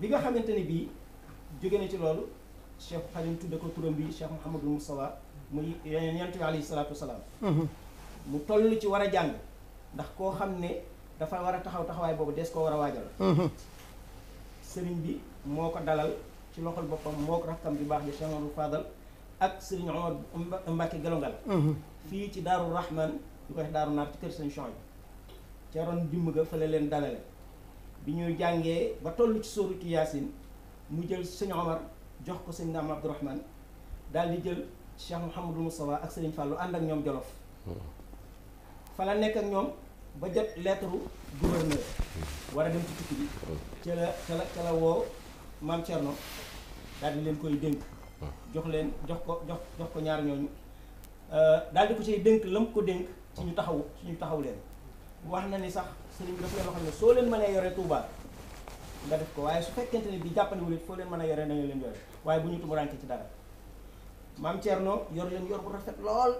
bi nga xamante ni bii jóge na ci loolu Cheikh Xadim tudde ko turam bi Cheikh Mouhamadou Moustapha muy yonent bi alayhi salaatu wasalaam mhm. mu toll ci war a jàng ndax koo xam ne dafa war a taxaw taxawaay boobu des koo war a waajal. Mhm. sëriñ bi moo ko dalal ci loxol boppam moo ko rakkam bi baax di Cheikh Amadou Fadal ak sëriñ Omar Mbacke mhm. fii ci Daaru Rahman ñu koy Daaru Naar ci kër sëriñ ron jumb ga fële leen dalale bi ñuy jàngee ba toll ci sóoratu Yaasin mu jël sëñ jox ko sëñ Ndam Abdourahman daal di jël Cheikh Mouhamadou Moustapha ak sëriñ Fallou ànd ak ñoom Jolof mhm. fa la nekk ak ñoom. ba jot lettre gouverneur war a dem ci tukki bi ca la ca la ca la woo maam Thierno daal leen koy dënk jox leen jox ko jox jox ko ñaar ñooñu euh, daal di ko cay dénk lam ko dénk ci ñu taxaw ci ñu taxaw leen wax na ni sax sëriñ bi dafa leen waxoon ne soo leen mënee yore Touba nga def ko waaye su fekkente ne bi jàppandi wu leen foo leen mën a yore na leen yore waaye bu ñu tumurànke ci dara maam Thierno yor leen yor bu rafet lool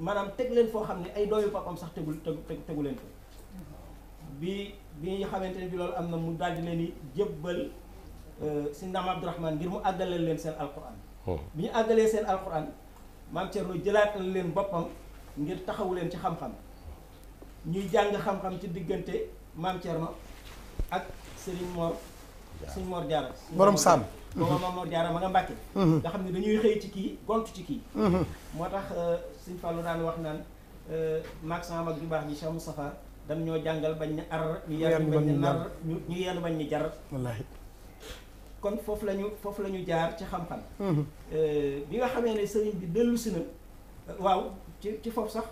maanaam teg leen foo xam ne ay dooyu papam sax tegul tegu leen ko bi bi nga xamante ne bi loolu am na mu daal di leen di jébbal euh, si ndam Abdourahmane ngir mu àggale leen seen alquran oh. bi ñu àggalee seen alquran maam Thierno jëlaatal leen boppam ngir taxawu leen ci xam ñuy jàng xam ci diggante maam Thierno ak Serigne Mor Serigne Mor Diarra borom Sàmm booba Mor Diarra ma nga Mbàkke mm-hmm. nga xam ne dañuy xëy ci kii gont ci kii mm-hmm. moo tax euh, sëñ Fallou daan wax naan euh, maag sama mag ju baax ji Cheikh Moustapha dam ñoo jàngal bañ ne ar ñu yar bañ ne nar ñu yeenu bañ ne jar wallaahi kon foofu lañu foofu la jaar ci xam-xam mm-hmm. euh, bi nga xamee ne sëriñ bi dellu na euh, waaw ci ci foofu sax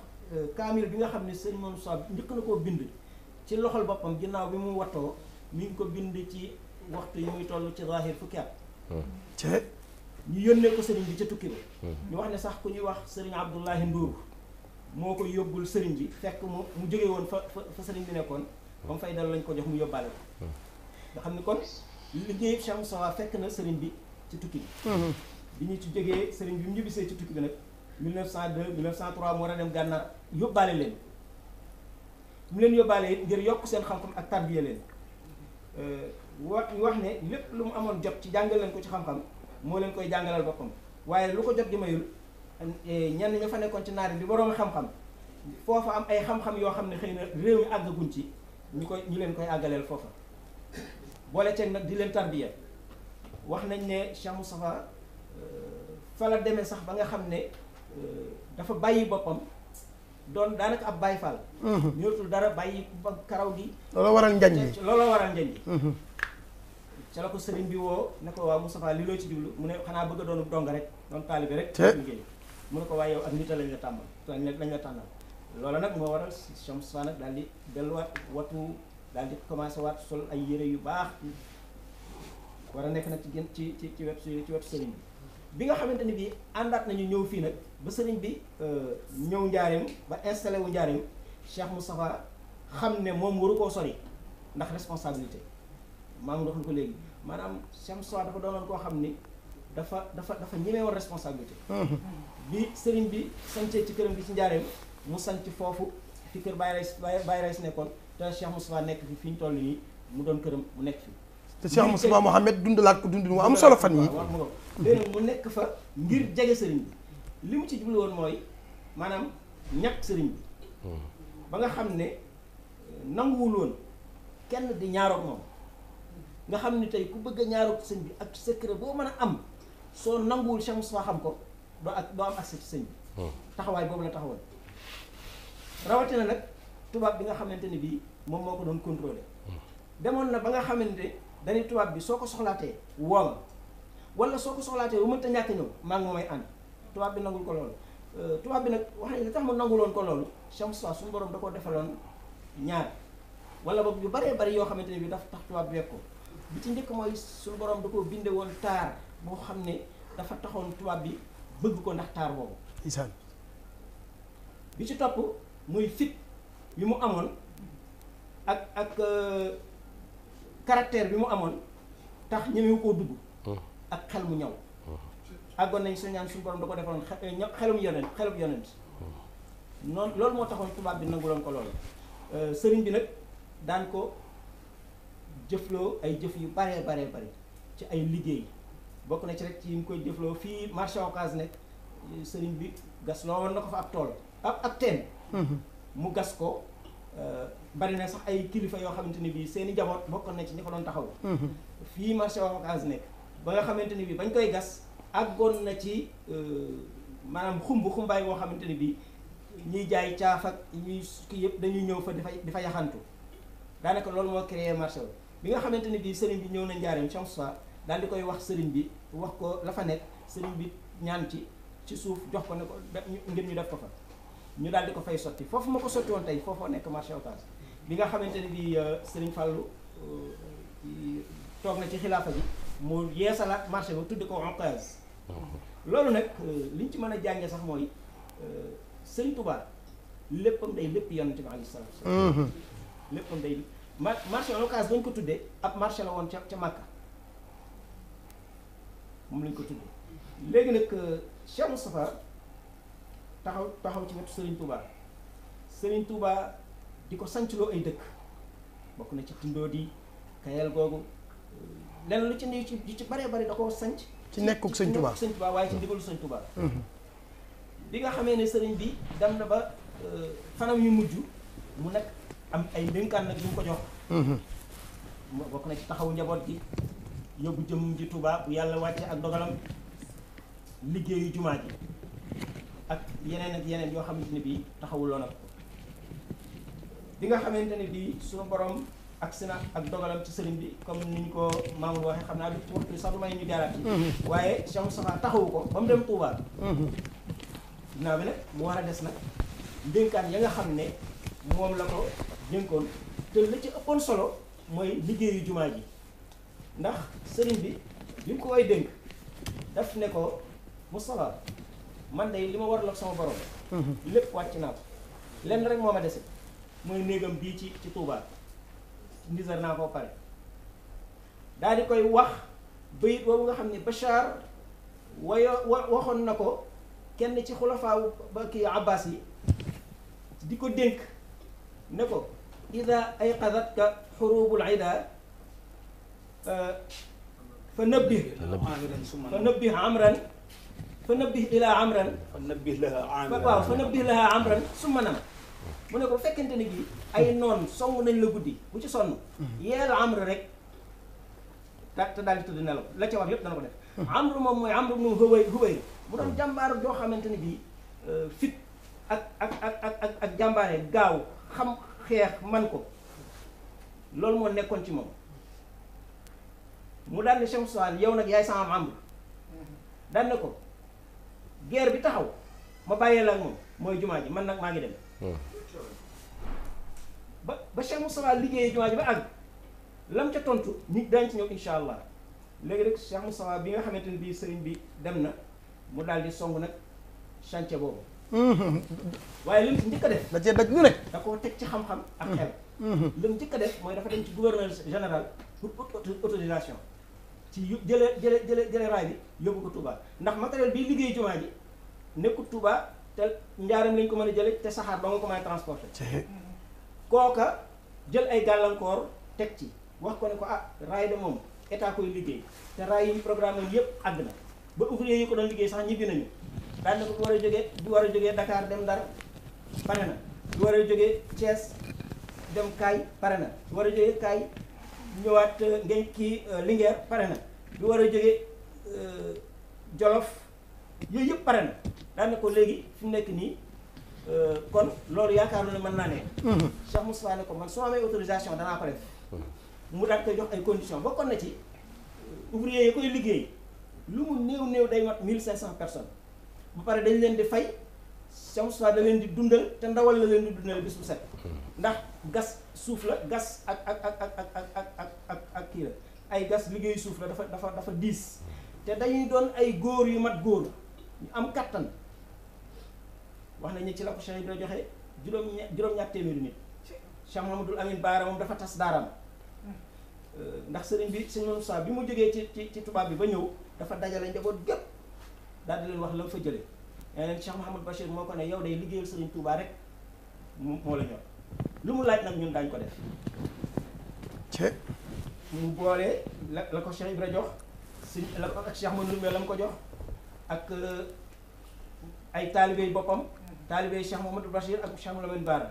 kaamil bi nga xam ne sëriñ moom soi njëkk na koo bind ci loxol boppam ginnaaw bi mu wattoo mi ngi ko bind ci waxtu yi muy toll ci zahir fukki at mm. ñu yónnee ko sëriñ bi ca tukki ba hmm. ñu wax ne sax ku ñuy wax sëriñ Abdoulahi Ndour moo ko yóbbul sëriñ bi fekk mu mu jóge woon fa fa sëriñ bi nekkoon ba mu fay lañ ko jox mu yóbbaale ko hmm. nga xam ne kon liggéey Cheikh Moustapha fekk na sëriñ bi ci tukki bi hmm. bi ñu ci jógee sëriñ bi mu ñibbisee ci tukki bi nag 1902 1903 mu war a dem gànnaar yóbbaale leen mu leen yóbbaale it ngir yokk seen xam-xam ak tarbiya leen euh, wa ñu wax ne lépp lu mu amoon jot ci jàngal leen ko ci xam-xam moo leen koy jàngalal boppam waaye lu ko jot gi mayul eh, ñenn ña fa nekkoon ci naari di boroom xam-xam foofa am ay xam-xam yoo xam ne xëy na réew mi àggaguñ ci ñu koy ñu leen koy àggaleel foofa boole ceeg nag di leen tarbiya wax nañ ne Cheikh Moustapha eh, fa la demee sax ba nga xam ne eh, dafa bàyyi boppam doon daanaka ab Baay Faal ñootul dara bàyyi ba karaw gi looloo waral njañ bi looloo waral njañ bi ca la ko sëriñ bi woo ne ko waaw Moustapha li loo ci jublu mu ne xanaa bëgg a doon dong rek doon taalibe rek liggéey mu ne ko waaye yow ak nita lañ la tàmbal lañ la tànnal loolu nag moo waral Cheikh Moustapha nag daal di delluwaat watu daal di commencé waat sol ay yére yu baax war a nekk nag ci gën ci ci ci wet ci wet sëriñ bi bi nga xamante ni bii àndaat nañu ñëw fii nag ba sëriñ bi euh, ñëw njaareem ba installé wu njaareem Cheikh Moustapha xam ne moom waru koo sori ndax responsabilité maam nga wax ko léegi maanaam Cheikh dafa doonoon koo xam ni dafa dafa dafa ñemee woon responsabilité mhm. bi sëriñ bi sancee ci këram bi ci njaareem mu sanc foofu ci kër Baye Rays Baye Rays nekkoon te Cheikh Moustapha nekk fi fi ñu toll nii mu doon këram mu nekk fi te Cheikh Moustapha Mohamed dundalaat ko dundin wu am solo fan yi léegi mu nekk fa ngir jege sëriñ bi li mu ci jublu woon mooy maanaam ñàkk sëriñ bi mhm. ba nga xam ne nanguwul kenn di ñaaroog moom nga xam ni tey ku bëgg a ñaaru sëñ bi ak secret boo mën a am soo nanguwul Cheikh Moustapha xam ko doo ak doo am accès sëñ bi hmm. taxawaay boobu la taxawoon rawatina nag tubaab bi nga xamante ni bii moom moo ko doon contrôlé hmm. demoon na ba nga xamante dañuy tubaab bi soo ko soxlaatee woo wala soo ko soxlaatee bu mënta ñàkk ñëw maa ngi may ànd tubaab bi nangul ko loolu euh, tubaab bi nag wax li tax ma nanguloon ko loolu Cheikh Moustapha suñu borom da ko defaloon ñaar wala boog yu baree bari yoo xamante ne bi daf tax tubaab bi wekk ko bi ci njëkk mooy suñu borom da koo bindewoon taar boo xam ne dafa taxoon tubaab bi bëgg ko ndax taar boobu isaan bi ci topp muy fit bi mu amoon ak ak euh, caractère bi mu amoon tax ñemewu koo dugg hmm. ak xel mu ñaw hmm. àggoon nañ sa ñaan suñu borom da ko defoon eh, xelum yonent xelum yonent hmm. noonu loolu moo taxoon tubaab bi nanguloon ko loolu euh, sëriñ bi nag daan ko jëfloo ay jëf yu baree baree bari ci ay liggéey bokk na ci rek ci yi mu koy jëfloo fii marché Ocass nekk sëriñ bi gas loo na ko fa ab tool ak ab teen mhm. mu gas ko euh, bari na sax ay kilifa yoo xamante ni bii seen i jaboot bokkoon na ci ñi ko doon taxaw mhm. fii marché Ocass nekk ba nga xamante ni bii bañ koy gas ak àggoon na ci euh, maanaam xumb xumbaay boo xamante ni bii ñuy jaay caaf ñuy kii yëpp dañuy ñëw fa di fa di yaxantu daanaka loolu moo créer marché bi nga xamante ne bii sëriñ bi ñëw na njaareem Chamsuwa daal di koy wax sëriñ bi wax ko la nekk sëriñ bi ñaan ci ci suuf jox ko ne ko ngir ñu def ko fa ñu daal di ko fay sotti foofu ma ko sotti woon tey foofoo nekk marché otage bi nga xamante ne bii euh, sëriñ Fallou euh, toog na ci xilaafa bi mu yeesalaat marché ba tudd ko otage loolu nag euh, liñ ci mën a jànge sax mooy sëriñ Touba léppam day lépp yonent bi alayhi salaam mm-hmm. léppam day marché Ocass dañ ko tuddee ab marché la woon ca ca Màkka moom lañ ko tuddee léegi nag euh, Cheikh Moustapha taxaw taxaw ci wetu Serigne Touba sëriñ Touba di ko sancloo ay dëkk bokk na ci di Kayel googu euh, lenn lu ci nuyu ci ci baree bari da koo sanc. ci nekkug Sëñ Touba ci nekkug Sëñ Touba waaye ci ndigalu Sëñ Touba. bi nga xamee ne sëriñ bi dem na ba euh, fanam yu mujj mu nekk. am ay denkan nak yu ko jox hmm bok na ci taxaw njabot gi yobu jëm ji Touba bu yalla wacce ak dogalam liggey yu juma ji ak yeneen ak yeneen yo xamanteni bi taxawul taxawuloon ak bi nga xamanteni bi bii suñu borom ak sina ak dogalam ci serigne bi comme niñ ko maamul waxee xam naa du waxtu sa du may ñu dara ci waye Cheikh safa taxaw ko bam mu dem Touba mhm. ginnaaw bi nak mo wara dess nak denkan ya nga xamne mom la ko jënkoon te la ci ëppoon solo mooy liggéeyu jumaa ji ndax sëriñ bi bi mu ko way dénk daf ne ko Moustapha man day li ma war la sama borom mhm. lépp wàcc naa ko lenn rek moo ma dese mooy néegam bii ci ci tuuba ndisar naa koo pare daa di koy wax bayit boobu nga xam ne Bachar wayo waxoon na ko kenn ci xulafaawu ba kii Abbas yi di ko dénk ne ko إذا أيقظتك حروب العدا فنبه فنبه عمرا فنبه إلى عمرا فنبه لها عمرا waaw فنبه لها عمرا summa nama mu ne ko fekkente ne gi ay noon song nañ la guddi bu ci sonn yeel amr rek te daal di tëdd nelaw la ca war yëpp dana ko def amr moom mooy amr moom huway huway mu doon jàmbaar joo xamante ne bi fit ak ak ak ak ak jàmbaare gaaw xam xeex man ko loolu moo nekkoon ci moom mu daal ne Cheikh yow nag yaay sama membre daan na ko guerre bi taxaw ma bàyyee la ak moom mooy jumaa ji man nag maa ngi dem. ba ba Cheikh Moussa liggéeyee jumaa ji ba àgg lam ca tontu nit daañu ci ñëw incha allah léegi rek Cheikh bi nga xamante ne bii sëriñ bi dem na mu daal di song nag chantier boobu. waaye li mu njëkk def. da cee daj lu ne. da koo teg ci xam-xam ak xel. Mm-hmm. li mu njëkk def mooy dafa dem ci gouverneur général pour autorisation ci yu jëlee jëlee jëlee jëlee raay bi yóbbu ko Touba ndax matériel bi liggéey jumaa ji nekkul Touba te njaaram lañ ko mën a jëlee te saxaar ba nga ko mën a transporté. kooka jël ay gàllankoor teg ci wax ko ne ko ah raay de moom état koy liggéey te raay yi programme yëpp àgg na ba ouvrier yi ko doon liggéey sax ñibbi nañu. daañu ko bu war a jóge du war a jógee Dakar dem Ndar pare na du war a jógee Thiès dem Kaay pare na du war a jógee Kaay ñëwaat euh, ngeen kii euh, Linguère pare na du war a jógee euh, Jolof yooyu yëpp pare na ne ko léegi fi mu nekk nii kon loolu yaakaaroon ne mën naa ne. Mhm. Cheikh Moussa ne ko man soo amee autorisation danaa pare def. Mhm. mu daan koy jox ay conditions bokkoon na ci ouvrier yi koy liggéey lu mu néew néew day mat 1500 personnes. bu pare dañ leen di fay Cheikh Moustapha leen di dundal te ndawal la leen di dundal bis bu set hmm. ndax gas suuf la gas ak ak ak ak ak ak ak ak kii la ay gas liggéeyu suuf la dafa dafa dafa diis te dañuy doon ay góor yu mat góor ñu am kattan wax nañu ci la ko Cheikh Ibrahima joxe juróom juróom-ñaar téeméeri nit Cheikh Mahamadul Amin Baara moom dafa tas daaraam hmm. euh, ndax sëriñ bi sëriñ Moustapha bi mu jógee ci ci ci tubaab bi ba ñëw dafa dajale njaboot gépp daal di wax la fa jëlee nee leen moo ko ne yow day liggéeyal Serigne Touba rek moo mu laaj nag ñun daañu ko def. te boole la la ko Cheikh Ibra si la ko ak ko jox ak euh, ay taalibey boppam taalibey Cheikh Mouhamadou Bachir ak Cheikh Mouhamadou Bara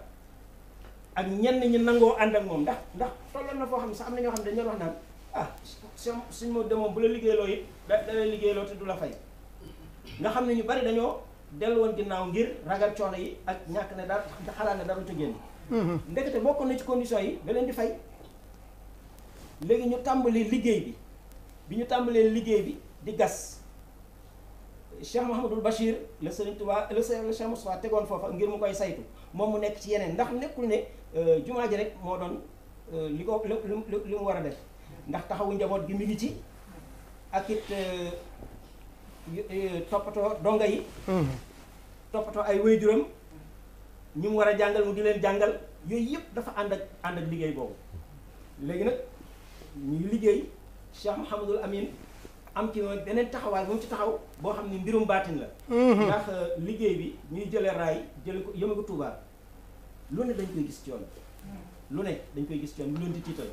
ak ñenn ñi nangoo ànd ak moom ndax ndax tolloon na foo xam ne sax na ñoo xam ne dañu wax naan ah suñ suñ ma bu la liggéey it da da lay liggéeyloo te du la fay. nga xam ne ñu bari dañoo dellu woon ginnaaw ngir ragal coono yi ak ñàkk ne daal xalaat ne dara du génn. Mhm. ndekete bokk na ci condition yi da leen di fay léegi ñu tàmbali liggéey bi bi ñu tàmbalee liggéey bi di gas Cheikh Mouhamadul Bachir la Serigne Touba la Cheikh Moustapha tegoon foofa ngir mu koy saytu moom mu nekk ci yeneen ndax nekkul ne euh, jumaa ji rek moo doon euh, li ko li mu war a def ndax taxawu njaboot gi mi ngi ci ak euh, Eh, toppatoo donga yi hmm. toppatoo ay waajuram ñu mu war a jàngal mu di leen jàngal yooyu yëpp dafa ànd ak ànd ak liggéey boobu léegi nag ñu liggéey Cheikh Mouhamadul Amin am ci moom beneen taxawaay bu mu ci taxaw boo xam ne mbirum baatin la hmm. ndax euh, liggéey bi ñuy jële raay jële ko yëme ko lu ne dañ koy gis ci yoon lu ne dañ koy gis ci lu leen di tiital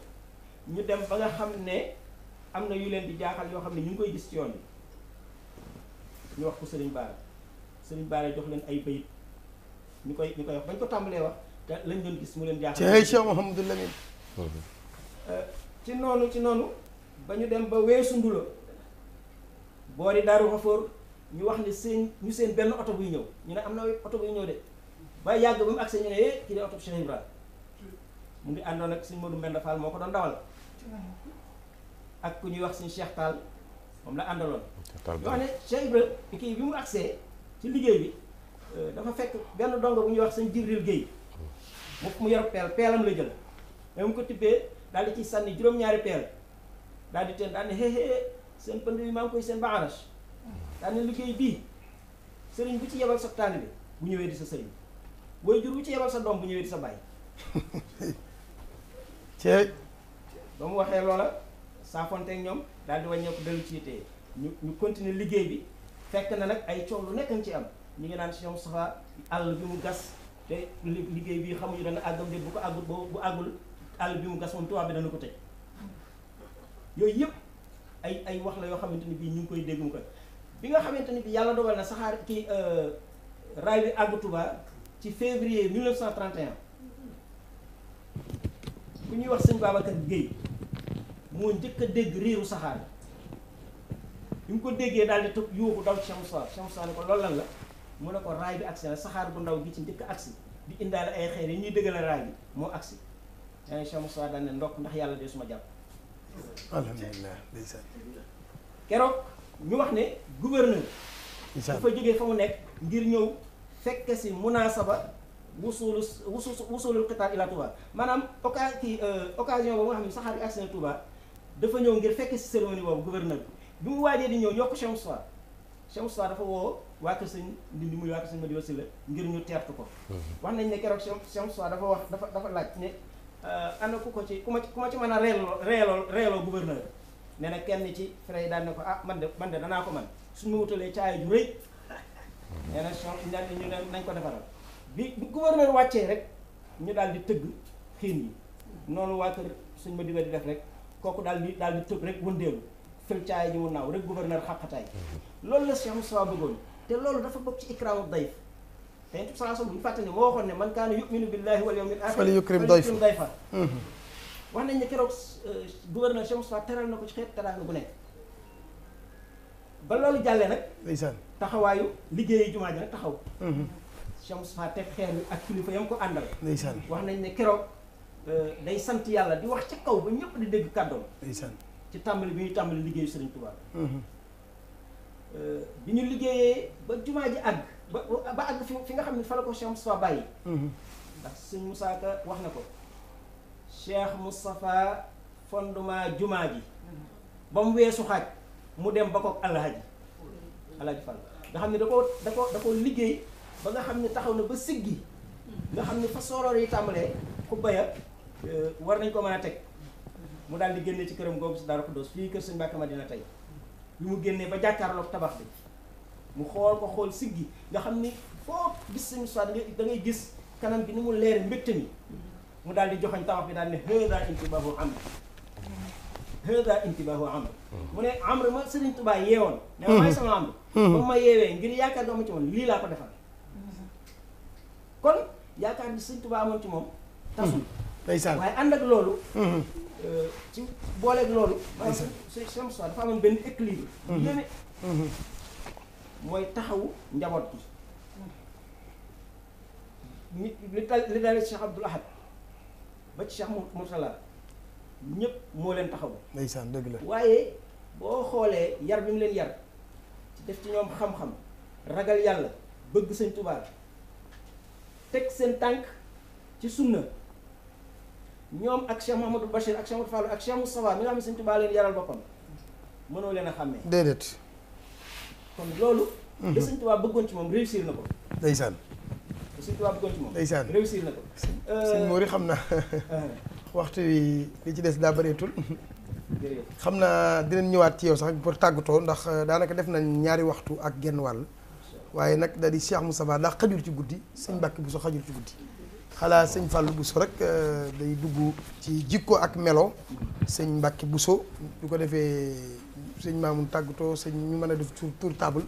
ñu dem ba nga xam ne am na yu leen di jaaxal yoo xam ne ñu ngi koy gis ci yoon bi ñu wax ko Serigne Bara Serigne Bara jox leen ay bayit ñu koy ñu koy wax bañ ko tàmbalee wax lañ doon gis mu leen jaaxal. ci ay Cheikh Mouhamadul Lamine. Euh, ci noonu ci noonu ba ñu dem ba weesu Ndulo boori Daaru Xafoor ñu wax ni seen ñu seen benn oto buy ñëw ñu ne am na oto buy ñëw de ba yàgg ba mu agsi ñu ne eh kii de oto Cheikh Ibrahima mu ngi àndoon ak suñu Modou Mbenda Fall moo ko doon dawal ak ku ñuy wax suñu Cheikh Tall. moom la àndaloon. yoo xam ne Cheikh Ibra kii bi mu agsee ci liggéey bi euh, dafa fekk benn dongo bu ñuy wax sëñ Jibril liggéey mu mu yor peel peelam la jël mais mu ko tibbee daal di ci sànni juróom-ñaari peel daal di teen daal ne seen pënd bi maa koy seen baaras daal ne liggéey bii sëriñ bu ci yebal sa bi bu ñëwee di sa sëriñ booy jur bu ci yebal sa doom bu ñëwee di sa bàyyi. ceeb ba mu waxee loola saafonteeg ñoom. daal di wàññeeku dellu ci yitte ñu ñu continuer liggéey bi fekk na nag ay coow lu nekk ci am ñu ngi naan Cheikh Moustapha àll bi mu gas te liggéey bi xamuñu dana àggam déet bu ko àggul boo bu àggul àll bi mu gas moom tubaab bi dana ko yooyu yëpp ay ay wax la yoo xamante ni bii ñu ngi koy dégg ko bi nga xamante ni bii yàlla dogal na saxaar ki euh, raay bi àggu Touba ci février 1931 ku ñuy wax sëñ Babacar Guèye moo njëkk a dégg riiru saxaar bi mu ko déggee daal di tëb yóobu daw ci Chamsa Chamsa ne ko loolu lan la mu ne ko raay bi agsi na saxaar bu ndaw gi ci njëkk aksi di indaale ay xeer yi ñuy dëggale raay bi moo agsi daañu Chamsa daal ne ndokk ndax yàlla de suma jàpp. keroog ñu wax ne gouverneur. dafa jógee fa mu nekk ngir ñëw fekk si munaasaba wusuulu wusu wusuulul xitaar ila Touba maanaam oka kii euh, occasion boobu nga xam ne saxaar bi agsi na Touba. dafa ñëw ngir fekk si cérémonie boobu gouverneur bi mu waajee di ñëw ñoo ko Cheikh Moustapha Cheikh Moustapha dafa woo waa Kër Sëñ Ndindi muy waa Kër Sëñ Madiou Sylla ngir ñu teertu ko. Mhm. wax nañ ne keroog Cheikh Moustapha dafa wax dafa dafa laaj ne euh, ana ku ko ci ku ma ku ci mën a reeloo reeloo reeloo gouverneur nee na kenn ci frère yi daan ko ah man de man de danaa ko man suñu ma wutalee caaya ju rëy nee na Cheikh ñaan ñu ko defaral bi gouverneur wàccee rek ñu daal di tëgg xiin yi noonu waa kër Sëñ Madiou di def rek. kooku daal di daal di tëb rek wëndeelu fël caay ji mu naaw rek gouverneur xàqataay loolu la Cheikh Moustapha bëggoon te loolu dafa bokk ci ikraamu dayf te yéen bu ñu fàttali moo waxoon ne man kaana yuminu billahi wal yawmil aaxir falyukrim dayfa wax nañ ne keroog euh, gouverneur Cheikh Moustapha teral na ko ci xeet teraanga bu nekk ba loolu jàllee nag. taxawaayu liggéeyi jumaa ji nag taxaw. Mm-hmm. Cheikh Moustapha teg xeer yi ak kilifa yam ko àndal. ndeysaan wax nañ ne keroog. Euh, day sant yàlla di wax ca kaw ba ñépp di dégg kàddoom ci tàmbali bi ñuy tàmbali liggéeyu Serigne Touba mm-hmm. euh, bi ñu liggéeyee ba jumaa ji àgg ba ba àgg fi fi nga xam ne fa la ko Cheikh Moustapha bàyyi mm-hmm. ndax wax na ko Cheikh Moustapha fondement jumaa ji ba mu weesu xaaj mu dem ba kook alhaji alhaji Fall nga xam ne da ko da ko da ko liggéey ba nga xam ne taxaw na ba siggi nga xam ne fa sooroor yi tàmbalee ku baya Euh, war nañ ko mën a teg mu daal di génne ci këram googu si Daaru Xuddoos fii kër sëñ Mbàkke Madina tey lu mu génnee ba jàkkaarlook tabax bi mu xool ko xool siggi nga xam ni foo gis sëñ Musaa da ngay gis kanam bi ni mu leer mbégte mi mu daal di joxoñ tabax bi daal ne hada intibaahu amr hada intibaahu amr mu ne amr ma Sëriñ Tuubaa yeewoon ne ma may sama amr hmm. ba ma yeewee ngir yaakaar dama ci moom lii laa ko defal hmm. kon yaakaar bi Sëriñ Tuubaa amoon ci ndeysaan waaye ànd ak loolu. Mm-hmm. Euh, ci booleeg loolu. ndeysaan maanaam Cheikh Moussa dafa amoon benn équilibre. Mm-hmm. yéeme. Mm-hmm. mooy taxawu njaboot gi. nit li dal li dalee Cheikh Abdoul Ahad ba ci Cheikh Mourtala ñëpp moo leen taxawu. ndeysaan dëgg la waaye boo xoolee yar bi mu leen yar def ci ñoom xam-xam ragal yàlla bëgg sëñ Tuubaa teg seen tànk ci sunna ñoom ak Cheikh Mouhamadou Bachir ak Cheikh Mouhamadou Fallou ak Cheikh Moustapha mi nga xam ne Sëñ Tuubaa leen yaral boppam mënoo leen a xàmmee. déedéet. kon loolu. Mhm. li Sëñ Tuubaa bëggoon ci moom réussir na ko. ndeysaan. li Sëñ na ko. sëñ euh, xam naa waxtu wi li ci des daa bëreetul. xam naa dinañ ñëwaat ci yow sax pour tàggatoo ndax euh, daanaka def nañ ñaari waxtu ak genn wàll. waaye nag da di Cheikh Moustapha ndax xajul ci guddi sëñ Mbàkke bu so xajul ci guddi. xalaa sëñ fàll bu Bousso rek euh, day dugg ci jikko ak melo sëñ bu Bousso du ko defee sëñ Mamoun tàggatoo sëñ ñu mën a def tour tour table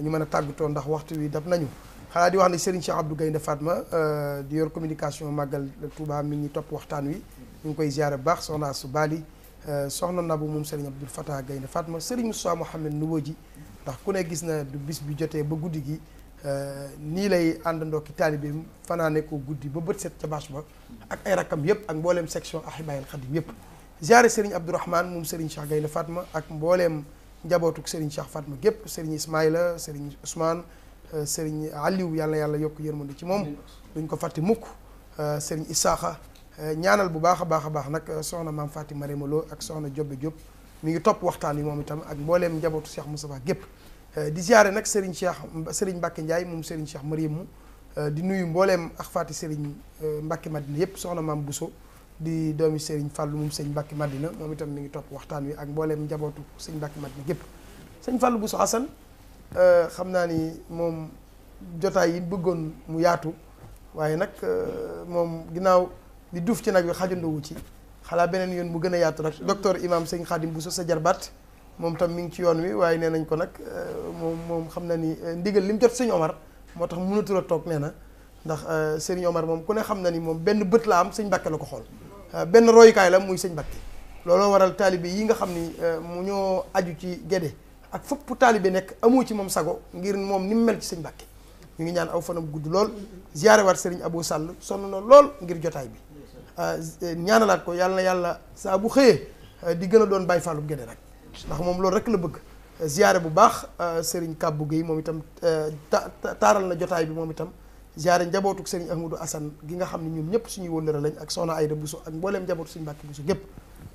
ñu mën a tàggatoo ndax waxtu wi dab nañu xalaa di wax ne Serigne Cheikh Abdou Gaynde Fatma euh, di yor communication màggal Touba mi ngi topp waxtaan wi ñu koy ziare baax soxna su baali euh, soxna Nabou moom Serigne Abdoul Fatah Gaynde Fatma Serigne Moussa Mouhamed Nouwo ji ndax ku ne gis na du bis bi jotee ba guddi gi Euh, nii lay àndandoo ki taalibeem fanaane ko guddi ba bët set ca bâche ba ak ay rakkam yëpp ak mbooleem section ahibayil xadim yëpp ziare Serigne Abdourahmane moom Serigne Cheikh Gaynde Fatma ak mbooleem njabootuk Serigne Cheikh Fatma gépp Serigne Ismaïla Serigne Ousmane euh, Serigne Aliou yàlla yàlla yokk yërmande ci moom duñ ko fàtte mukk euh, Serigne Isaaxa ñaanal bu a baax a baax nag soxna maam Fatima Marème Lo ak soxna Jobbe Diop mi ngi topp waxtaan yi moom itam ak mbooleem njabootu seex Moustapha gépp Euh, di ziare nag Serigne Cheikh Serigne Mbacke Ndiaye moom Serigne Cheikh Mariamu euh, di nuyu mbooleem ak faati Serigne euh, Mbacke Madina yëpp soxna maam buso di doomi sëriñ fàll moom sëñ Mbacke Madina moom itam mi ngi topp waxtaan wi ak mbooleem njabootu sëñ Mbacke Madina gépp sëñ Fallou Bousso Assane xam naa ni moom jotaay yi bëggoon mu yaatu waaye nag moom ginnaaw li duuf ci nag bi xajandowu ci xalaa beneen yoon mu gën a yaatu rek docteur imam sëñ Khadim Bousso sa jarbaat moom tam mu ngi ci yoon wi waaye nee nañ ko nag euh, moom moom xam na ni euh, ndigal li mu jot sëñ Omar moo tax mënatul a toog nee na ndax euh, sëñ Omar moom ku ne xam na ni moom benn bët la am sëñ Mbàkke la ko xool benn royukaay la muy sëñ looloo waral taalibe yi nga xam ni mu ñoo aju ci Gédé ak fépp taalibe nekk amoo ci moom sago ngir moom ni mu mel ci sëñ Mbàkke ñu ngi ñaan aw fanam gudd lool ziyaare waat sëriñ abu Sall sonn na lool ngir jotaay bi ñaanalaat ko yàlla na yàlla saa bu xëyee di gën a doon Baay Faalu Gédé rek ndax moom loolu rek la bëgg ziare bu baax euh, sëriñ kàbbu Guèye moom itam euh, taaral na jotaay bi moom itam ziare njabootuk Serigne Ahmadou Assane gi nga xam ne ñoom ñëpp suñuy wëllëre lañ ak Soxna Ayda Bousso ak mbooleem njabootu Serigne Mbacké Bousso gépp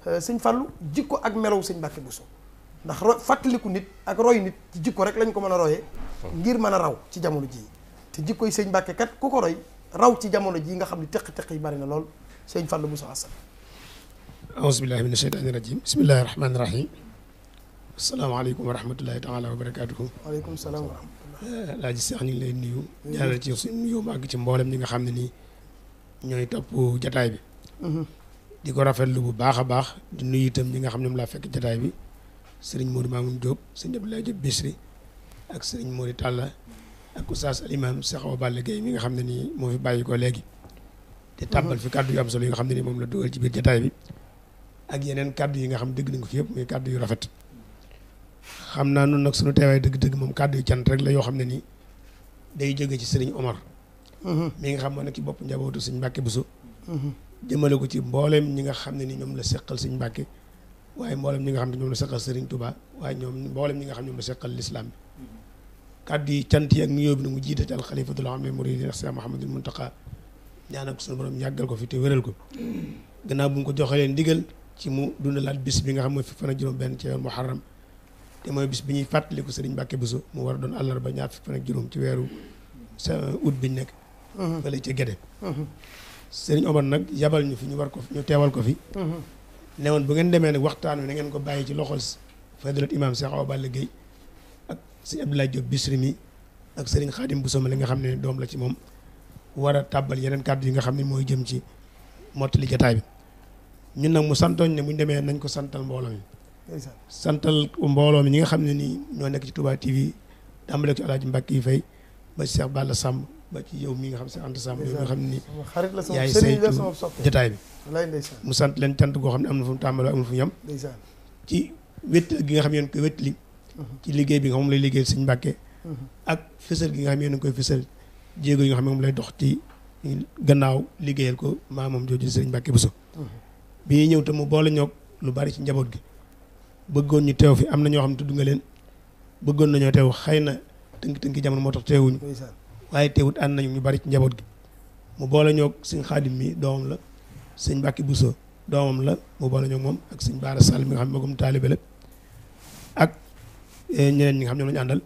euh, Serigne Fallou jikko ak melow Serigne Mbacké Bousso ndax ro fàttaliku nit ak roy ci jikko rek lañ ko mën a royee ngir mën a raw ci jamono jii te jikkoy Serigne Mbacké kat roy raw ci jamono jii nga xam ne teq-teq bari na lool Serigne Fallou Bousso Assane aousubillahi mina sheytani irajim bismillahi rahmani rahim السلام عليكم ورحمة الله تعالى وبركاته. عليكم السلام ورحمة الله. لا جسّ عني لين يو. نعرف جسّ نيو ما كي تمبول من يخام مني. نيو يتابو جتاي بي. دي كورا فل لبو باخ باخ. دنو يتم نيو يخام نملا فك جتاي بي. سرين مور مامون جوب. سرين بلا جب بسري. أك سرين مور تالا. أكو ساس الإمام سخو بالجيم نيو يخام مني. موفي باي كولاجي. تتابل في كاردو يوم سولي يخام مني مملا دول جب جتاي بي. أجي أنا كاردو يخام دقن كفيب مي كاردو يرفت. xam naa noonu nag suñu teewaay dëgg-dëgg moom kàddu yu cant rek la yoo xam ne nii day jóge ci sëriñ Omar mhm. mi nga xam moo ne ci bopp njabootu sëñ Mbàkke Buso mhm. jëmale ko ci mboolem ñi nga xam ne ni ñoom la seqal sëñ Mbàkke waaye mboolem ñi nga xam ne ñoom la seqal sëriñ tubaa waaye ñoom mboolem ñi nga xam ne ñoom la seqal lislaam bi kàddu yi cant yi ak nuyoo bi na mu jiite ci alxalifatul am li muriidiin Seex Muhammadul Muntaqa ñaan ak suñu borom yàggal ko fi te wéral ko gannaaw bu ñu ko joxee leen ndigal ci mu dundalaat bis bi nga xam ne fi fan a juróom benn ci yoon Muharram te mooy bis bi ñuy fàttaliku Serigne Mbacke Bousso mu war a doon àllarba ñaar fukki juróom ci weeru sa euh, août bi ñu nekk. Mm-hmm. fële ca Gédé. Mm-hmm. Serigne Omar nag yabal ñu fi ñu war ko ñu teewal ko fi. Mm-hmm. ne woon bu ngeen demee nag waxtaan wi na ngeen ko bàyyi ci loxol fadilat imaam Cheikh Awa Balla Gueye ak sëñ Abdoulaye Diop Bichri mi ak sëriñ Khadim Bousso mi li nga xam ne doom la ci moom war a tàbbal yeneen kàddu yi nga xam ne mooy jëm ci mottali jataay bi ñun nag mu santoon ne bu demee nañ ko santal mbooloo mi. santal mbooloo mi ñi nga xam ne ni ñoo nekk ci Touba TV tàmbale ci alaaji Mbàkke yi fay ba ci Cheikh Balla Samb ba ci yow mi nga xam si Anta Samb yow mi nga xam ne nii yaay saytu jotaay bi mu sant leen cant goo xam ne am na fu mu tàmbale amul fu mu yem ci wéttal gi nga xam ne yéen koy wéttali mhm. ci liggéey bi nga xam liggéey sëñ Mbàkke mhm. ak fësal gi nga xam ne yéen koy fësal jéego xam ne moom lay dox ci gannaaw liggéeyal ko maamam jooju sëñ Mbàkke Bousso mhm. bi ñëw te mu boole ñoog lu bari ci njaboot gi bëggoon ñu teew fi am na ñoo xam ne tudd nga leen bëggoon nañoo teew xëy na tënk-tënki jamono moo tax teewuñu waaye teewut ànd nañu ñu bari ci njaboot gi mu boole ñoog sëñ xaadim mi doomam la sëñ Mbàkke Buso doomam la mu boole ñoog moom ak sëñ Baara Sall mi nga xam ne moom taalibe la ak eh, ñeneen ñi nga xam ne ñoom lañu àndal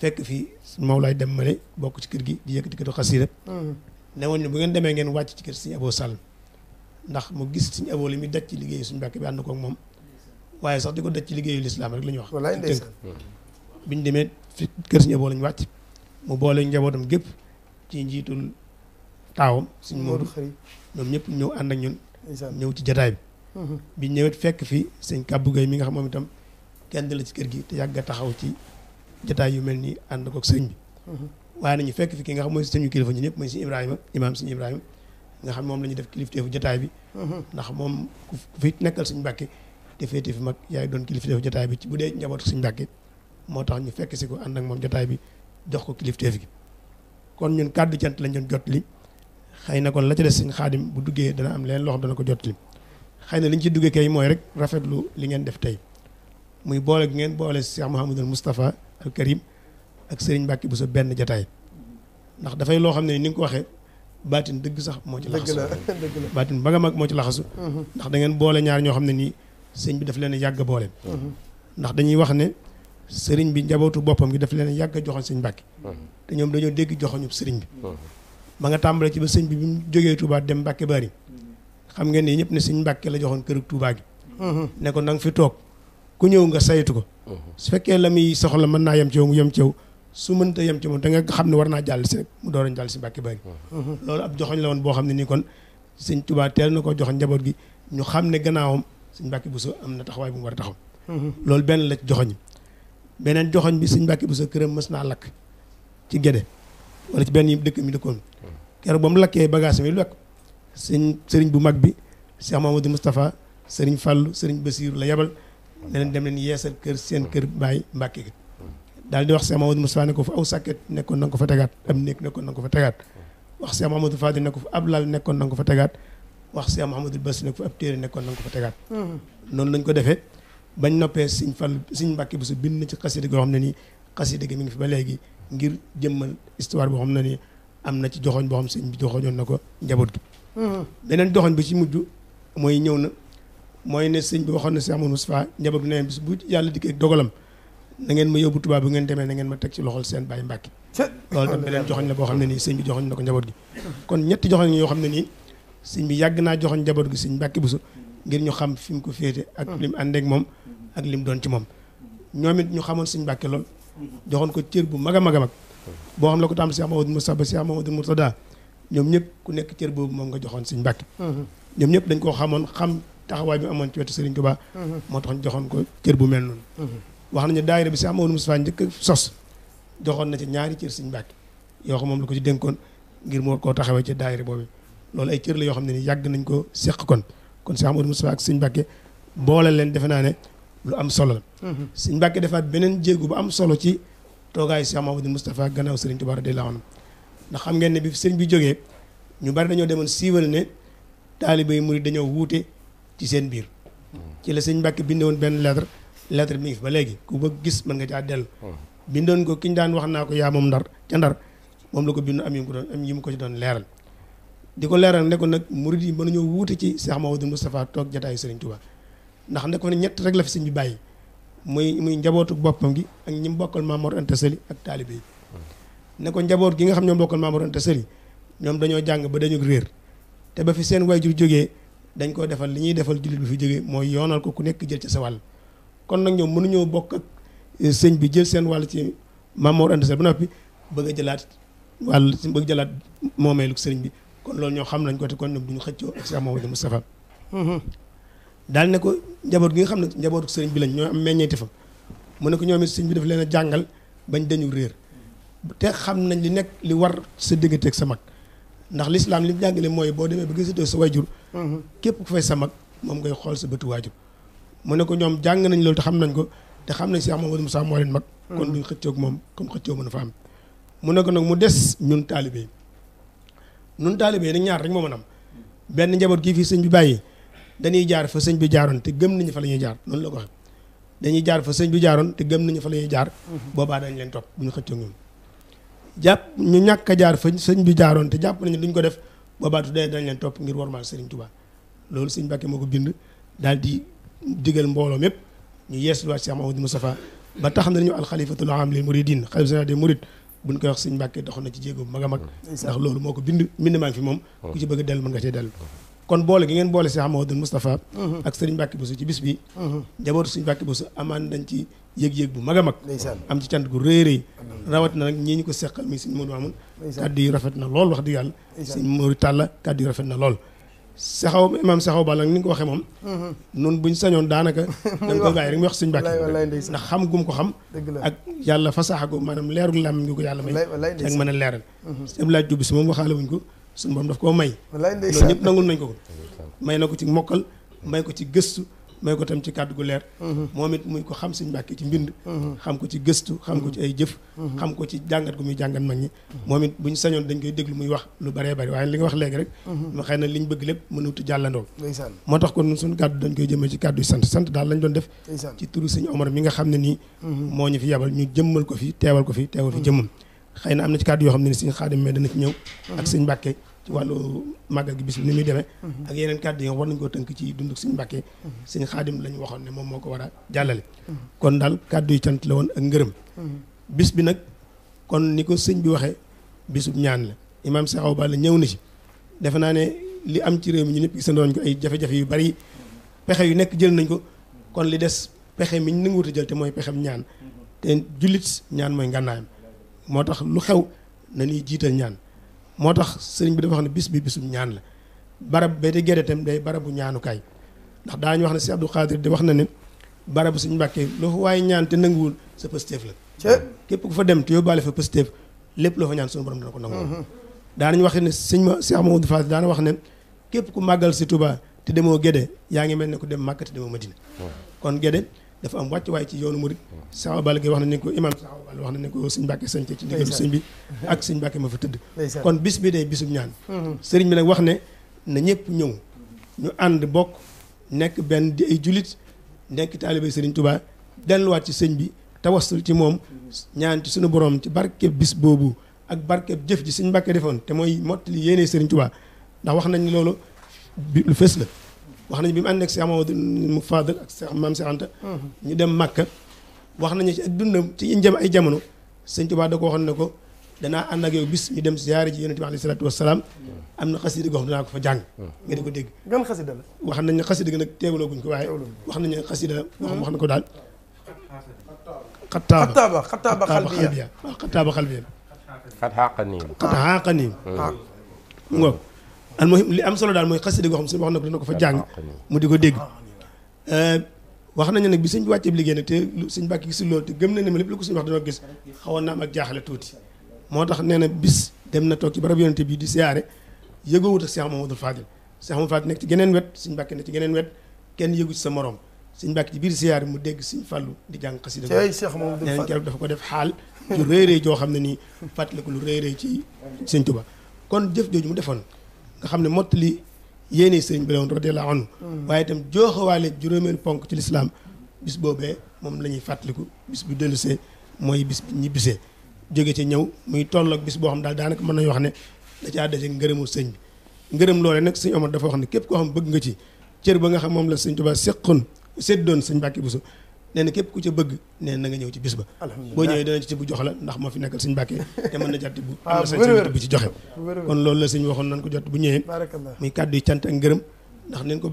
fekk fii Mawlaay dem male bokk ci kër gi di yëkkati këtu xasiida hmm. ne woon ñu bu ngeen demee ngeen wàcc ci kër sëñ Abo Sall ndax mu gis sëñ Abo li muy daj ci liggéey suñu Mbàkke bi ànd koog moom waaye sax di ko daj ci liggéeyu lislaam rek la ñuy wax. wallaay bi ñu demee fi kër si ñëboo lañ wàcc mu boole tam gépp ci njiitul taawam suñu Moodu xëy ñoom ñëpp ñëw ànd ak ñun. ñëw ci jataay bi. Mm-hmm. biñ fekk fi sëñ Kàbbu mi nga xam itam kenn ci kër gi te a taxaw ci jataay yu mel nii ànd koog sëñ bi. Mm-hmm. waaye nañu fekk fi ki nga xam mooy suñu kilifa ñun ñëpp mooy si Ibrahima imaam suñu Ibrahima nga xam moom la ñuy def kilifteefu jataay bi. Mm-hmm. ndax moom ku fi nekkal suñu Mbàkke te féete fi mag yaay doon kilifa def jotaay bi ci bu dee njabootu suñ mbàkke moo tax ñu fekk si ko ànd ak moom jataay bi jox ko kilifteef gi kon ñun kàddu jant lañ doon jot li xëy na kon la ci des sëñ xaadim bu duggee dana am leen loo xam dana ko jot li xëy na li ñu ci duggee kay mooy rek rafetlu li ngeen def tey muy boole gi ngeen boole si Cheikh Mouhamadul Moustapha al Karim ak Serigne Mbacke bu sa benn jataay ndax dafay loo xam ne ni nga ko waxee baatin dëgg sax moo ci laxasu baatin ba nga mag moo ci laxasu mm-hmm. ndax da ngeen boole ñaar ñoo xam ne nii sëñ bi daf leen a yàgg boole. ndax dañuy wax ne sëriñ bi njabootu boppam gi daf leen a yàgg joxoon sëñ Mbàkke te ñoom dañoo dégg joxoñu sëriñ bi ma nga tàmbale ci ba sëñ bi bi mu jógee Touba dem Mbàkke Bari xam ngeen ne ñëpp ne sëñ la joxoon kër Touba gi ne ko fi toog ku ñëw nga saytu ko su fekkee la muy soxla mën naa yem ci yow mu yem ci yow su mënta yem ci moom da nga xam ne naa jàll si rek mu a jàll si Mbàkke Bari loolu ab joxoñ la woon boo xam ne nii kon sëñ Touba teel na ko joxoñ njaboot gi ñu xam ne gannaawam suñ bu Buso am na taxawaay bu mu war a taxaw mhm. loolu benn la ci joxoñ beneen joxoñ bi suñ bu Buso këram mës naa lakk ci Gédé wala ci benn dëkk mi dëkkoon mhm. keroog ba mu lakkee bagage mi lakk sëñ sëriñ bu mag bi Cheikh Mamadou Moustapha sëriñ Fallou sëriñ Basiiru la yebal ne leen dem leen yeesal kër seen mhm. kër Baay Mbàkke gi daal di wax Cheikh Mamadou Moustapha ko fa aw sàkket nekkoon na nga ko fa tegaat am néeg nekkoon na ko fa tegaat wax Cheikh Mamadou Fadi ne ko fa ab lal nekkoon na ko fa tegaat wax Cheikh Mouhamadul Bas ne fu ab téré nekkoon na nga ko fa tegaat. Hmm. noonu lañ ko défé bañ noppee Sëñ Fall Sëñ Mbàkke Buso bind ci xasida go xam ni nii gi mi ngi fi ba légui ngir jëmmal histoire bo xam ni amna ci joxoñ bo xam Seigne bi joxoñoon nako njabot njaboot gi. Hmm. beneen joxoñ bi ci mujj moy ñëw na mooy ne sëñ bi waxoon na Cheikh Amadou Moustapha njaboot gi ne bis bu Yalla diké dogalam. na ngeen ma yobbu tuba bu ngeen démé na ngeen ma tek ci loxol seen baye mbàkki loolu tam benen joxoñ la boo xam ne nii bi joxoñ nako njabot njaboot gi hmm. kon ñetti joxoñ yoo xam ne nii sëñ bi yàgg naa joxoon njaboot gi sëñ bi Buso ngir ñu xam fi mu ko féete ak lim ànd ak moom ak lim doon ci moom ñoom it ñu xamoon sëñ Mbàkke lool joxoon ko cër bu mag a mag mag boo xam la ko tam Cheikh Mamadou Moussa ba Cheikh Mamadou Mourtada ñoom ñëpp ku nekk cër boobu moom nga joxoon sëñ Mbàkke ñoom ñëpp dañ koo xamoon xam taxawaay bi amoon ci wetu Sëriñ Tuubaa moo tax joxoon ko cër bu mel noonu wax nañu daayira bi amoon Mamadou Moussa njëkk sos joxoon na ci ñaari cër sëñ Mbàkke yoo xam moom la ko ci dénkoon ngir moo koo taxawee ci daayira boobu loolu ay cër la yoo xam ne ni yàgg nañ ko seq kon kon Cheikh Amadou Moustapha ak Sëñ Mbàkke boole leen defe naa ne lu am solo la mhm. Sëñ Mbàkke defaat beneen jéegu bu am solo ci toogaayu Cheikh Amadou Moustapha gannaaw Sëriñ de radiyallaahu anhu ndax xam ngeen ne bi sëriñ bi jógee ñu bari dañoo demoon siiwal ne taalibe yi murid dañoo wuute ci seen biir ci la Sëñ Mbàkke binde woon benn lettre lettre mi ngi fi ba léegi ku bëgg gis mën nga caa dellu mhm. bindoon ko ki ñu daan wax naa ko yaa moom ndar ca ndar moom la ko bind am yu mu ko am yu mu ko ci doon leeral di leral ne ko nak murid yi mënuñoo wuute ci Cheikh Mahamadou mustapha tok jotaay Serigne Touba ndax ne ko ñett rek la fi serigne bi bàyyi muy muy njabootu bopam gi ak ñim mu bokkal Maam Anta Sali ak talibé ne ko njaboot gi nga xam ñom bokkal mamour Mor Anta Sali ñoom dañoo jang ba dañu réer té ba fi seen wayjur joggé dañ ko defal li ñi defal julit bi fi joggé moy yonal ko ku nekk jël ci sa wal kon nag ñoom mënuñoo bokk ak eh, serigne bi jël seen wal ci mamour Anta Sali bëgg jëlat wal ci bëgg momé lu serigne bi kon loolu ñoo xam nañ ko te kon ñoom duñu xëccoo ak Cheikh Mouhamadou Moustapha mm-hmm. daal ne ko njaboot gi nga xam ne njabootu sëriñ bi lañ ñoo am meññeeti fa mu ne ko ñoom it sëriñ leen a jàngal bañ dañu réer te xam nañ li nekk li war sa digganteeg sa mag ndax lislaam li mu jàngale mooy boo demee ba gisatoo sa waajur mm-hmm. képp ku fay sa moom ngay xool sa bëtu waajur mu ne ko ñoom jàng nañ loolu te xam nañ ko te xam nañ Cheikh Mouhamadou Moustapha moo leen mag mm-hmm. kon duñ xëccoog moom comme xëccoo mën a fa am mu ne ko mu des ñun taalibe nun taalibe dañ ñaar rek moo mën am benn njaboot kii fii sëñ bi bàyyi dañuy jaar fa sëñ bi jaaroon te gëm nañu fa la ñuy jaar noonu la ko dañuy jaar fa sëñ bi jaaroon te gëm nañu fa la ñuy jaar mhm. boobaa dañ leen topp bu ñu xëccoo ñoom jàpp ñu ñàkk a jaar fa sëñ bi jaaroon te jàpp nañu duñ ko def boobaa tuddee dañ leen topp ngir warmaal sëriñ Tuubaa loolu sëñ Mbàkke moo ko bind daal di digal mbooloo mépp ñu yees luwaat Cheikh Mahamadou Moustapha ba tax na ñu alxalifatul am lil muridin xalif général des mourides buñ koy wax suñ Mbàkke dox na ci jéego mag a mag mm. ndax loolu moo ko bind mbind maa ngi fi moom ku ci bëgg a dellu mën nga cee dellu mm. kon boole gi ngeen boole Cheikh Mahamadou Moustapha mm-hmm. ak sëriñ Mbàkke Bousso ci bis bi mm-hmm. njabootu sëriñ Mbàkke Bousso amaan dañ ci yëg-yëg bu mag a mag am ci cant gu rëy rëy rawat na nag ñii ñu ko seqal mi sëñ Modou Mamoun kàddu yi rafet na lool wax dëgg yàlla sëñ Mori tàlla kàddu yi rafet na lool saxaw imaam saxaw ba nag ni nga ko waxee moom noonu mhm. buñ sañoon daanaka da nga koy bàyyi rek mu wax suñu bàkki ndax xam gum ko xam ak yàlla fasaaxagu maanaam leerul làmmiñ ngi ko yàlla may ak mën a leeral sëñ laaj jubbi si moom waxaale wuñ ko suñu borom daf koo may loolu ñëpp nangul nañ ko ko may na ko ci mokkal may ko ci gëstu may ko tam ci kàddu gu leer mm-hmm. moom it muy ko xam sëñ Mbàkke ci mbind mm-hmm. xam ko ci gëstu xam ko ci ay jëf mm-hmm. xam ko ci jàngat ko muy jàngat mag ñi moom it bu ñu sañoon dañ koy déglu muy wax lu bëree bëri waaye li wax léegi rek ma na li ñu bëgg lépp mënut jàllandoo moo tax kon ñun suñu dañ koy jëmee ci kàddu sant sant daal lañ doon def ci turu sëñ Omar mi nga xam ne nii moo ñu fi yabal ñu jëmmal ko fi teewal ko fi teewal fi jëmmam xëy na am na ci kàddu yoo xam ne ni sëñ Xaadim mais dana ci ñëw ak sëñ Mbàkke ci wàllu màggal gi bis bi ni muy demee mhm. ak yeneen kàddu yi nga war nañ koo tënk ci dunduk suñu mbàkkee mhm. suñ xaadim lañu waxoon ne moom moo ko war a jàllale mhm. kon daal kàddu yi cant la woon ak ngërëm bis bi nag kon ni ko sëñ bi waxee bisub ñaan la imaam Seex Awa Balla ñëw na ci defe naa ne li am ci réew mi ñu ko ay jafe yu bari pexe yu nekk jël nañ ko kon li des pexe mi ñu nanguwut jël te mooy pexem ñaan te jullit ñaan mooy ngànnaayam moo tax lu xew na ñuy jiital ñaan moo tax sëriñ bi dafa wax ne bis bi bisum ñaan la barab ba te gerte tam day barabu ñaanukaay ndax daañu wax ne si Abdou Khadir di wax na ne barabu suñu mbàkkee loo fa waaye ñaan te nanguwul sa pësteef la. képp ku fa dem te yóbbaale fa pësteef lépp loo fa ñaan suñu borom dana ko nangu. Mhm. daanañ wax ne sëñ ma Cheikh Mamadou Fall daana wax ne képp ku màggal si Touba te demoo Gédé yaa ngi mel ne ku dem Màkka te demoo Madina kon Gédé dafa am wàcc wàccuwaay ci yoonu murit mm. saxaaba Balla Gaye wax na nañ ko imaam saxaaba Balla wax na nañ ko sëñ Mbàkke sañce ci ndigalu sëñ bi ak sëñ Mbàkke ma fa tëdd kon bis bi day bisub ñaan mm-hmm. sëriñ bi nag wax ne na ñëpp ñëw ñu ànd bokk nekk benn di ay julit nekk taalibe sëriñ Tuubaa delluwaat ci sëñ bi tawassul ci moom ñaan ci suñu borom ci barkeb bis boobu ak barkeb jëf ji sëñ Mbàkke defoon te mooy mottali yéene sëriñ Tuubaa ndax wax nañ loolu fës la wax nañu bi mu ànd ak Cheikh Mamadou mu Fadal ak Cheikh Mame Cheikh Anta ñu dem Màkka wax nañu ci dundam ci njëm ay jamono sëñ Tuubaa da ko waxoon ne ko danaa ànd ak yow bis ñu dem siyaare ji yonent bi alayhi salaatu wasalaam am na xasida goo xam danaa ko fa jàng nga di ko dégg gan xasida la wax nañ ne xasida gi nag teewloo guñ ko waaye wax nañ ne xasida la boo xam wax na ko daal xattaaba xattaaba xalbiya waaw xattaaba xalbiya xat xaaqa niim xat xaaqa niim ngoog almuhim li am solo daal mooy xasida goo xam sëñ wax na ko dina ko fa jàng mu di ko dégg wax nañu nag bi sëñ bi wàccee bi liggéey nag te sëñ bàkki gisul loolu te gëm na ne ma lépp lu ko sëñ wax dina ko gis xawoon na am ak jaaxale tuuti moo tax nee na bis dem na toog ci barab yonente bii di siyaare yëgoowut ak Cheikh Mamadou Fadil Cheikh Mamadou Fadil nekk ci geneen wet sëñ bàkki ne ci geneen wet kenn yëgu ci sa morom sëñ bàkki ci biir siyaare mu dégg sëñ fàllu di jàng xasida goo nee na keroog dafa ko def xaal ju réy réy joo xam ne nii fàttaliku lu réy réy ci sëñ Tuba kon jëf jooju mu defoon xam ne mottali yéene sëriñ bi la woon radiyallahu anhu mm. waaye itam jooxawaale juróomeelu ponk ci lislaam bis boobee moom la ñuy fàttaliku bis bu see mooy bis bi ñibbisee jóge ci ñëw muy tolloog bis boo xam daal daanaka mën nañu wax ne da caa daje ngërëmul sëñ bi ngërëm loole nag sëñ Omar dafa wax ne képp koo xam bëgg nga ci cër ba nga xam moom la sëñ Tuubaa séqoon séddoon sëñ Mbàkke Buso nee képp ku ca bëgg nee na nga ñëw ci bis ba boo ñëwee dana ci bu jox la ndax moo fi nekkal suñ bàkkee te mën na jàtti bu am waxoon nañ ko jot bu ñëwee muy kàddu yi cant ak ngërëm ndax nañ ko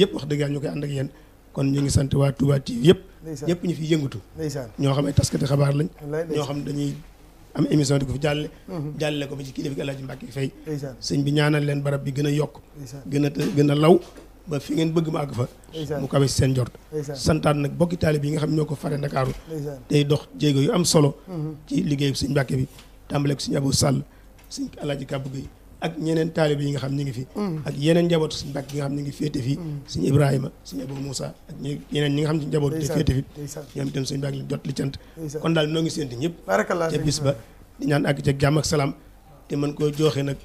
yëpp wax dëgg yàlla ñu koy ànd ak yéen kon ñu ngi sant waa Touba TV yëpp ñëpp ñu fi yëngatu ñoo xam ay taskati xabaar lañ ñoo xam dañuy am émission di ko fi jàlle mhm. jàlle ko ba ci kilifa gi Alaaji Mbàkke Fay sëñ bi ñaanal leen barab bi gën a yokk gën a gën a law ba fi ngeen bëgg ma àgg fa mu kawe si seen jort santaan nag bokki taalib yi nga xam ñoo ko fare Ndakaaru tey dox jéego yu am solo mm-hmm. ci liggéey suñ Mbàkke bi tàmbale ko suñu Abu Sàll suñ Alaaji Kàbbu yi nga xam ñu ngi fi mm-hmm. ak yeneen njabootu suñ Mbàkke yi xam ñu ngi féete fi mm-hmm. suñ Ibrahima suñ Abu Moussa ak ñu yeneen ñi nga xam ci njabootu te féete fi ñëpp ca bis ba di ñaan àgg ca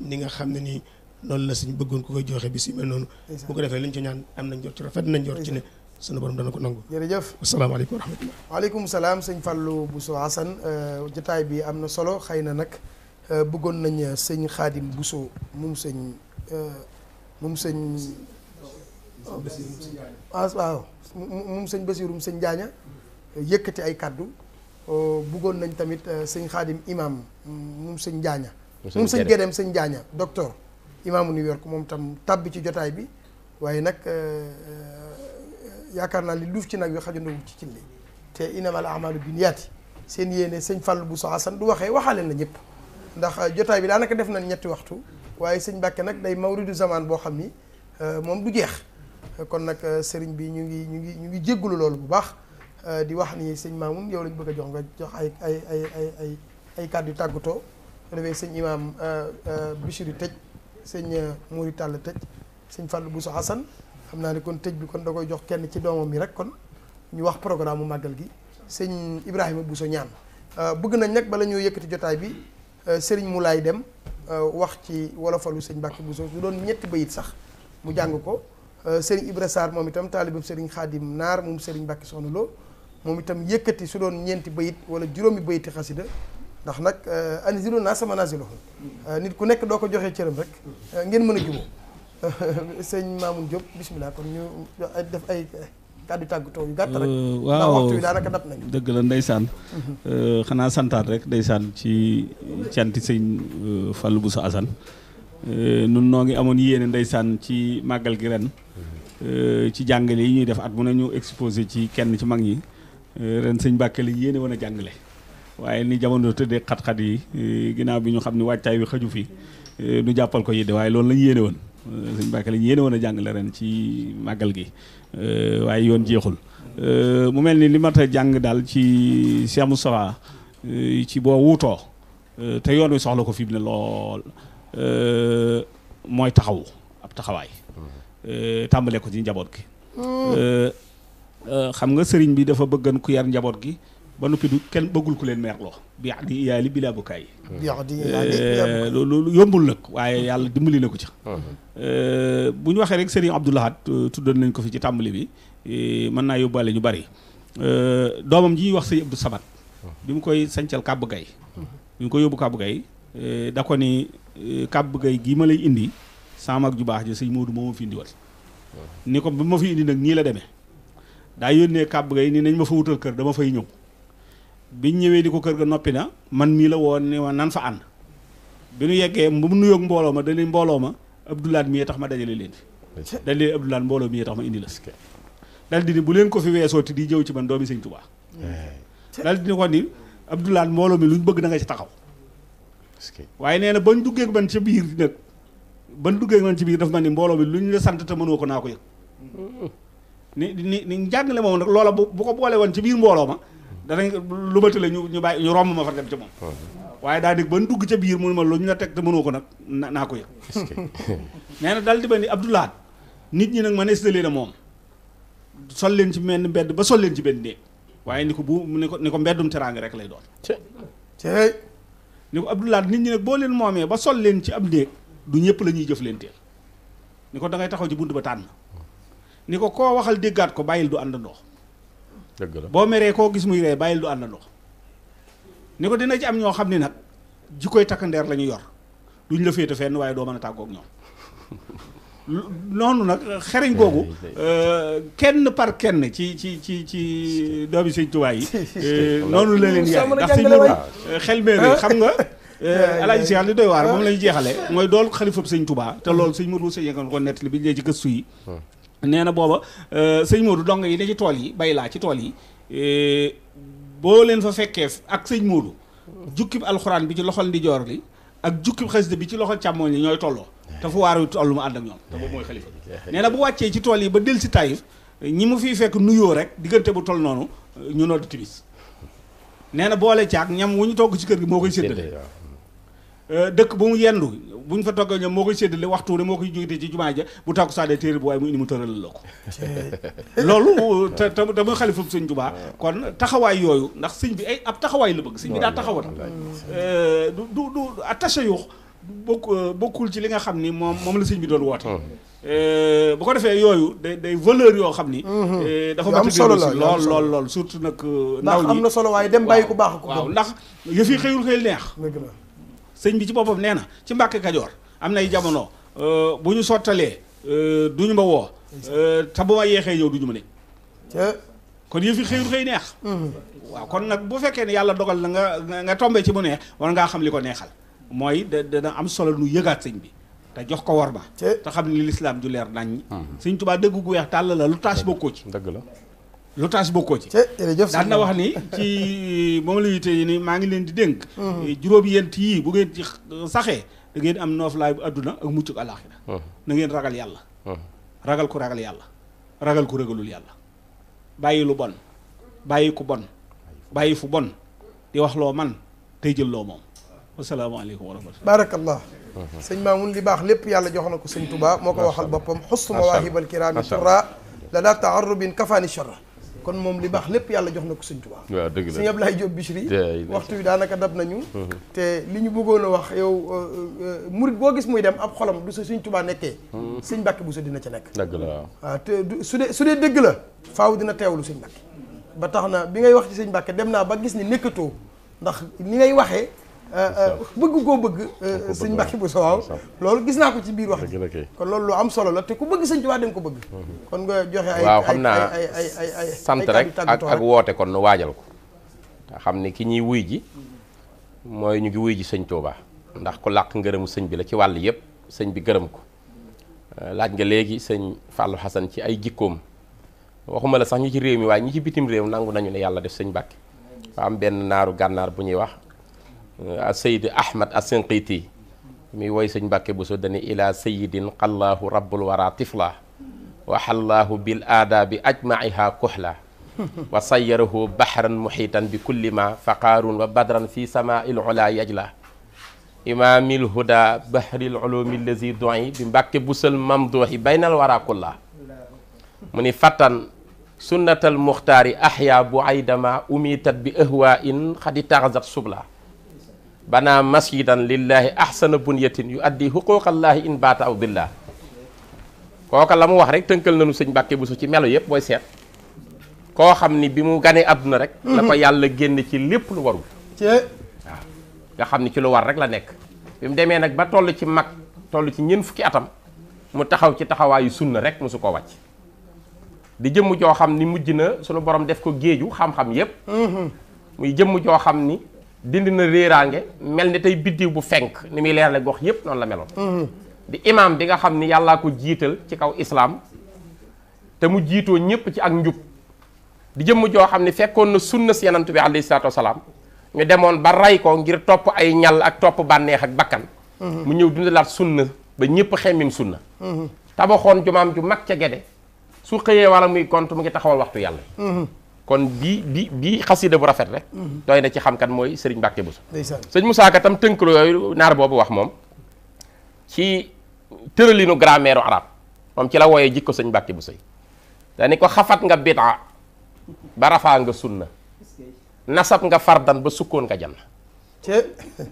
ni nga xam ne nii loolu la suñ bëggoon ko koy joxe bis yi mel noonu bu ko defee liñ ci ñaan am nañ jot ci rafet nañ jot ci ne sunu borom dana ko nangu jërëjëf asalaamaaleykum wa rahmatullah waaleykum salaam sëñ Fallou Bousso Hassane euh, jotaay bi am na solo xëy na nag euh, bëggoon nañ sëñ Xaadim Bousso moom sëñ euh, moom sëñ ah moom sëñ Basirum sëñ Jaaña yëkkati ay kàddu bëggoon nañ tamit sëñ Xaadim imam moom sëñ Jaaña moom sëñ Gédem sëñ Jaaña docteur imaamu New York moom tam tàbb ci jotaay bi waaye nag euh, euh, yaakaar naa li luuf ci nag wi xajandoowul ci cin li te inamal amalu bi niyaati seen yéene sëñ bu Bousso asan du waxee waxaale na ñëpp ndax euh, jotaay bi daanaka def na ñetti waxtu waaye sëñ Mbàkke nag day mawridu zaman boo xam ni moom du jeex kon nag sëriñ bi ñu ngi ñu ngi ñu ngi jéggulu loolu bu baax di wax ni sëñ Mamoun yow lañ bëgg a jox nga jox ay ay ay ay ay ay kàddu tàggatoo bu defee sëñ imaam sëñ euh, Mouride Tall tëj sëñ Fallou Bousso Assane xam naa ne kon tëj bi kon da koy jox kenn ci doomam yi rek kon ñu wax programme mu màggal gi sëñ Ibrahima Bousso ñaan euh, bëgg nañ nag bala ñoo yëkkati jotaay bi euh, sëriñ Moulay dem wax ci wolofalu sëñ Mbacke Bousso su doon ñetti bayit sax mu jàng ko sëriñ Ibra Sarr moom itam taalibam sëriñ Khadim Naar moom sëriñ bàkki Soxna Lo moom itam yëkkati su doon ñeenti bayit wala juróomi bayiti xasida ndax nag euh, anzilu naasa manaaziluhum euh, nit ku nekk doo ko joxee cëram rek euh, ngeen mën a jubóo sëñ Mamoun Diop bismillah kon ñu def ay kàddu tàggatoo yu gàtt rek waaw waxtu bi daanaka dab nañu dëgg la ndeysaan mhm. xanaa santaat rek ndeysaan ci canti sëñ Fallou Bousso Assane nun noo ngi amoon yéene ndeysaan ci màggal gi ren ci jàngale yi ñuy def at mu ne ñu exposé ci kenn ci mag ñi ren sëñ Bakke la yéene woon a jàngale waaye ni jamono tëddee xat-xat yi e, ginnaaw bi ñu xam ne waajtaay wi xëju fi e, nu jàppal ko yidde waaye loolu la ñu yéene woon e, sëñ Mbàkke la ñu yéene woon a jàngale ren ci màggal gi waaye yoon jeexul mu mel ni li mat jàng daal ci Cheikh Moustapha ci boo wuutoo te yoon wi soxla ko fi mu ne lool mooy taxawu ab taxawaay tàmbalee ko ci njaboot gi mm. xam nga sëriñ bi dafa bëggan ku yar njaboot gi ba noppi du kenn bëggul ku leen merloo bi di iyaali bi laa bukkaay loolu yombul nag waaye yàlla dimbali na ko ci eh, bu ñu waxee rek Serigne Abdou Lahad eh, tuddoon nañ ko fi ci tàmbali bi eh, mën naa yóbbaale ñu bari doomam ji wax sëñ Abdou Samad bi mu koy sancal kàbb gay bi mu koy yóbbu kàbb gay da ko ni kàbb gay gii ma lay indi sama mag ju baax ji sëñ Moodu moo ma fi indi wat ni ko ba ma fi indi nag nii la demee daa yónnee kàbb gay ni nañ ma fa wutal kër dama fay ñëw biñ ñëwee di ko kër ga noppi na man mii la woon ne ma nan fa ànd bi nu yeggee bu mu nuyoog mbooloo ma dañuy mbooloo ma Abdoulaat mii tax ma dajale leen fi dañ leen Abdoulaat mbooloo mii tax ma indi la dal di ni bu leen ko fi ti di jëw ci man doomi sëñ Tuubaa eh. dal di ni ko ni Abdoulaat mbooloo mi luñ bëgg da nga ci taxaw waaye nee na bañ duggee ak man ci biir nag bañ duggee ak man ci biir daf man ni mbooloo mi luñ la sant te mënoo ko naa ko yëg ni ni ni njàngale moom nag loola bu ko boole woon ci biir mbooloo ma danañ lu ma tële ñu ñu bàyyi ñu romb ma far dem ca moom oh. waaye daa dégg ba dugg ca biir mun ma teg mënoo ko nag naa ko yëg nee na di ba ni Abdoulaat nit ñi nag ma nees na leen a moom sol leen ci benn mbedd ba sol leen ci benn néeg waaye ni ko bu ni ko ni ko mbeddum teraanga rek lay doon cey ni ko Abdoulaat nit ñi nag boo leen moomee ba sol leen ci ab néeg du ñëpp la ñuy jëf leen teel ni ko dangay taxaw ci bunt ba tànn ni ko koo waxal déggaat ko bàyyil du àndandoo dëgg la boo meree koo gis muy ree bàyyil du àndandoo ni ko dina ci am ñoo xam ni nag jikkoy takkandeer la ñu yor duñ la féete fenn waaye doo mën a tàggoog ñoom noonu nag xeriñ googu euh, kenn par kenn ci ci ci ci doomi sëñ Tuubaa yi euh, noonu la leen yaay ndax si ñun euh, xel meere ah. xam nga alaaji si li doy waar moom la ñu ah. jeexale mooy dool xalifab sëñ Tuubaa te loolu sëñ Mourou Seye nga ko nettali bi ñu ci gëstu yi ah. nee na booba euh, sëñ Modou dong yi ne ci tool yi bay laa ci tool yi euh, boo leen fa fekkee ak sëñ Modou jukkib alxuraan bi ci loxol di joor li ak jukkib xasida bi ci loxol càmmooñ li ñooy tolloo te fu waaru toll mu ànd ak ñoom te boobu mooy xalifa bi nee na bu wàccee ci tool yi ba del si Taïf ñi mu fiy fekk nuyoo rek diggante bu toll noonu ñu noddu timis nee na boole caag ñam wu ñu togg ci kër gi moo koy séddale Euh, dëkk bu mu yendu bu ñu fa toggee ñoom moo koy séddale waxtu ne moo koy jógite ci jumaa ja bu tàkku saadee téere bu waaye mu indi mu tëral la ko loolu te te muy xalifam sëñ jubaa kon taxawaay yooyu ndax sëñ bi ay ab taxawaay la bëgg sëñ bi daa taxawal euh, du du du attaché yuux bokk bokkul ci li nga xam ni moom moom la sëñ bi doon woote mm-hmm. euh, bu ko defee yooyu day day valeur yoo xam ni. Mm-hmm. dafa mat a lool lool lool surtout nag. ndaw ndax am na solo waaye dem bàyyi ku baax. ko ndax yëf yi sëñ bi ci boppam nee na ci Mbàkke Kajoor am na ay jamono euh, bu ñu sottalee euh, du ñu ma woo euh, te bu ma yeexee ñëw du ñu ma ne kon yëfi xëyul xëy neex mm-hmm. waaw kon nag bu fekkee ne yàlla dogal na nga nga tombe ci mu neex war ngaa xam li ko neexal mooy da dana am solo nu yëgaat sëñ bi te jox ko war ma te xam ni lislaam ju leer nañ mm-hmm. sëñ Tuubaa dëgg gu weex tàll la lu taas bokkoo ci ndagg la l'otage bokkoo ci eh, daan na wax ni ci moom la yite yi ni maa ngi leen di dénk mm-hmm. eh, juróom yent yii bu ngeen ci saxee da ngeen am nooflaay bu àdduna ak muccuk àlaxira mm-hmm. na ngeen ragal yàlla mm-hmm. ragal ku ragal yàlla ragal ku ragalul yàlla bàyyi lu bon bàyyi ku bon bàyyi fu bon di wax loo man tey jël loo moom asalaamaaleykum wa rahmatulah baarakallah sëñ Maamun li baax lépp yàlla jox na ko sëñ Tuubaa moo ko waxal boppam xusnu mawaahibal kiraami turra la laa taarrubin kafaani charra kon moom li baax lépp yàlla jox na ko sëñ Tuubaa waaw dëgg la sëñ Ablaye Diop Bichri waxtu bi daanaka dab nañu mhm. te li ñu bëggoon a wax yow euh, euh, euh, murit boo gis muy dem ab xolam du sa sëñ Tuubaa nekkee mhm. suñ Mbàkke bu sa dina ca nekk dëgg la waaw waaw ah, te su dee su dee dëgg la faaw dina teewlu sëñ Mbàkke ba tax na bi ngay wax ci sëñ Mbàkke dem naa ba gis ni nekkatoo ndax ni ngay waxee Euh, euh, euh, bëgg koo bëgg sëñ Mbacke bu so waaw loolu gis naa ko ci biir wax kon loolu lu am solo la te ku bëgg sëñ Tuubaa waa nga ko bëgg kon nga joxe ay xam naa ay sant rek ak woote kon nu waajal ko xam ni ki ñuy wuy ji mooy ñu ngi wuy ji sëñ Tuubaa ndax ku làq ngërëmu sëñ bi la ci wàll yëpp sëñ bi gërëm ko laaj nga léegi sëñ Fallou Hassan ci ay jikkoom waxuma la sax ñi ci réew mi waaye ñi ci bitim réew nangu nañu ne yàlla def sëñ Mbacke am benn naaru gànnaar bu ñuy wax آه، السيد احمد السنقيتي مي واي سيغن باكي بوسو داني الى سيد قالله رب الورى طفلا وحلاه بالاداب اجمعها كحلا وصيره بحرا محيطا بكل ما فقار وبدرا في سماء العلا يجلى امام الهدى بحر العلوم الذي دعي بمباك بوسل ممدوح بين الورى كلا من فتن سنه المختار احيا بعيدما اميتت باهواء قد تغزق سبلا bana masjidan lillahi احسن bunyatin yuaddi huquqallahi in bata aw billah ضلا koka lamu wax rek teunkel nañu seigne bakke bu su ci melo yep boy set ko xamni bi mu gané aduna rek mhm. la ko yalla genn ci lepp lu waru ci nga xamni ci lu war rek la nek bimu démé nak ba tollu ci mak tollu ci ñeen fukki atam mu taxaw ci taxawaayu sunna rek musu ko wacc di jëm jo xamni ni sunu borom def ko géeju xam-xam mhm. muy jëm jo xamni dindi na réeraange mel ni tey biddiw bu fenk ni muy leerale gox yépp noonu la meloon mm-hmm. di imaam bi nga xam ni yàllaa ko jiital ci kaw islaam te mu jiitoo ñépp ci ak njub di jëmm joo xam ne fekkoon na sunna si yanantu bi alayhi salaatu salaam ñu demoon ba ray ko ngir topp ay ñal ak topp bànneex ak bakkan mm-hmm. mu ñëw dundalaat sunna ba ñépp xemmim sunna mm-hmm. tabaxoon jumaam ju mag ca gede su xëyee wala muy gont mu ngi taxawal waxtu yàlla kon bii bi bii xasida bu rafet rek mhm. doy na ci xam kan mooy sëriñ Mbàkke Buso sëñ Musaa Ka tam tënk yooyu naar boobu wax moom ci tëralinu grammaire arab moom ci la jikko sëñ Mbàkke Buso yi dani ko xafat nga bidaa ba rafaa nga na nasab nga fardan ba sukkoon nga jann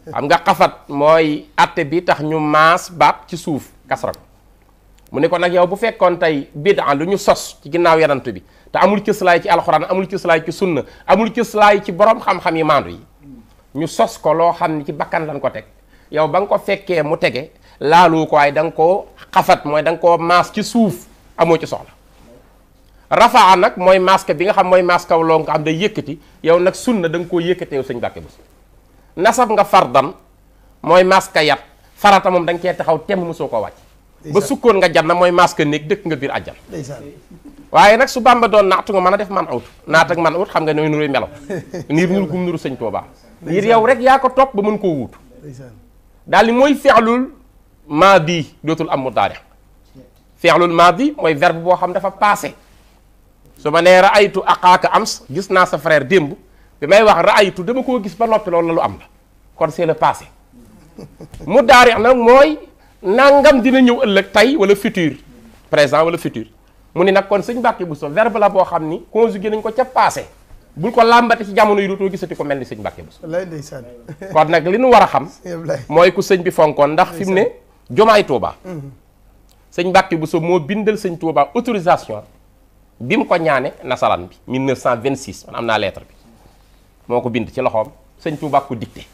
xam nga xafat mooy atte bi tax ñu maas baat ci suuf kasra ko mu ne ko nag yow bu fekkoon tey bidaa lu ñu sos ci ginnaaw yanant bi amul cës laay ci alxuraan amul cëslaay ci sunna amul laay ci borom xam-xam yi maandu yi ñu sos ko loo xam ne ci bakkan lañ ko teg yow ba nga ko fekkee mu tege laalu ko ay da nga koo xafat mooy da nga koo maas ci suuf amoo ci soxla rafaa nag mooy masque bi nga xam mooy masque wu loo nga xam day yëkkati yow nag sunna da nga koo yëkkati yow sëñ Mbàkke Bousso nasab nga far fardan mooy masque yat farata moom da nga cee taxaw temm mosoo ko wàcc ba sukkon nga janna moy masque nek dekk nga bir aljam waaye nak su bamba don nga mana def man out nat ak man out xam nga nooy nuru melo niir ñun gum nuru seigne toba niir yow rek ya ko top ba mën ko wut dal ni mooy feexlul madi dotul am mu fi'lul madi moy verbe bo xam dafa passé su ma raaytu aqaka ams gis na sa frère demb bi may wax raaytu dama ko gis ba lopi lolou lu am kon c'est le passé nak moy nangam dina ñëw ëllëg tey wala futur présent wala futur mu ni nag kon sëñ Mbàkke Bousso verbe la boo xam ni conjugué nañ ko ca passé bul ko làmbati ci jamono yi dootoo gisati ko mel ni sëñ Mbàkke Bousso kon nag li nu war a xam mooy ku sëñ bi fonkoon ndax fi mu ne jomaay Touba mhm. sëñ bu so moo bindal sëñ Touba autorisation bi mu ko ñaane nasaraan bi 1926 man am naa lettre bi moo ko bind ci loxoom sëñ Touba ko dicté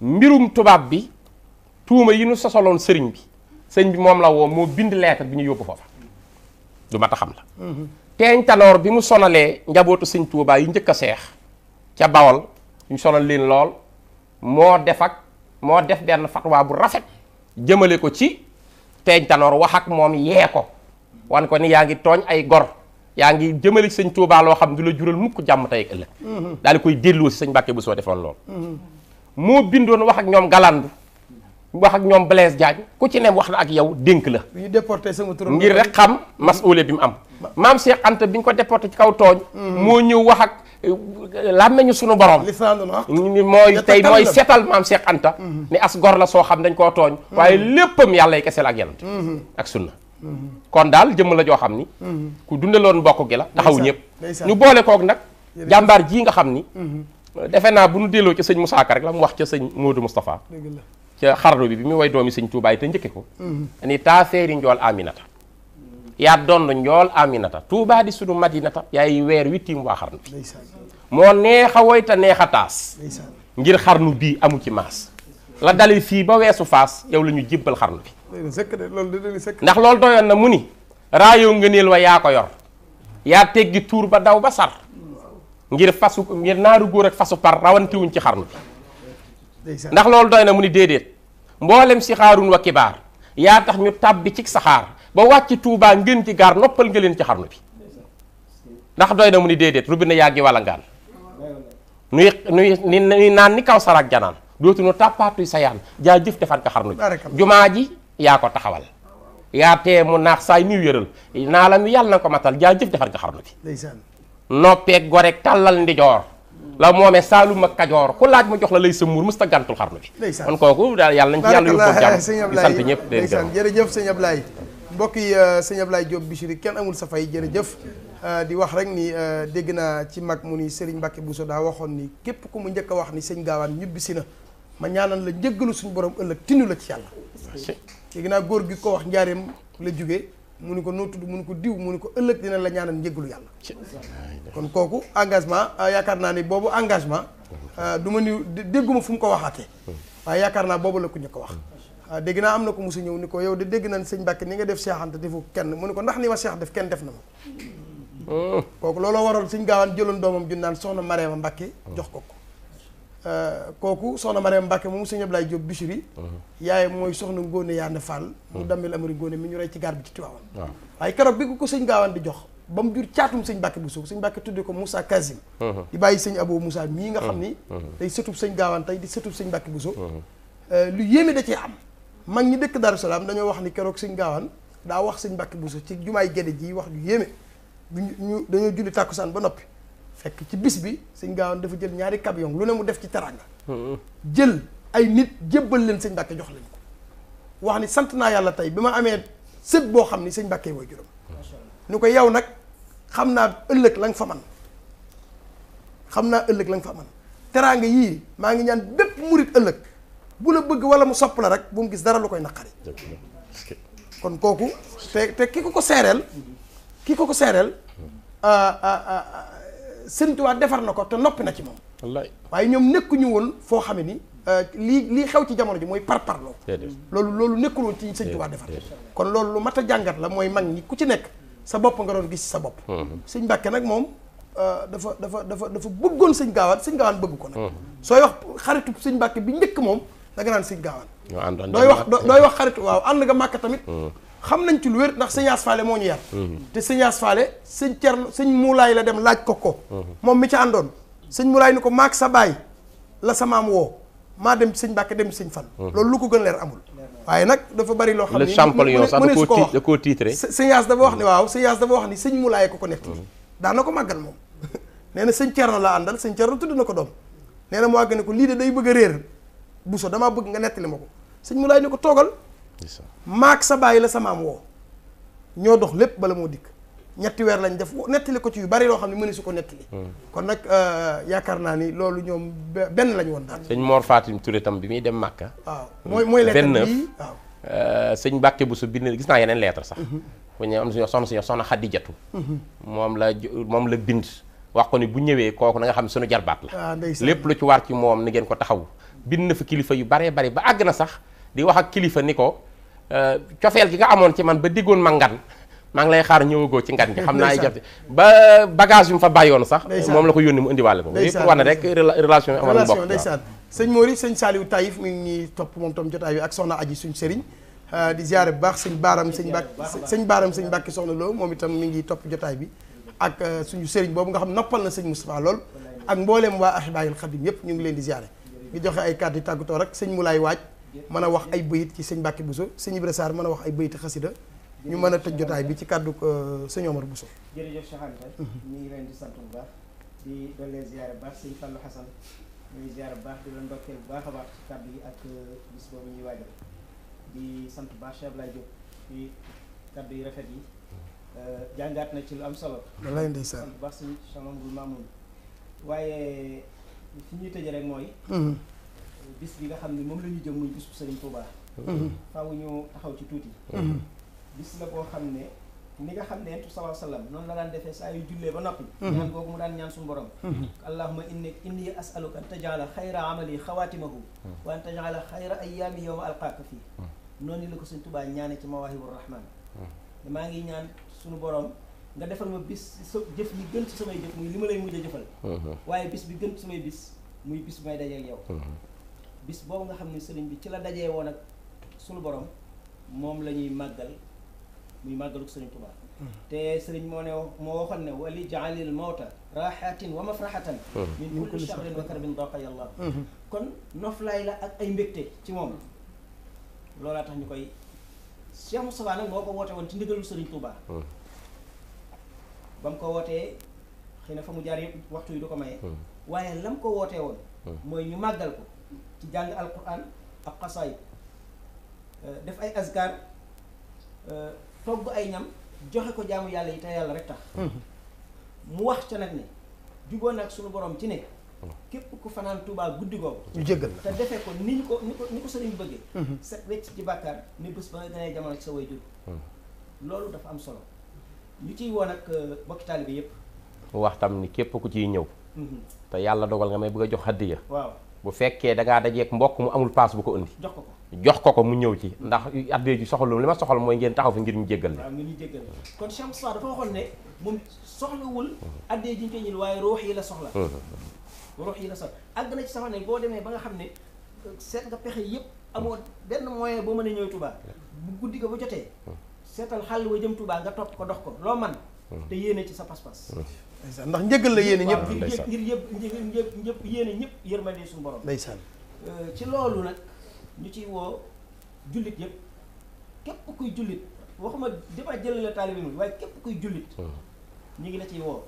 mbirum tubaab bi tuuma yi nu sosaloon sëriñ bi sëñ bi moom la woo moo bind lettre bi ñu yóbbu foofa du mat a xam la mhm. teeñ tanoor bi mu sonalee njabootu sëñ Tuubaa yi njëkk a seex ca Bawol ñu sonal leen lool moo def ak moo def benn fatwa bu rafet jëmale ko ci teeñ tanoor wax ak moom yee ko wan ko ni yaa ngi tooñ ay gor yaa ngi jëmale ci Tuubaa loo xam du la jural mukk jàmm tey ëllëg mhm. daal koy delloo si sëñ Mbàkke bu soo defoon lool mhm. moo bindoon wax ak ñoom galandu wax ak ñoom Blaise Diagne ku ci ne wax na ak yow dénk la. déporté sama turam ngir rek xam masuule bi mu am. maam Cheikh Anta bi ñu ko déporté ci kaw tooñ. Mm-hmm. moo ñëw wax ak euh, làmmeñu sunu borom. mooy tey mooy seetal maam Cheikh Anta. Mm-hmm. ni as gor la soo xam dañ koo tooñ. Mm-hmm. waaye léppam yàlla ay la ak yonent ak sunna kon daal jëmm la joo xam ni. ku dundaloon mbokk gi la. taxaw ñëpp ñu boole kook nag. jàmbaar jii nga xam ni. defe naa bu nu delloo ca sëñ Moussa Ka rek la mu wax ca sëñ Modou Moustapha. ca xarnu bi bi mu way doomi sëñ Tuubaa yi te njëkke ko mm-hmm. ni taaseeri njool aminata yaa donn njool aminata Tuubaa di sunu madinata yaay weer wi tiim waa xarnu bi moo neex a woy neex a taas ngir xarnu bii amu ci maas la dali fii ba weesu faas yow la ñu jébbal xarnu bi ndax loolu doyoon na mu ni raayoo ngëneel wa yaa ko yor yaa teggi tuur ba daw ba sar mm, ngir fasu ngir naaru góor ak fasu par rawantiwuñ ci xarnu bi ndax loolu doyna muni dedet, mbollem si wa kibar ya tax ñu tabbi ci saxaar ba wacc touba ngeen ci gar noppal ngeen ci xarnu bi ndax doyna na dedet rubina yaagi wala ngal nuy nuy ni nan ni kaw sarak dootu dootunu tapatu sayan ja jëf defat ka xarnu bi ji ko taxawal ya te mu nax say ñu na la na matal ja jëf defat ka xarnu bi noppek gorek talal ndijor la moomee Saalum ak Kajoor ku laaj ma jox la lay sa muur musta gàntul xarnu bi kon kooku daal yàlla nañ ci yàlla yóbbu jàmm di sant ñëpp ndeysaan jërëjëf sëñ Ablaye mbokk yi euh, sëñ Ablaye Diop Bichri kenn amul sa fay jërëjëf euh, di wax rek ni euh, dégg naa ci mag mu ni Serigne Mbacke Bousso daa waxoon ni képp ku mu njëkk a wax ni sëñ gaawaan ñibbisi na ma ñaanal la njëggalu suñu borom ëllëg tinu la ci yàlla dégg naa góor gi ko wax njaareem la jóge mu ni ko noo tudd ko diw mu ni ko ëllëg dina la ñaanal njéggalu yàlla kon kooku engagement ah, yaakaar naa ni boobu engagement ah, du ma ni dégguma fu mu ko waxaatee waaye yaakaar naa boobu la ku ñu ko wax ah, dégg naa am na ko mosu ñëw ni ko yow de dégg nañ sëñ Mbàkke ni nga def seexante defu kenn mu ni ko ndax ni ma seex def kenn def na ma oh. kooku looloo waral sëñ gaawaan jëloon doomam ju naan soxna Mareema Mbàkke jox ko ko Euh, kooku soxna Mariam Mbacke moom sëñ Ablaye Diop Bichri uh-huh. yaaye mooy soxna yaa Yaande Fall mu uh-huh. dammel amari Ngóone mi ñu rey ci gaar bi ci Tiwaawan waaye keroog bi ko sëñ Gaawaan di jox ba mu jur caatum sëñ Mbacke bu suuf sëñ Mbacke tudde ko Moussa Kazim uh-huh. di bàyyi sëñ Abo Moussa mii nga xam ni day sëtub sëñ Gaawaan tey di sëtub sëñ Mbacke bu suuf lu yéeme da cee am mag ñi dëkk Darou Salaam dañoo wax ni keroog sëñ Gaawaan daa wax sëñ Mbacke bu suuf ci jumaay Gédé ji wax lu yéeme ñu dañoo julli tàkkusaan ba noppi fekk ci bis bi sëñ Gaawaan dafa jël ñaari camion lu ne mu def ci teraanga jël ay nit jébbal leen sëñ Mbàkke jox leen ko wax ni sant naa yàlla tey bi ma amee sët boo xam ni sëñ Mbàkke mooy juróom ñu ko yow nag xam naa ëllëg lañ nga fa man xam naa ëllëg lañ nga fa man teraanga yii maa ngi ñaan bépp murit ëllëg bu la bëgg wala mu sopp la rek bu mu gis dara lu koy naqari kon kooku te ki ko ko seereel ki ko ko seereel mm-hmm. ah, ah, ah, Sëriñ Tuubaa defar na ko te noppi na ci moom wallaay waaye ñoom nekkuñu woon foo xame ni euh, lii lii xew ci jamono ji mooy par parloo loolu loolu nekkul woon ci Sëriñ Tuubaa defar kon loolu lu mat a jàngat la mooy mag ñi ku ci nekk sa bopp nga doon gis sa bopp mm-hmm. Sëriñ Mbàkke nag moom euh, dafa dafa dafa dafa bëggoon Sëriñ Gaawaan Sëriñ Gaawaan bëgg ko nag mm-hmm. sooy wax xaritu Sëriñ Mbàkke bi njëkk moom da nga naan Sëriñ Gaawaan dooy wax dooy wax xaritu waaw ànd nga màkk tamit mm-hmm. xam nañ ci lu wér ndax sëñ Yaas Faale moo ñu yar te sëñ Yaas Faale sëñ Cerno sëñ Mulaay la dem laaj ko ko moom mi ca àndoon sëñ Mulaay ni ko maak sa baay la sa maam woo maa dem sëñ Mbàkke dem sëñ Fall hmm. loolu lu ko gën leer amul waaye nag dafa bari loo xam ne le champion sax da koo titré sëñ Yaas dafa wax ni hmm. waaw sëñ Yaas dafa wax ni sëñ Mulaay ko ko nekk hmm. daana ko màggal moom nee na sëñ Cerno la àndal sëñ Cerno tudd na ko doom nee na mu àgg ne ko lii de day bëgg a réer Bousso damaa bëgg nga nettali ma ko sëñ Mulaay ni ko toogal maak sa bàyyi la sa am woo ñoo dox lépp bala moo dikk ñetti weer lañ def nettali ko ci yu bari loo xam ne mënu su ko nettali hmm. kon nag euh, yaakaar naa ni loolu ñoom benn lañ woon daal sëñ moor Fatim Touré tam bi muy dem màkk waaw mooy mooy lettre bi waaw euh, sëñ Mbàkke bu su bind gis naa yeneen lettre sax ku mhm. ñu am suñu soxna suñu soxna Xadijatu mhm. moom la moom la bind wax ko ni bu ñëwee kooku na nga xam ne suñu jarbaat la ah, lépp lu ci war ci moom ni ngeen ko taxaw bind na fa kilifa yu baree bari ba àgg na sax di wax ak kilifa ni Euh, cofeel gi nga amoon ci man ba diggoon ma ngan maa ngi lay xaar ñëwagoo ci ngan gi xam naa ay jafe ba bagage yu mu fa bàyyoon sax moom la ko yónni mu indiwaale ko yëpp war na rek relation yi amoon mu ngi ñuy topp moom tam jotaay bi ak soxna aji suñ sëriñ euh, di ziare bu baax sëñ baaram sëñ bàkk sëñ baaram sëñ bàkki soxna loo moom itam mi ngi topp jotaay bi ak euh, suñu sëriñ boobu nga xam noppal na sëñ Moustapha lool ak mbooleem waa Ahibahil Khadim yëpp ñu ngi leen di ziare ngi joxe ay kàddu tàggatoo rek sëñ Moulay Waaj mën a wax ay bayit ci sëñ Mbacke Bousso sëñ Ibra Sarr mën a wax ay bayit xasida ñu mën a tëj jotaay bi ci kàddu euh, sëñ Omar Bousso jërëjëf Cheikh Anta mhm. ñu ngi leen di sant bu baax di doole ziyaare bu baax sëñ Fallou Hassan ñu ngi ziyaare bu baax di la ndokkeel bu baax a baax ci kàddu yi ak euh, bis boobu ñuy waajal di sant bu baax Cheikh Abdoulaye Diop ci kàddu yi rafet yi euh, jàngaat na ci lu am solo wallaay ndeysaan sant bu baax sëñ Cheikh Mamadou Mamoun waaye fi ñuy tëjee rek mooy mhm. bis bi nga xam ne moom la ñu jëm muy bisu Serigne Touba. Mhm. faaw ñu taxaw ci tuuti. Mhm. bis la koo xam ne ni nga xam ne tu salaa noonu la daan defee saa yu jullee ba noppi. Mhm. ñaan googu mu daan ñaan suñu borom. allahumma inni inni as'aluka an taj'ala xayra amali xawaatimahu. wa an taj'ala xayra ayyaami yawma alqaaka fii. noonu la ko Serigne Touba ñaane ci mawaahibu rahmaan. maa ngi ñaan suñu borom. nga defal ma bis sa jëf yi gën ci samay jëf muy li ma lay mujj a jëfal waaye bis bi gën ci samay bis muy bis may dajeeg yow bis boobu nga xam ne sëriñ bi ci la daje woon ak sunu borom moom la ñuy màggal muy màggalu sëriñ Tuubaa hmm. te sëriñ moo ne moo waxoon ne wali jaalil mawta raxatin wa mafraxatan hmm. min kulli shahrin wa karbin daqa yàlla hmm. kon noflaay la ak ay mbégte ci moom loolaa tax ñu koy Cheikh Moustapha nag moo ko woote woon ci ndigalul sëriñ Tuubaa ba mu ko wootee xëy na fa mu jaar yëpp ko wootee woon mooy ñu màggal ko ci jàng alquran ak xasaay euh, def ay asgar euh, togg ay ñam joxe ko jaamu yàlla yi te yàlla rek tax hmm. mu wax ca nag ne juboo nag suñu borom ci ne hmm. képp ku fanaan Tuubaa guddi googu ñu jéggal te defee ko ni ñu ko ni ko ni ko sëriñ bëggee hmm. ci bàkkaar ni bés ba nga gënee jamono ci sa way jur loolu dafa am solo ñu ciy woon ak euh, bokki taalibe yépp mu wax tam ni képp ku ciy ñëw te yàlla dogal nga may bëgg a jox hadiya waaw bu fekkee da ngaa dajeeg mbokk mu amul paas bu ko indi jox ko ko jox ko ko mu ñëw ci ndax addee ji soxalum li ma soxal mooy ngeen taxaw fi ngir ñu jéggal la ngir ñu jéggal la kon Cheikh Moustapha dafa waxoon ne moom soxlawul addee ji ñu koy ñil waaye ruux yi la soxla ruux yi la soxla àgg na ci sax ne boo demee ba nga xam ne seet nga pexe yëpp amoo benn moyen boo mën a ñëw Touba bu guddi ga ba jotee seetal xal wa jëm tubaa nga topp ko dox ko loo man te yéene ci sa pas-pas ndax njëgal la yéene ñëpp ngir yëpp ñëpp ñëpp yéene ñëpp yërmande suñu borom ndeysaan euh, ci loolu nag ñu ciy woo jullit yëpp képp kuy jullit waxuma dama jël la taalibi mi waaye képp kuy jullit hmm. ñu ngi la ciy woo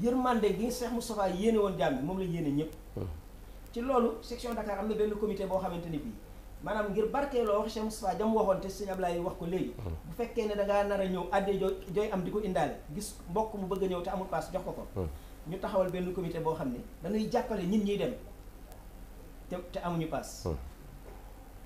yërmande gi mu Moustapha yéene woon jàmm moom la yéene ñëpp hmm. ci loolu section Dakar am na benn comité boo xamante ni bii maanaam ngir barkeeloo wax Cheikh Moustapha jam waxoon te sëñ Ablaye wax ko léegi hmm. bu fekkee ne da ngaa nar a ñëw addee jo jooy am di ko indaale gis mbokk mu bëgg a ñëw te amul paas jox ko ko hmm. ñu taxawal benn comité boo xam ne dañuy jàppale nit ñiy dem te te amuñu paas hmm.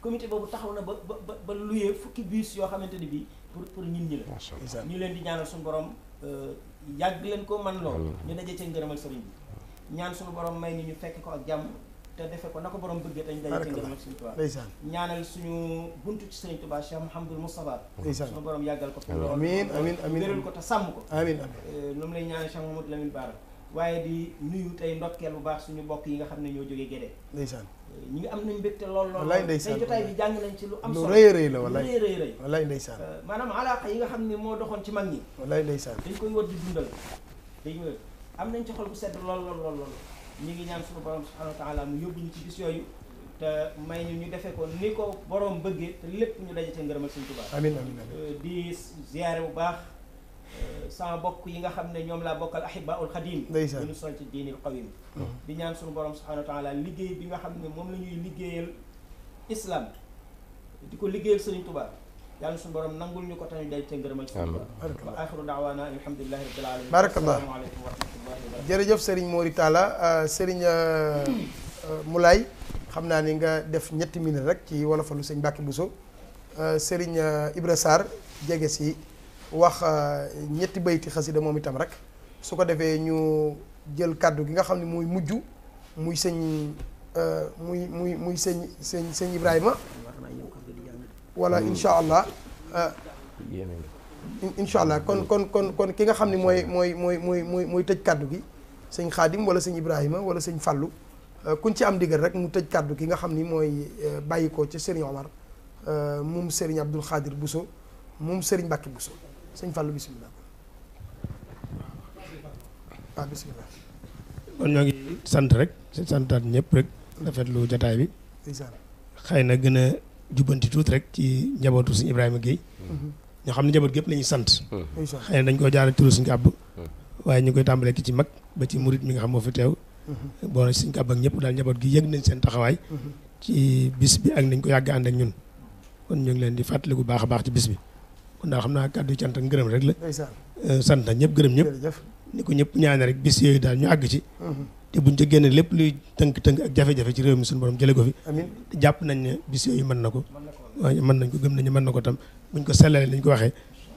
comité boobu taxaw na ba ba ba luyee fukki bus yoo xamante ni bii pour pour ñin ñi la ñu leen di ñaanal suñu borom euh, yàgg leen koo man lool ñu daje ca ngërëmal sëriñ bi ñaan suñu borom may ni ñu fekk ko ak jàmm te defe ko na ko borom bëggee dañ daje ci ngërëm Sëriñ Tuubaa ñaanal suñu buntu ci Sëriñ Tuubaa Cheikh Mouhamadul Moustapha suñu borom yàggal ko amiin amiin amiin gëral ko te sàmm ko amiin amiin lu eh, mu lay ñaanal Cheikh Mouhamadou Lamine Bara waaye di nuyu tey ndokkeel bu baax suñu bokk yi nga xam ne ñoo jógee Gédé ndeysaan eh, ñi ngi am nañ mbégte lool lool tey jotaay bi jàng nañ ci lu am solo lu rëy rëy la walaay rëy rëy walaay ndeysaan eh, maanaam alaaka yi nga xam ne moo doxoon ci mag ñi walaay ndeysaan dañ koy war di dundal dañ am nañ ci xol bu sedd lool lool lool lool ñu ngi ñaan suñu borom subhanahu wa taala mu yóbbu ñu ci bis yooyu te may ñu ñu defee ko ni ko borom bëggee te lépp ñu daje ca ngërëmal Sëñ Tuubaa amiin amiin amiin euh, di ziyaare bu baax euh, sama bokk yi nga xam ne ñoom laa bokkal ahibaul xadim ñu sol ci diinil qawim oh. di ñaan suñu borom subhanahu wa taala liggéey bi nga xam ne moom la ñuy liggéeyal islam di ko liggéeyal Sëriñ Tuubaa yàlla suñu borom nangul ñu ko tamit day ca ngërëmal si wa axiru daawaana alhamdulilahi rabbil alamin barakallah asalaamaaleykum wa rahmatullahi wa barakatuh jërëjëf Serigne Mori Talla euh, Serigne euh, euh, Moulay xam naa ni nga def ñetti minute rek ci wolofalu sëñ Mbacke Bousso Serigne Ibra Sarr jege si wax ñetti bayti xasida moom itam rek su ko defee ñu jël kàddu gi nga xam ne muy mujj muy sëñ muy muy muy sëñ sëñ sëñ Ibrahima wala hmm. incha allah. Euh, incha allah kon kon kon kon ki nga xam ni mooy mooy mooy mooy mooy mooy tëj kàddu gi sëñ xaadim wala sëñ Ibrahima wala sëñ Fallou euh, kuñ ci am digal rek mu tëj kàddu gi nga xam ni mooy euh, bàyyi ko ca Serigne Omar moom Serigne Abdoul Khadir buso moom Serigne Mbacke Bousso sëñ Fallou bisimilah. waaw ah, bisimilah. kon ñoo ngi sant rek sant santaat ñëpp rek rafetlu jataay bi. xëy na gën a jubbanti tuuti rek ci njabootu suñu Ibrahima Guèye ñoo xam ne njaboot gépp lañuy sant xëy na dañ koo jaara turu suñu àbb hmm. waaye ñu koy tàmbalee ki ci mag ba ci murit mi nga xam moo fi teew hmm. boo suñu àbb ak ñëpp daal njaboot gi yëg nañ seen taxawaay hmm. ci bis bi ak nañ ko yàgg ànd ak ñun kon ñu ngi leen di fàttaliku baax a baax ci bis bi kon daal xam naa kàddu sant ak ngërëm rek la euh, sant na ñëpp gërëm ñëpp ni ko ñëpp ñaane rek bis yooyu daal ñu àgg ci te buñ ca génne lépp luy tënk-tënk ak jafe-jafe ci réew mi suñu borom jële ko fi te jàpp nañ ne bis yooyu mën na ko waaw mën nañ ko gëm nañu mën na ko tam buñ ko sellalee lañ ko waxee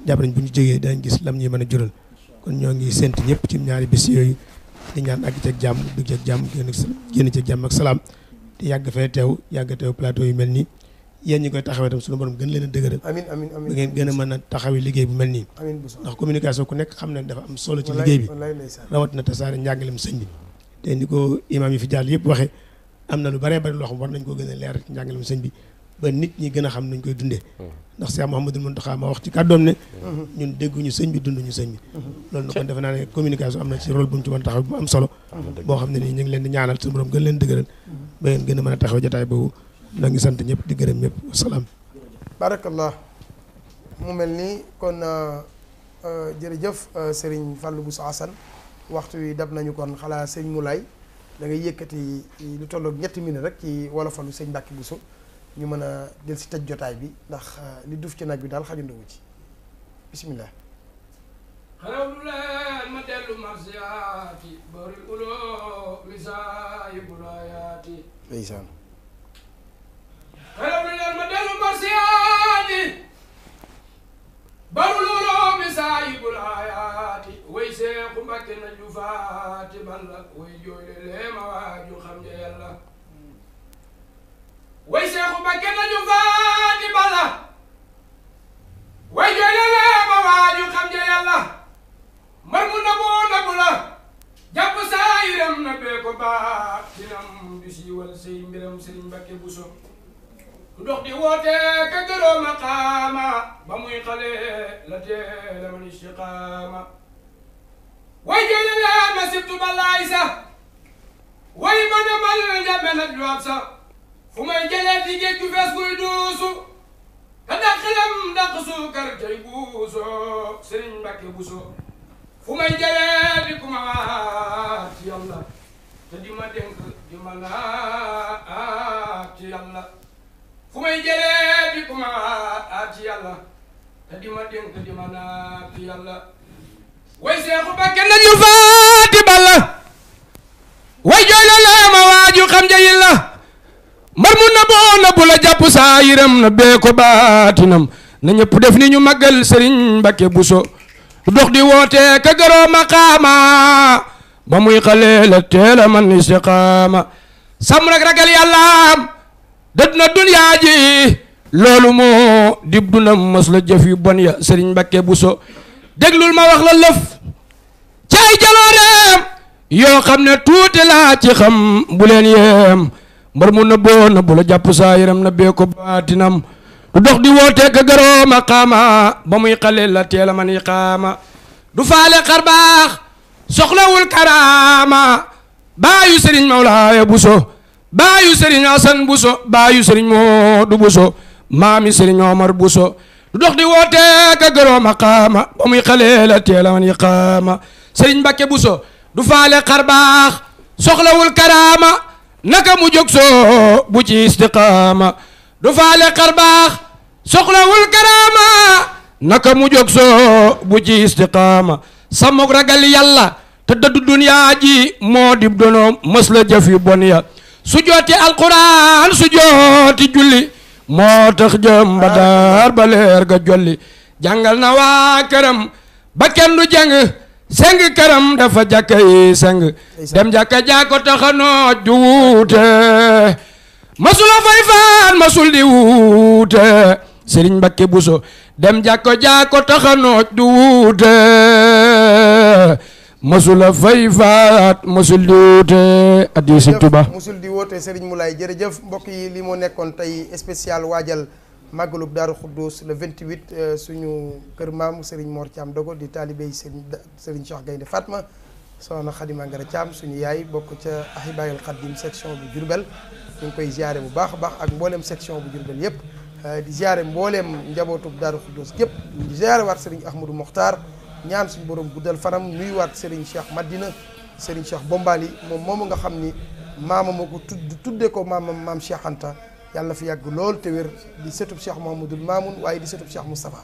jàpp nañ bu ñu jógee danañ gis lam ñuy mën a jural kon ñoo ngi sent ñëpp ci ñaari bis yooyu di ñaan àgg ceeg jàmm dugg ceeg jàmm génn génn ceeg jàmm ak salaam te yàgg fee teew yàgg teew plateau yu mel nii yéen ñi koy taxawee tam suñu borom gën leen a dëgëral amiin ba ngeen gën a mën a taxawee liggéey bu mel nii ndax communication ku nekk xam ne dafa am solo ci liggéey bi rawat na tasaare njàngalem sëñ bi te ko imaam fi jàll yëpp waxee am na lu baree bari loo war nañ ko gën a leer ci njàngalem bi ba nit ñi gën a xam nañ koy dundee ndax Cheikh Mouhamadou Mountakha ma wax ci kàddoom ne ñun dégguñu sëñ bi dunduñu sëñ bi loolu na kon defe naa am na ci rôle bu mu bu am solo boo xam ne nii ñu ngi leen di ñaanal suñu borom gën leen dëgëral ba ngeen gën a mën a taxaw jotaay boobu noo sant ñëpp di gërëm ñëpp wasalaam. barakallah mu mel ni kon euh, euh, jërëjëf euh, sëriñ Fallou Bousso Assane waxtu wi dab nañu kon xalaa sëñ Moulay dangay ngay yëkkati lu tolloog ñetti minute rek ci wolofalu sëñ Mbacke Bousso ñu mën a del si tëj jotaay bi ndax li duuf ci nag bi daal xajandowu ci bisimilah. xalaw lu leen ma dellu marsiyaati bari uloo wisaayi bulaayaati ndeysaan ko baa dinam di siiwal say mbiram sëriñ Mbàkke Buso dox di woote ka gëroo maqaama ba muy xale la teela man istiqaama way jële la ma sibtu balaay sax way ma demal njàmbe nag juwaab sax fu may jëlee di géej gu fees guy duusu te dàq xelam dàq suukar tey buusoo sëriñ Mbàkke busoo fu may jëlee di ku ma waat ci yàlla di ma dénk di ma laat ci fu may jëlee bi ku ma aat ci yàlla te di ma dénk te di ma way seexu bakke nañu faati balla way jooylo la waaju xam jayil mbar mu na boo na bu na bee baatinam na ñëpp def ni ñu màggal sëriñ Mbakke Buso dox di woote ka garoo maqaama ba muy xale la teel man istiqaama sam rek ragal yàlla dëdd na dunyaa ji loolu moo dib dunam mës la yu bon ya sëriñ Mbàkke Buso déglul ma wax la lëf ci yoo xam ne tuuti laa ci xam bu mbar mu nëbboo nëbbu la jàpp saa yaram na bee ko baatinam du dox di wootee ka garoo ma xaama ba muy xale la teel man yi xaama du faale xar baax soxlawul karaama baayu sëriñ Mawlaaya Buso baayu sëriñ Asan Buso baayu sëriñ Moodu Buso maami sëriñ Omar Buso du dox di woote ka gëroo ba muy xalee la teel a wan yaqaama Buso du faale xar baax soxlawul karaama naka mu jóg soo bu ci istiqaama du faale xar baax soxlawul karaama mu bu ci istiqaama samog ragal yàlla te dëddu duniyaa moo dib donoom mës la jëf su jooti alquran su jooti julli moo tax ba daar ba leer ga jolli jàngal na waa këram ba kenn du jàng seng këram dafa jàkka seng dem jàkka jàkko taxanoo ju wuute masula fay faan masul di wuute sëriñ Mbakke Buso dem jàkko jàkko taxanoo ju wuute mosul a fay faat mosul di woote addi sëñ Tuba mosul di woote mu Moulay jërëjëf mbokk yi li moo nekkoon tey spécial waajal màggalub Daaru Xuddus le 28 euh, suñu kër maam Serigne Mor Thiam Dogo di taalibey Serigne Serigne Cheikh Gaynde Fatma soxna Xadima Ngara Thiam suñu yaay bokk ca Ahibaayul Xadim section bu Jurbel ñu ngi koy ziare bu baax a baax ak mbooleem section bu Jurbel yëpp euh, di ziare mbooleem njabootub Daaru Xuddus gépp di ziare waat Serigne Ahmadou Mokhtar ñaan suñu borom guddal fanam nuyuwaat Serigne Cheikh Madina Serigne Cheikh Bombali moom moom nga xam ni maama moo ko tudd tuddee ko maamam maam Cheikh Anta yàlla fi yàgg lool te wér di sëtub Cheikh Mouhamadoul Mamoun waaye di sëtub Cheikh Moustapha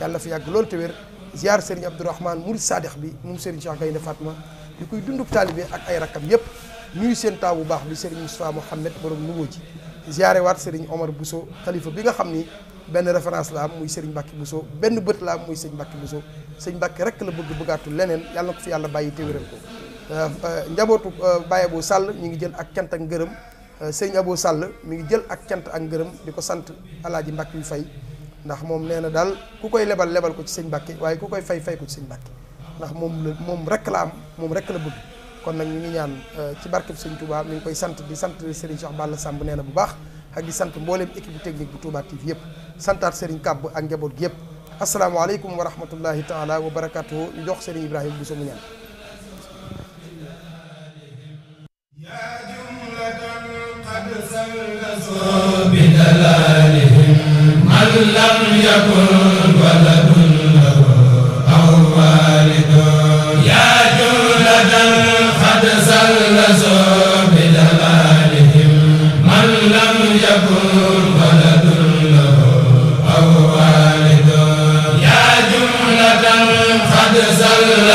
yàlla fi yàgg lool te wér ziar Serigne Abdourahmane Mourid Sadikh bi moom Serigne Cheikh Gaynde Fatma di koy dundub taalibe ak ay rakkam yépp nuyu seen taaw bu baax bi Serigne Moustapha Mouhamed borom nuwoo ji ziare waat Serigne Omar Bousso xalifa bi nga xam ni benn référence la muy Serigne Mbacke Bousso benn bët la am muy Serigne Mbacke Bousso sëñ Mbàkke rek la bëgg bëggaatu leneen yàlla na ko fi yàlla bàyyi te wéral ko euh, euh, njabootu euh, Baye Abou Sall ñu ngi jël ak cant ak ngërëm sëñ aboo Sall mi ngi jël ak cant ak ngërëm di ko sant alaaji Mbàkke yu fay ndax moom nee na daal ku koy lebal lebal ko ci sëñ Mbàkke waaye ku koy fay fay ko ci sëñ Mbàkke ndax moom la moom rek la am moom rek la bëgg kon nag ñu ngi ñaan ci barkeb sëñ Touba mi ngi koy sant di sant Serigne Cheikh Balla Samb nee na bu baax ak di sant mbooleem équipe technique bu Touba yëpp santaat Serigne Kàbb ak njaboot gi yëpp asalaamaaleykum wa rahmatullahi taala wa barakatuhu ñu jox sëriñ Ibrahima Bousso mu ñaan يا جملة قد زلزل